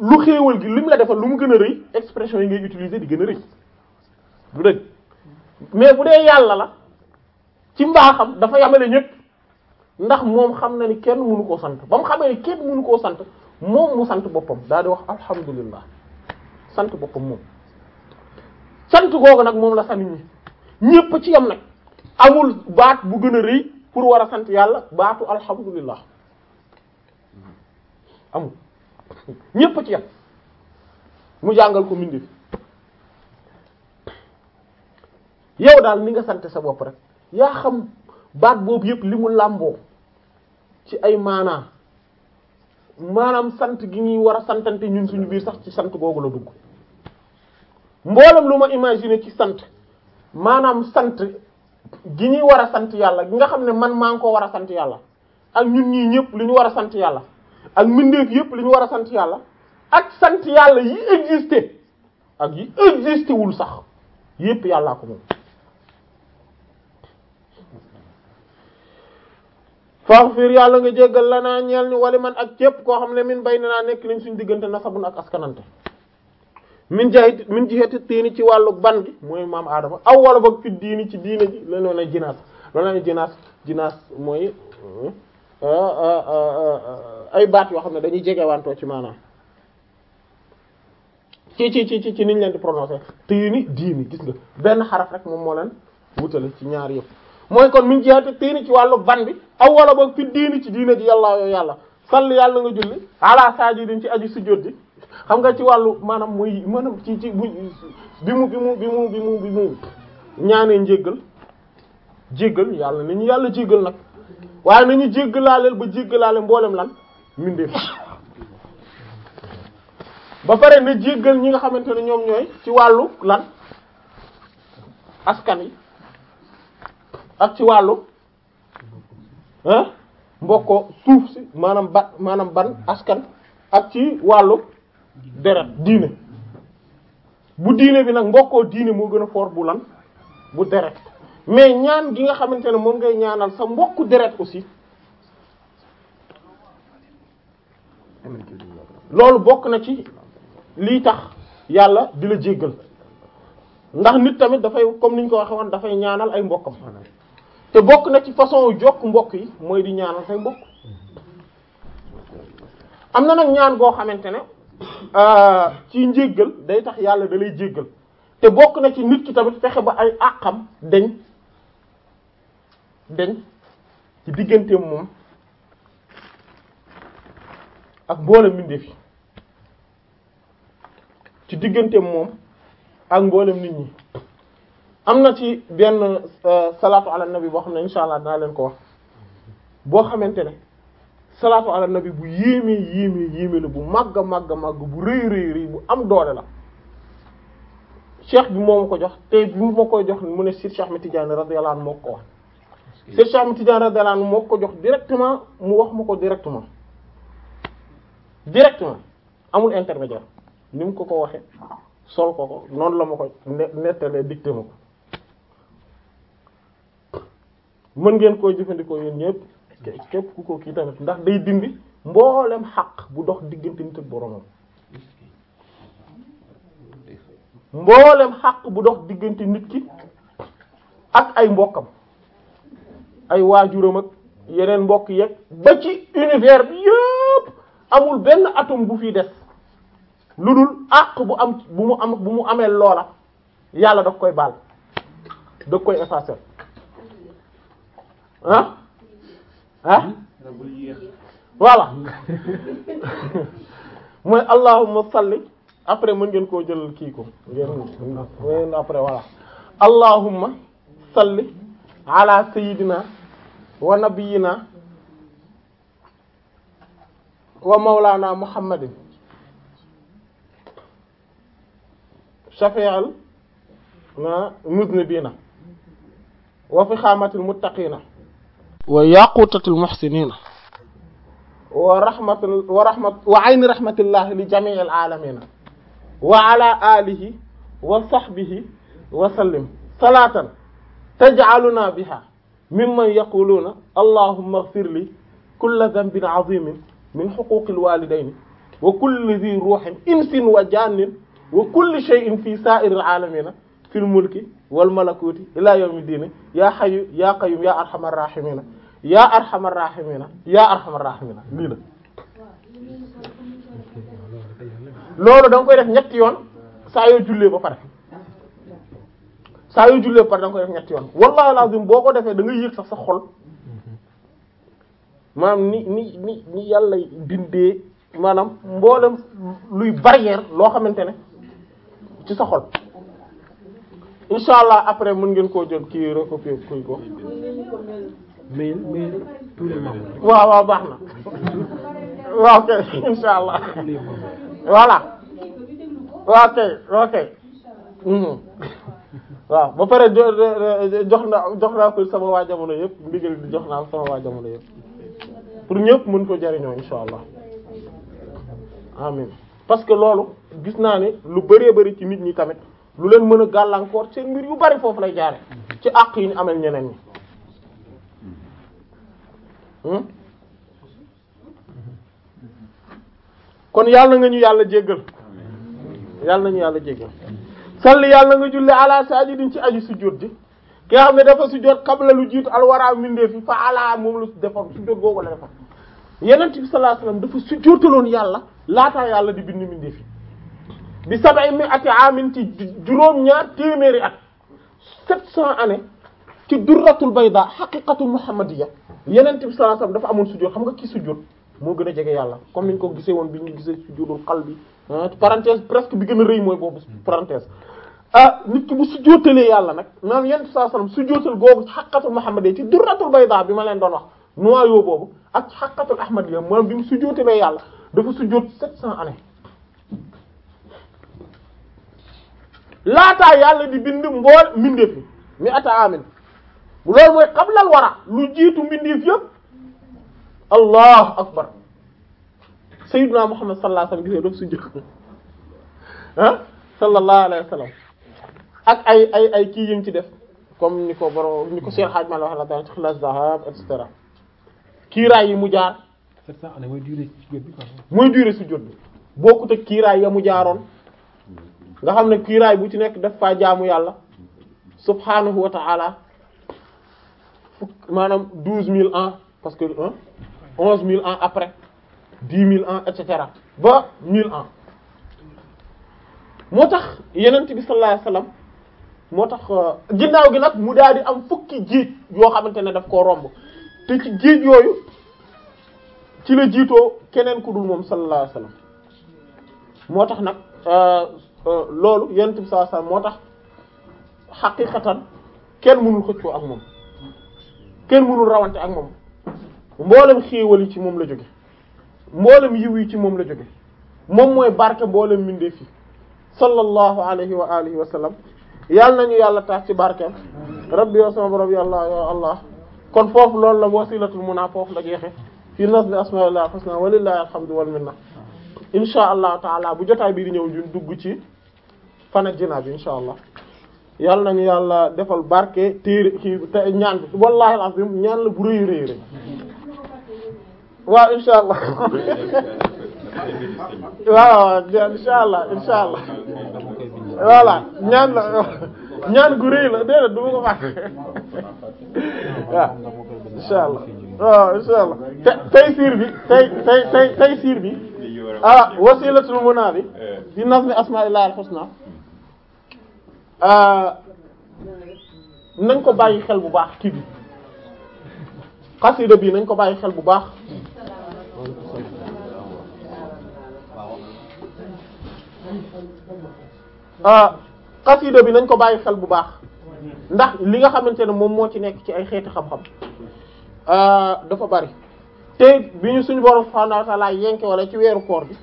lu xéewal gi mu la defal lu mu gën a rëy expression yi ngay utiliser di gën a rëy du dëgg mais bu dee yàlla la ci mbaaxam dafa yamale ñépp ndax moom xam na ni kenn mënu koo sant ba mu xamee ni kenn mënu koo sant moom mu sant boppam daal di wax alhamdulillah sant boppam moom sant googu nag moom la sant ñi ñépp ci yam nag amul baat bu gën a rëy pour war a sant yàlla baatu alhamdulillah amul ñépp ci yam mu jàngal ko mindi yow daal ni nga sante sa bopp rek yaa xam baat boobu yépp li mu làmboo ci ay maanaa maanaam sant gi ñuy war a santante ñun suñu biir sax ci sant googu la dugg mboolem lu ma imaginer ci sant maanaam sant gi ñuy war a sant yàlla gi nga xam ne man maa ngi ko war a sant yàlla ak ñun ñii ñëpp li ñu war a sant yàlla ak mbindeef yépp li ñu war a sant yàlla ak sant yàlla yi existé ak yi existé sax yépp yàllaa ko moom faghfir yàlla nga jéggal lanaa ñeel ñu wali man ak képp koo xam ne min bay naa nekk nañ suñu diggante nasabun ak askanante min jahit min jihati tiini ci wàllu ban gi mooy maam aadama aw wala boog fi diini ci diina ji la noon ay jinaas loolu la jinaas jinaas mooy hmm? Uh, uh, uh, ay baat yoo xam ne dañuy jege jegewantoo ci maanaam ci ci ci ci niñ leen di prononcer te yu ni diini gis nga benn xaraf rek moom moo leen wutale ci ñaar yëpp mooy kon mi ngi jeexate ci wàllu ban bi aw wala boog fi diini ci diina ji yàllaa yoo yàlla sall yàlla nga julli ala sajidin ci aju sujjóot ji xam nga ci wàllu maanaam muy maanaam ci ci bu bi mu bi mu bi mu bi mu bi ñaanee njéggal jéggal yàlla ni ñu yàlla jéggal nag waaye nañu jéggalaaleel ba jéggalaale mboolem lan mbindeef ba pare na jéggal ñi nga xamante ne ñoom ñooy ci wàllu lan askan yi ak ci wàllu mbokkoo suuf si maanaam ba maanaam ban askan ak ci wàllu deret diine bu diine bi nag mbokkoo diine moo gën a foor bu lan bu deret mais ñaan gi nga xamante ne moom ngay ñaanal sa mbokku deret aussi loolu bokk na ci lii tax yàlla di la jéggal ndax nit tamit dafay comme niñ ko waxee woon dafay ñaanal ay mbokkam te bokk na ci façon jokk mbokk yi mooy di ñaanal say mbokk am na nag ñaan goo xamante ne euh, ci njéggal day tax yàlla dalay lay jéggal te bokk na ci nit ki tamit fexe ba ay àqam deñ deñ ci digganteem moom ak mboolem mbindeef ci digganteem moom ak mboolem nit ñi am na ci benn euh, salaatu ala nabi boo xam ne insha allah dinaa leen ko wax boo xamante ne salaatu ala nabi bu yéeme yéeme yéeme la bu màgg màgg màgg bu rëy rëy bu am doole la cheikh bi moo ma ko jox te bi ma koy jox mu ne si Cheikh Ahmed Tidiane radiyallahu anhu moo ko wax Cheikh Cheikh Tidiane radiyallahu anhu moo ko jox directement mu wax ma ko directement directement amul intermédiaire ni mu ko ko waxee sol ko ko noonu la ma ko nettalee dicté ma ko mën ngeen koy jëfandikoo yéen ñëpp képp ku ko kii tamit ndax day dindi mboolem xaq bu dox diggante nit ak boromam mboolem xaq bu dox diggante nit ki ak ay mbokkam ay waajuram ak yeneen mbokk yeeg ba ci univers bi yëpp amul benn atome bu fi des lu dul àq bu am bu mu am bu amee loola yàlla daf koy baal daf koy effacer ah ah voilà mooy allahumma salli après mën ngeen koo jël kii ko après voilà allahumma salli ala sayidina wa nabiyyina wa mawlana muhammadin shafi'al na muznibina wa fikhamatil muttaqina wa yaqutatil muhsinina wa rahmatul wa rahmat wa ayni rahmatillahi li jami'il alamina wa ala alihi wa sahbihi wa sallim salatan taj'aluna biha mimman yaquluuna allahumma ighfir li kulla dhanbin azimin min huquqil walidayni wa kulli dhi ruhin insin wa jannin wa kulli shay'in fi sa'iril alamina fil mulki wal malakuti ila yawmid din ya hayyu ya qayyum ya arhamar rahimina ya arhamar rahimina ya arhamar rahimina lii la loolu da nga koy def ñetti yoon saa yoo jullee ba pare saa yu jullee par da nga koy def ñetti yoon wallaahi lazim boo ko defee da nga yéeg sax sa xol maanaam ni ni ni ni yàlla bindee maanaam mboolem luy barrière loo xamante ne ci sa xol incha allah après mën ngeen koo jot kii recopier kuy ko. waaw waaw baax na waaw kay allah voilà waaw ok. Mhm. waaw ba pare jox naa jox naa ko sama waa jamono yëpp ndigal di jox naa sama waa jamono yëpp pour ñëpp mën ko jariñoo insha allah amin parce que loolu gis naa ni lu bëree bëri ci nit ñi tamit lu leen mën a gàllankoor seen mbir yu bari foofu lay jaare ci àq yi ñu amel ñeneen ñi hmm? kon yàlla nga ñu yàlla jéggal yàlla nañu yàlla jéggal salli yàlla nga julli ala sajidin ci aju sujjóot ji ki nga xam ne dafa sujjóot qabla lu jiitu alwaraa mindeef yi fa ala moom la defar sujjóot googu la defar yonent sujjóotaloon yàlla laata yàlla di bind mindeef yi bi sab'i mi'ati amin ci juróom-ñaar téeméeri at 700 années ci durratul bayda haqiqatu muhammadiyya yonent bi sallallahu alayhi wasallam dafa amoon sujjóot xam nga ki sujjóot moo gën a jege yàlla comme niñ ko gisee woon bi ñu gisee sujjóotul qalbi parenthèse presque bi gën a rëy ah nit ki bu su jootalee yàlla nag maanaam yonent bi sallallahu alayhi wasallam su jootal googu xaqatul muhammadiyya ci durratul bayda bi ma leen doon wax noyau boobu ak xaqatul ahmadiyya maanaam bi mu su jootalee yàlla dafa su joot 700 années laataa yàlla di bind mbool mbindeef bi mi ata amin loolu mooy qablal wara lu jiitu mbindeef yëpp allahu akbar sayyiduna muhammad sallallahu alayhi wasallam ak ay ay ay kii yi ñu ci def comme ni ko borom ni ko Cheikh Hadj Malick waxee la daal ci Xilaasu Zahab et cetera kiiraay yi mu jaar. 700 années mooy durée sujjóot bi quoi. mooy durée sujjóot kiiraay ya mu jaaroon nga xam ne kiiraay bu ci nekk def faa jaamu yàlla subhaanahu wa ta'ala fukk maanaam mille en parce que un 11000 ans après 10000 ans et cetera ba 1000 en moo tax Yonent bi sallallahu alayhi moo tax euh, ginnaaw gi nag mu daal di am fukki jiit yoo xamante ne daf koo romb te ci jiit yooyu ci la jiitoo keneen ku moom sallallahu alayhi wasallam moo tax nag euh, euh, loolu yonent bi sallallahu moo tax xaqiqatan kenn mënul xëccoo ak moom kenn mënul rawante ak moom mboolem xéewal yi ci moom la jóge mboolem yiw yi ci moom la jóge moom mooy barke mboolem mbindeef yi sallallahu alayhi wa alihi wa sallam yàlla nañu yàlla taas ci barkeem rabbi yow sama borom yàlla ya allah kon foofu loolu la wasilatul munaa foofu la jeexe fii nazmi asma'illahi husna walillahi alhamdu wal minna insha allah taala bii di ñëw ñun dugg ci fan bi insha allah yàlla nañu yàlla defal barke téere kii te ñaan bi wallahi insha allah waaw insha allah insha allah voilà ñaan la ñaan gu rëy la déedéet du ko fàtte waaw insha allah waaw te tey siir bi tey tey tey tey siir bi ah wasilatul munaa bi di nazmi asma'illahi al-husna ah, nañ ko bàyyi xel bu baax kii bi bi nañ ko bàyyi xel bu baax Euh, xasida bi nañ ko bàyyi xel bu baax ndax li nga xamante ne moom moo ci nekk ci ay xeeti xam-xam euh, dafa bari te bi ñu suñu borom subhaanahu wa ta'aala yenke wala ci weeru koor bi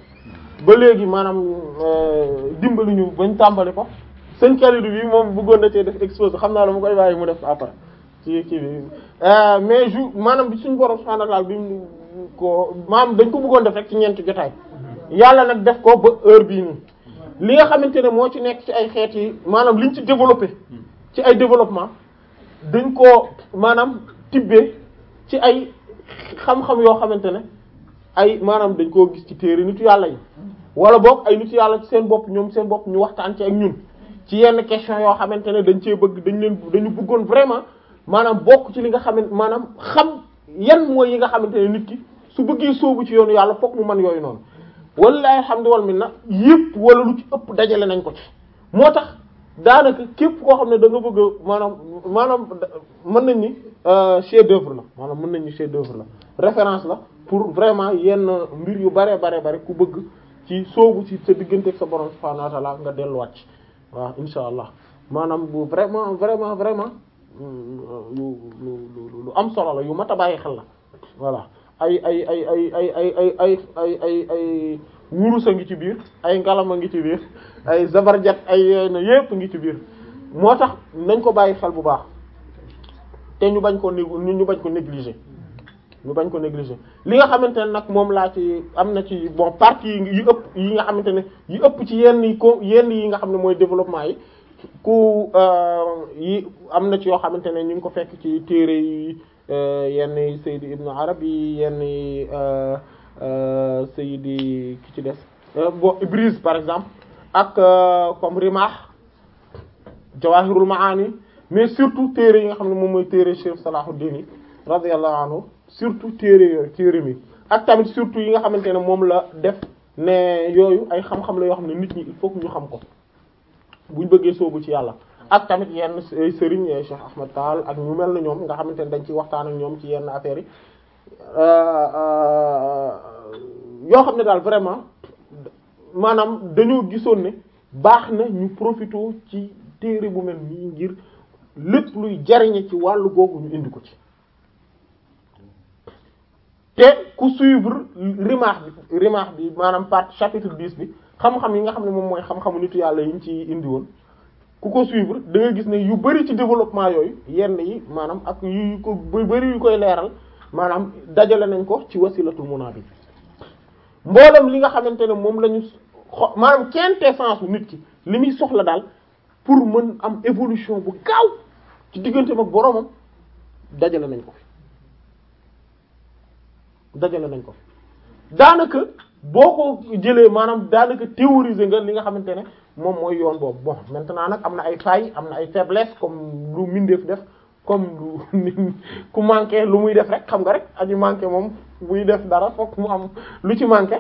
ba léegi maanaam euh, dimbali ñu bañ tàmbali ko sëñ Kalidou bi moom bëggoon na cee def exposé xam naa la mu koy bàyyi mu def après ci ci mais jour maanaam bi suñu borom subhaanahu wa ta'aala bi ko maam dañ ko bëggoon def rek ci ñeenti jotaay yàlla nag def ko ba heure bii nii li nga xamante ne moo ci nekk ci ay xeet yi maanaam liñ ci développé ci ay développement dañ koo maanaam tibbee ci ay xam-xam yoo xamante ne ay maanaam dañ koo gis ci téere nitu yàlla yi wala boog ay nitu yàlla ci seen bopp ñoom seen bopp ñu waxtaan ci ak ñun ci yenn question yoo xamante ne dañ cee bëgg dañ leen dañu bëggoon vraiment maanaam bokk ci li nga xamante maanaam xam yan mooy yi nga xamante ne nit ki su bëggee sóobu ci yoonu yàlla fokk mu mën yooyu noonu wallaahi alhamdu wal minna yëpp wala lu ci ëpp dajale nañ ko ci moo tax daanaka képp koo xam ne da nga bëgg maanaam maanaam mën nañ ni euh, chef d'œuvre la maanaam mën nañ ni chef d'œuvre la référence la pour vraiment yenn mbir yu bare bare bare ku bëgg ci soobu ci sa diggante ak sa borom subhaanahu wa ta'ala nga delluwaat ci waaw insha allah maanaam bu vraiment vraiment vraiment mm, euh, lu lu lu am solo la yu mat a bàyyi xel la voilà ay ay ay ay ay ay ay ay ay ay wurus a ngi ci biir ay ngalam a ngi ci biir ay zabarjat ay yépp ngi ci biir moo tax nañ ko bàyyi xel bu baax te ñu bañ ko ñu bañ ko négliger ñu bañ ko négliger li nga xamante ne nag moom laa ci am na ci bon partie yi ëpp yi nga xamante ne yi ëpp ci yenn yi ko yenn yi nga xam ne mooy développement yi ku yi am na ci yoo xamante ne ñu ngi ko fekk ci téere yi Eh, yenn yi Seydi Ibn Arabi yenn yi eh, eh, Seydi ki ci des bon Ibris par exemple ak comme Rimah Jawahirul Maani mais surtout téere yi nga xam ne moom mooy téere Cheikh Salahuddin yi radiyallahu anhu surtout téere yooyu téere mi ak tamit surtout yi nga xamante ne moom la def ne yooyu ay xam-xam la yoo xam ne nit ñi il ñu xam ko buñ bëggee soobu ci yàlla ak tamit yenn sëriñ Cheikh Ahmad Taal ak ñu mel na ñoom nga xamante ne dañ ciy waxtaan ak ñoom ci yenn affaires yi euh, euh, yoo xam ne daal vraiment maanaam dañoo gisoon ne baax na ñu profité ci téere bu mel nii ngir lépp luy jariñe ci wàllu googu ñu indi ko ci te ku suivre rimaax bi rimaax bi maanaam part chapitre 10 bi xam-xam yi nga xam ne moom mooy xam-xamu nitu yàlla yi ñu ci indi woon ku ko suivre da gis ne yu bari ci développement yooyu yenn yi maanaam ak yu ko yu bari yu koy leeral maanaam dajale nañ ko ci wasilatul munaa bi mboolem li nga xamante ne moom la ñu xo maanaam quintessence nit ki li muy soxla daal pour mën am évolution bu gaaw ci digganteem ak boroomam dajale nañ ko dajale nañ ko fi daanaka boo ko jëlee maanaam daanaka théoriser nga li nga xamante ne moom mooy yoon boobu bon maintenant nag am na ay failles am na ay faiblesse comme lu mindeef def comme lu ku manqué lu muy def rek xam nga rek aji manqué moom buy def dara fokk mu am lu ci manqué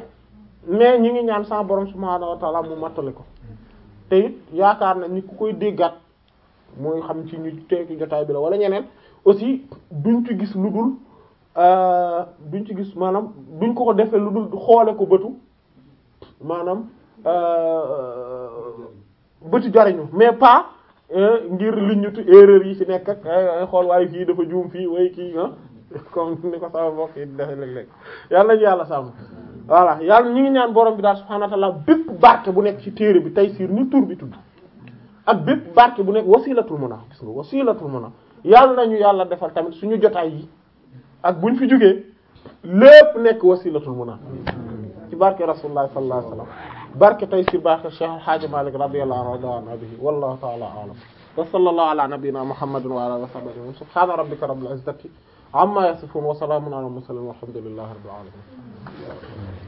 mais ñi ngi ñaan sa borom subhaanahu wa ta'ala mu mattale ko te it yaakaar na ni ku koy déggaat mooy xam ci ñu teeki jotaay bi la wala ñeneen aussi duñ ci gis lu dul euh, duñ ci gis maanaam duñ ko ko defee lu dul xoole ko bëtu maanaam Euh, euh, bëti jariñu mais pas ngir liñutu erreur yi ci nekk ak ay xool waaye kii dafa juum fii waaye kii comme ni ko sama mbokk yi defe léeg-léeg yàlla ñu yàlla sàmm voilà yàlla ñu ngi ñaan borom bi daal subhaanahu wa ta'ala bépp barke bu nekk ci téere bi Taysiir ni tur bi tudd ak bépp barke bu nekk wasilatul mun a gis nga wasilatul mun a yàlla ñu yàlla defal tamit suñu jotaay yi ak buñ fi jógee lépp nekk wasilatul mun a ci barke rasulullah sallallahu alayhi barke tey si barke Cheikh El Hadj Malick radiyallahu anhu wallahu ta'ala a'lam wa sallallahu ala nabiyyina muhammadin wa ala alihi wa sahbihi ajma'in subhana rabbika rabbil izzati amma yasifun wa salamun ala al mursalin walhamdulillahi rabbil alamin